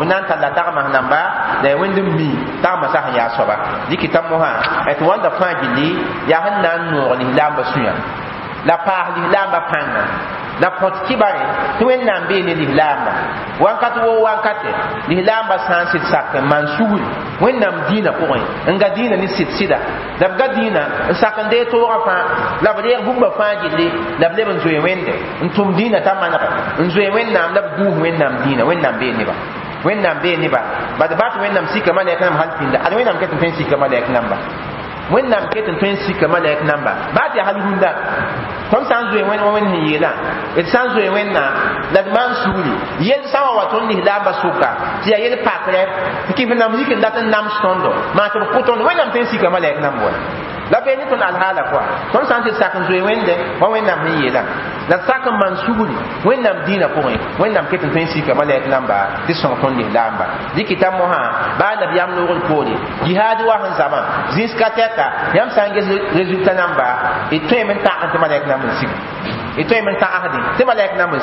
b na n talla tagmas namba la ya wẽnd n mi tagmasã sẽn yaa soaba dɩkɩta mosã tɩ wãnda fãa gilli yaa sẽn na n noog lislaamba sũyã la paas lislaamba pãnga la pot kibare tɩ wẽnnaam bee ne lislaamba wankat wo wankate lislaamba San n sɩd sak n maan sugri wẽnnaam diinã ko en ga diinã ne sɩd sɩda la b ga diinã n sak n dee toogã fãa la b reeg bũmba fãa gilli la b leb zoe wẽnde n tʋm t'a manega na zoe na la b duus wẽnnaam diinã wẽnnaam bee neba wẽnnaam bee neba bad bat wẽnnaam sika malɛk nam hal pĩnda ad wẽnnaam ka n tõe n sika malɛk ba wẽnnaam ket n tõe n sika malɛk namba baa tɩ hal hũnda tõnd sã n zoe wẽnd wẽnd sẽn yeelã d sã n zoe wẽnnaam la d maan yel sã wa wa tõnd lislaamba sʋka tɩ yaa yel pak rɛb n kɩf nam yik n dat n nams tõndo maa tɩ b kʋ tõnd wẽnnaam tõe n sika wa la bee ne tõnd alhaala pʋa tõnd sã n tɩ sak n zoe wẽnde wa wẽnnaam sẽn la saka man maan wẽnnaam dĩinã pʋgẽ wẽnnaam tõe n sika tɩ sõng tõnd les laamba mosã baa nabiyaam noogr poore jihaad wa sẽn zãmã zĩska tɛka yãmb sã n ges résultã namba d n tɩ namb n sigi y n tɩ n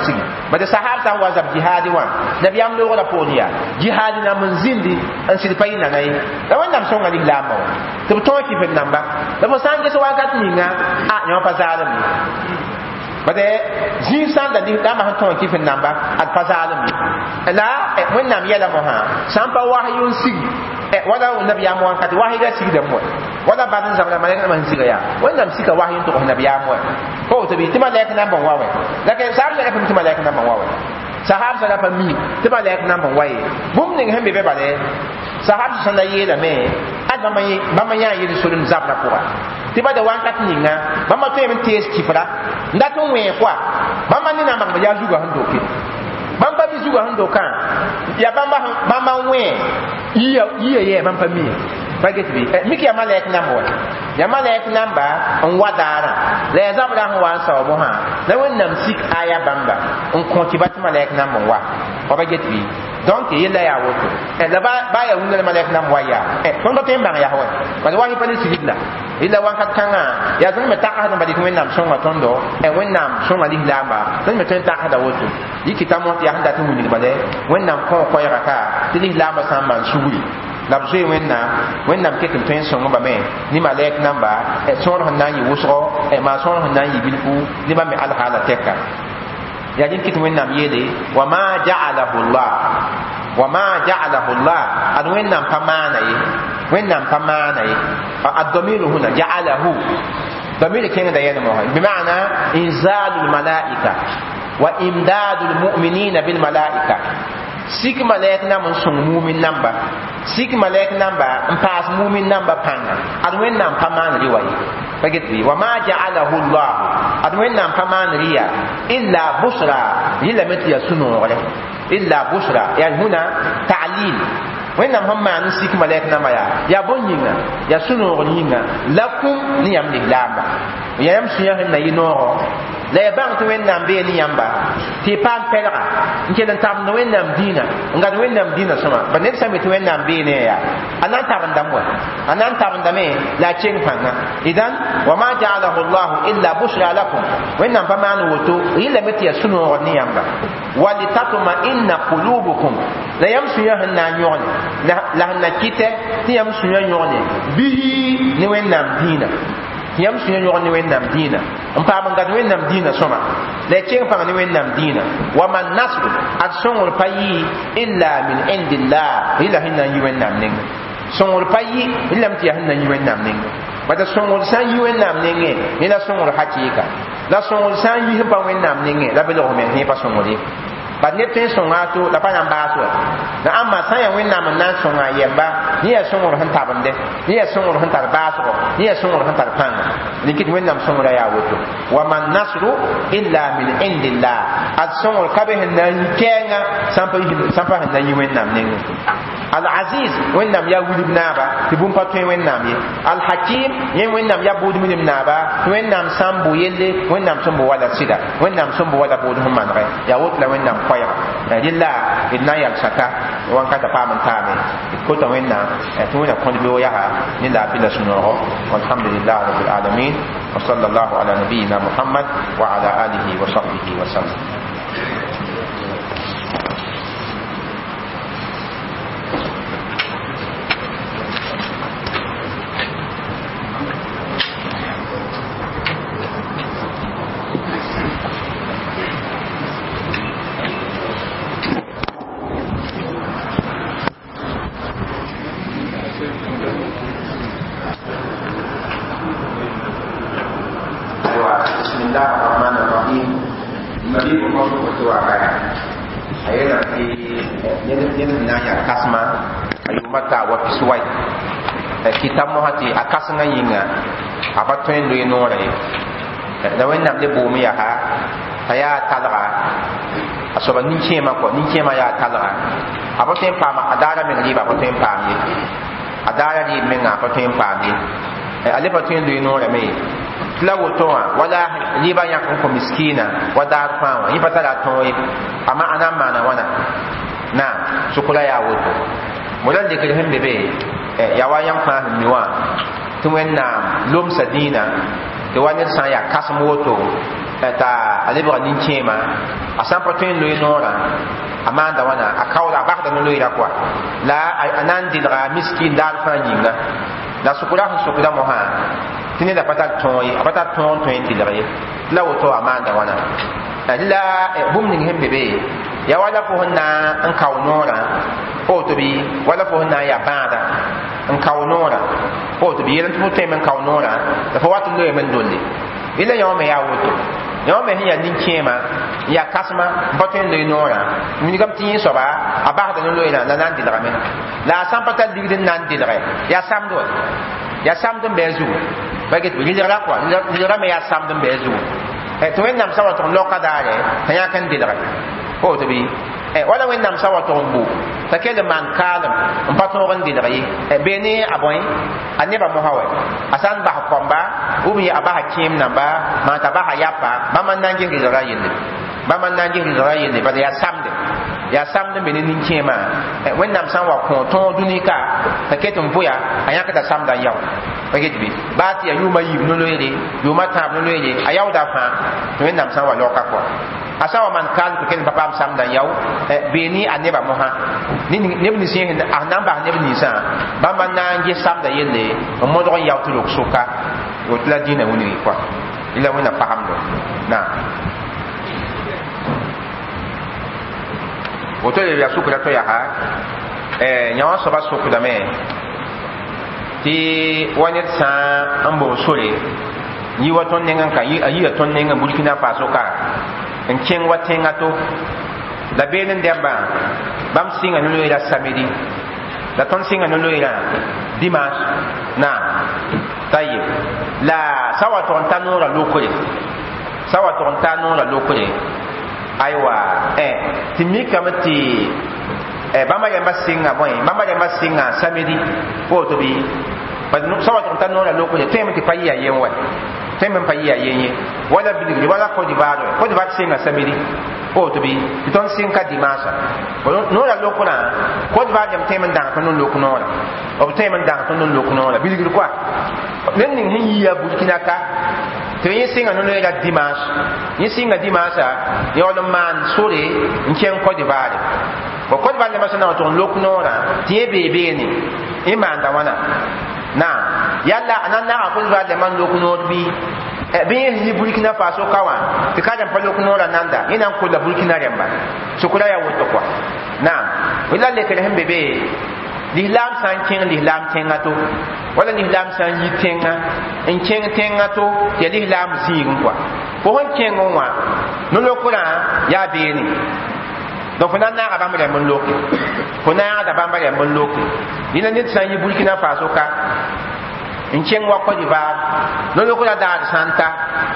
sigi sã n wa zab jihaadi wã yaa jihaadi n zĩndi n sɩd pa ye la wẽnnaam sõnga wã tɩ b tõog kɩ namba la fo sã n ges wakat ninga a ah, pa bade zĩig sã n da dãmbã sẽn tõe kɩf n namba ad pa zaalem eh, ye la wẽnnaam yɛla mo ha san pa wahyun sig sig eh, wala amu an kat wahida sig da mo wala bãd n zabra malɛkdãmbã sẽn sig yaa wẽnnaam sika wasy n togs to wa pa woto bɩ tɩ malɛk nambã wa wɛ la saab yɛra pem tɩ malɛk nambã wa wɛ sahaab sa ra pa mi tɩ malɛk nambã wa bum ne. ning sẽn be bale sahab sẽn da yeelame a bãmba yãa yel solem zabrã pʋga tɩ bada wankat ninga bãmba tõeem n tees kifra n dat n wẽeg koa bãmba ne na n magba yaa zugã sẽn doke bãmba bɩ zugã sẽn dokã yaa bãmba n wẽ yia yɛɛ bãmpa mie pa get bi mik ya malek namba ya malek namba n daara la ya zabra n wa n sawabu ha la sik aya bãmba n kõ tɩ ba tɩ namba wa fa ba get bɩ donc yella yaa woto la ba ya wingr malɛk namba wa yaa tõnd pa tõe n bãng yaa wɛ wa pa ne sigd la yella wãnkat kãngã yaa tõnd me tagsd n ba dɩk wẽnnaam sõnga tõndo wẽnnaam sõnga lislaamba tõnd me tõe n tagsda woto yik tɩ ta mos tɩ yaa sẽn dat n wilgba lɛ wẽnnaam kõ ya ka tɩ lislaambã sã n maan la b zoee wẽnnaam wẽnnaam ket m tõe n sõng bame ne malɛk namba sõor sẽn na n yɩ wʋsgɔ maa sõor sẽn na n yɩ bilfu ne bãmb me alhaala tɛka yaa dẽn kɩt wẽnnaam yeele wa ma ja'alahu llah wa ma ja'alahu llah ad wẽnnaam pa maana ye wẽnnaam pa maana ye a domiru hũna ja'alahu ضمير كان ده يعني malaika wa الملائكة mu'minina bil malaika sik malɛk nam n sõng mumin namba sik malɛk namba n paas mumin namba pãnga ad wẽnnaam pa maanere wa ye pa get bɩ wa maa ja'alahu llah ad wẽnnaam pa maanere ya illa busra yɩlame tɩ yaa sũ-noogre illa busra yaa hũna ta'lil wẽnnaam sẽn maan n sik malɛk namba yaa yaa bõn yĩnga yaa sũ-noogr yĩnga lakum ne yãmb lislaamba yãmb sũ-yã sẽn na yɩ noogɔ la ya bãng tɩ wẽnnaam bee ne yãmba tɩ y paam pɛlga n kell n tabend wẽnnaam dĩinã n gat wẽnnaam dĩinã sõma ba ned sã me tɩ wẽnnaam bee ne a yaa a na n tabendame wa a na n tabendame la a keng pãnga idan wa ma jaalahu llahu illa busra lakum wẽnnaam pa maan woto yɩlame tɩ ya sũ-noogd ne yãmba wa litatma inna qulubukum la yãmb sũyã sẽn na n yõgne la sẽn na kɩtɛ tɩ yãmb sũyã yõgne bihi ne wẽnnaam dĩinã yãmb sũ yã yõg ne wẽnnaam dĩinã n paam n gat wẽnnaam dĩinã sõma la y kẽng pãng ne wẽnnaam dĩinã wa man nasr ad sõngr pa yɩ illa min indillah rɩla sẽn na n yi wẽnnaam ninga sõngr pa yɩ rɩlame tɩ yaa sẽn na n yi wẽnnaam ninga bata sõngr sã n yi wẽnnaam nengẽ ne la sõngr hakɩɩka la sõngr sã n yis n pa wẽnnaam nengẽ la belg me sẽn pa sõngr ye bad neb tɩ sõnga to la pa na n baas wa la ãmma sã n yaa wẽnnaam n na n sõnga yɛmba ne yaa sõngr sẽn tabende ne yaa sõngr sẽn tar baasgɔ ne yaa sõngr sẽn tar pãnga nikɩt wẽnnaam sõngra y'a woto wa man nasru illa min indillah ad sõngr ka be sẽn na n kɛɛngã sã n pa sẽn na yi wẽnnaam nengẽ العزيز وينام يا ولد نابا تبون باتوين وينام يا الحكيم ين وينام يا بود من نابا وينام سامبو يلي وينام سامبو ولا سيدا وينام سامبو ولا بود هم من غير يا وطلا وينام pa yãmba rẽlla d na n yal sãka wãnkata paam n taame d kota wẽnnaam tɩ wẽna kõd beo yaa ne la a rabbil alamin wa sallallahu ala nabiyyina muhammad wa ala alihi wa sahbihi wa sallam a pa tõe n loe noorã ye la wẽnnaam de boom yaa a yaa talga a soaba nin-kẽemã kɔ nin-kẽemã yaa talga a pa tõe n paama a daara meng rɩɩba a pa tõe n paam ye a daara rɩɩb mengã a pa tõe n paam ye a le pa tõe n loe noorã me ye tɩ la woto wã wala rɩɩbã yãk n kõ miskiinã wa daar fãa wã yẽ pa tara tõog ye ama a na n maana wãna naam sʋkra yaa woto mola n lekr sẽn be be yaa wa yãmb fãa sẽn mi wã tɩ wẽnnaam lomsa dĩinã tɩ wa ned sã n yaa kãsem woto e t'a a lebga nin-kẽemã a sã n pa tõe n loe noorã a maanda wãna a kaola a bagda ne loeera koa la a na n delga miskin daal fãa yĩnga la sʋkra sẽn sʋkda mosã tɩ da pa tar tõog ye a pa tar tõog n tõe n delg ye tɩ la woto a maanda wãna la e, bũmb ning sẽn be be ya wala fo sẽn na n kao noorã pa woto bɩ wala fo sẽn na n yaa bãada n kao noorã fo tɩ b yel n tɩ fo tõem n kao noorã tɩ fo wat n loeem n donde yẽla yã wã me yaa woto yã me sẽn yaa nin-kẽemã n yaa kãsemã n pa tõe n loe noorã wingame tɩ yẽ soaba a basda ne loeerã la na n delgame la a sã pa tar ligd n na n delge yaa samd wa yaa samd n bɩ a zugu pa get rɩlgra koa rɩlgrã me yaa samd n bɩ a zugu tɩ wẽnnaam sã wa tɩg n daare sã yãk n Eh, wala wẽnnaam sã wa tog n t'a kell n maan kaalem n pa tõog n delg eh, ye bee ne a bõe a nebã mosa wɛ a sã n basa kɔmba a basa kẽem namba maa t'a basa yapa bãmba n na n ges rɩlgrã yelle bãmba n na n ges rɩlgrã yelle bala yaa samde yaa samd n be ne nin-kẽemã eh, wẽnnaam sã n wa kõ tõog dũnika t'a ket n vʋya a yãk t'a samda n yao pa ba be baa tɩ yaa yʋʋmã yiib no-loeere yʋʋmã tãab no-loeere a yaoodã fãa tɩ wẽnnaam sã n wa lɔka kɔa asa wa man kan ko ken papa sam dan yaw eh, be ni a neba mo ha ni neb ni sin a ah, nan ba neb ni sa ba man nan je sam da yelle mo do yaw to lok soka o tla dina woni kwa ila na paham do na O woto le ya da to ya ha eh nyawa so ba sukura me ti wani sa ambo sore yi wa ton nengan ka yi a ayi ton nengan burkina faso ka n kẽng wa tẽngã to la beel n dɛmbã bãmb sɩnga ne loeera samedi la tõnd sɩnga ne loeerã dimas na taye la sa wa tog n ta noora lokre sa wa tog n ta noora lokre aywa eh, tɩ mikame tɩ eh, bãmba yãmba sɩnga bõe bãmba yãmba sɩnga samedi woto bɩ sa wa tog n ta noora lokre tõeme tɩ pa yɩ a yen wa tõe me n pa yɩ a ye wala bilgri wala kodibaare kodibaar sɩnga samiri oto bɩ tɩ tõnd sɩn ka dimaasa noora lokrã kodibaar yam tõe me n dãng tɩ nn lok noora b tõe me n dãng tɩ nn lok noora bilgri koa ned ning sẽn yiya burkina ka tɩ yẽ sɩnga nonr ra dimaas yẽ sɩnga dimaasa yaool n maan sore n kẽng kodibaare b kodibaar lama sẽn na wa tʋg n lok noorã tɩ yẽ beebeene y maanda wãna na yalla anan na akul ba da man lokuno eh, bi bi ni burkina faso kawa ti kada pa lokuno ra nanda ina ko da burkina remba so kula ya wato kwa na wala le kare hembe be lam san kin lam tenga ato wala lam san yi tenga en kin tenga to ya lam zi ngwa ko hon kin ngwa no lokura ya be ni donc fo na n naaga bãmb rɛm n loke fo naagda bãmb rɛm n loke yẽla ned sã n yɩ burkina faso ka n kẽng wa kodivaar no lokra daar sãn ta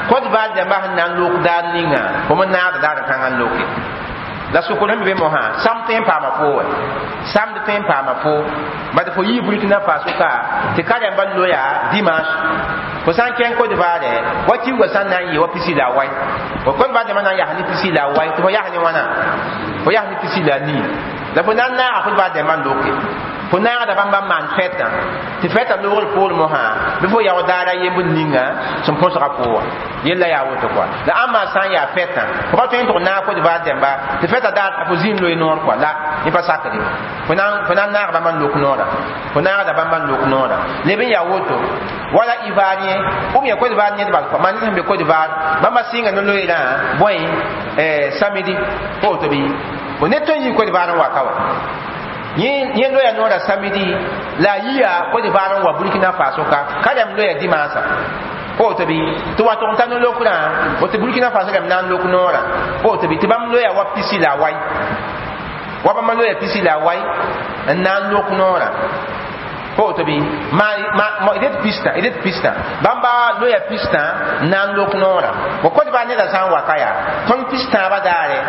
kodivaar dãmba sẽn na n lok daar ninga fo me naagd daar kãngã n loke la sukun n be mo ha sam tem pa ma po sam de tem pa ma po ba de fo yi bu tina pa su ka te ka de ban loya dimanche ko san ken ko de bare wati wa san nan yi wa pisi la wai ko ko ba de man ya hali pisi la wai to ya hali wana ko ya hali pisi la ni la fo nan naaga fo baa dɛma n loke fo naaga da bãmb bãmb maan fɛtã tɩ fɛtã noogr poor mosã bɩ fo yao daara yemb ninga sẽn põsga pʋʋwa yella yaa woto kɔa la ãmma sã n yaa fɛtã fo ka tõe n tʋg naag kod baa dɛmba tɩ fɛtã daar fo zĩim loe noor kwa la yẽ pa sakre fo nan naag bãmba n lok noorã fo naaga da bãmba n lok la leb n yaa woto wala ivarien um ya kod baar ned bal kɔa maan sẽn be kod baar bãmba sɩnga ne loeerã bõe eh, samedi fo woto bɩ bo ne tõnd yɩ kod baan n wa ka wa yẽ loya noora samidi la a yia kod baan n wa burkina faso ka ka rɛm loya dimaasã o tɩ bɩ tɩ wa tʋg ta ne lokrã o tɩ burkina faso rɛm na n lok noorã o tɩ bɩ tɩ bãmb loya wa pisi la a wai wa bãmba loya pisi la a wai n na n lok Foto bi ma ma idet e pista idet e pista bamba no ya pista nan lok nora ko ko ba ne da zan wakaya kaya ton pista ba dare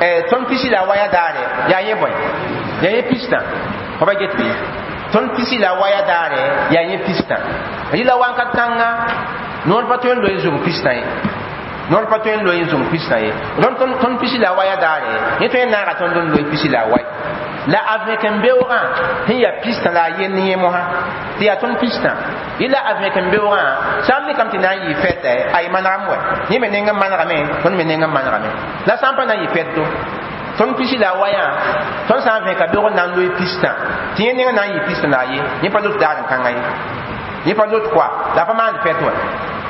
eh ton pisi la waya dare ya ye boy ya ye pista ko ba get bi ton pisi la waya dare ya ye pista e ila wan katanga non paton do yezu pista non pa tõe n loe n zũng pisã ye rõnd tõnd pisi la waya daare yẽ tõe n naaga tõnd n loe pisi la waya la avec n beoogã sẽn ya pistã la e e, a yell ne yẽ mosã tɩ yaa tõnd pistã yla avec n beoogã sã n mikame tɩ na n yɩɩ fɛtɛ a y manegam wɛ yẽ me neng n manegame tõnd me neng n manegame la sã n pa na n yɩ fɛt do tõnd pisi la wayã tõnd sã n vẽka beoog n na n loe pistã tɩ yẽ neng na n yɩ pistã la a ye yẽ pa lot daar n kãngã ye yẽ pa lot koa la pa maan pɛt wã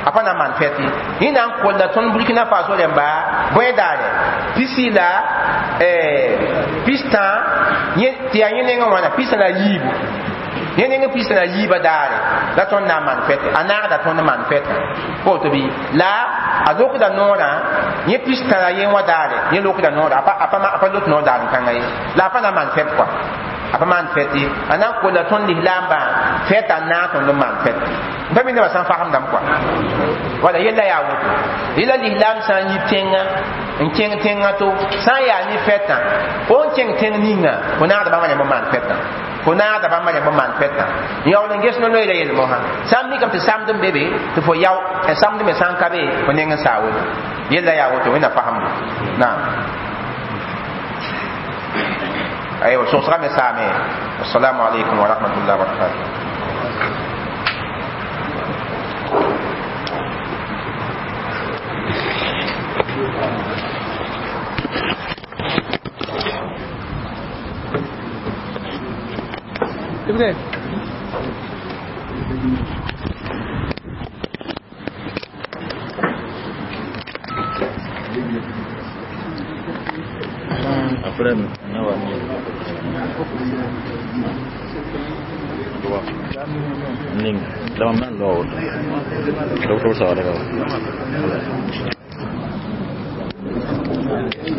a pa na n maan pɛt ye yẽ na n kolla tõnd burkina faso rẽmba bõe-daare pisi la eh, pistã tɩ yaa yẽ nengã wãna pistã la yiibu yẽ nengẽ pistã la yiibã daare la tõnd na n maan ana da naagda tõnd n maan pɛtã la a lokda noorã yẽ pistã la yen wã daare yẽ lokda noora a pa lot noor daar n kãngã la pa na n maan pɛt b maan fɛte a na n kola tõnd lislaam bãa fɛta n na n tõnd n maan fɛte pa mi nebã sã n wala yella yaa woto yela lislaam yi tẽngã n kẽng tẽngã to sã n e yaa ne fɛtã fo n kẽng tẽng ninga fo naagda bãmba rẽmb n maan fɛtã fo naagda bãmba rẽmb n maan fɛtã n yaool n ges no-noeera yelmo sã sã san mikame tɩ samd n be be tɩ fo yao samd me sã n ka ايوه سوسرا سامي السلام عليكم ورحمه الله وبركاته تبدأ Thank you. Aprende. No va a Ning, lawan mana law? Law kau bersama dengan.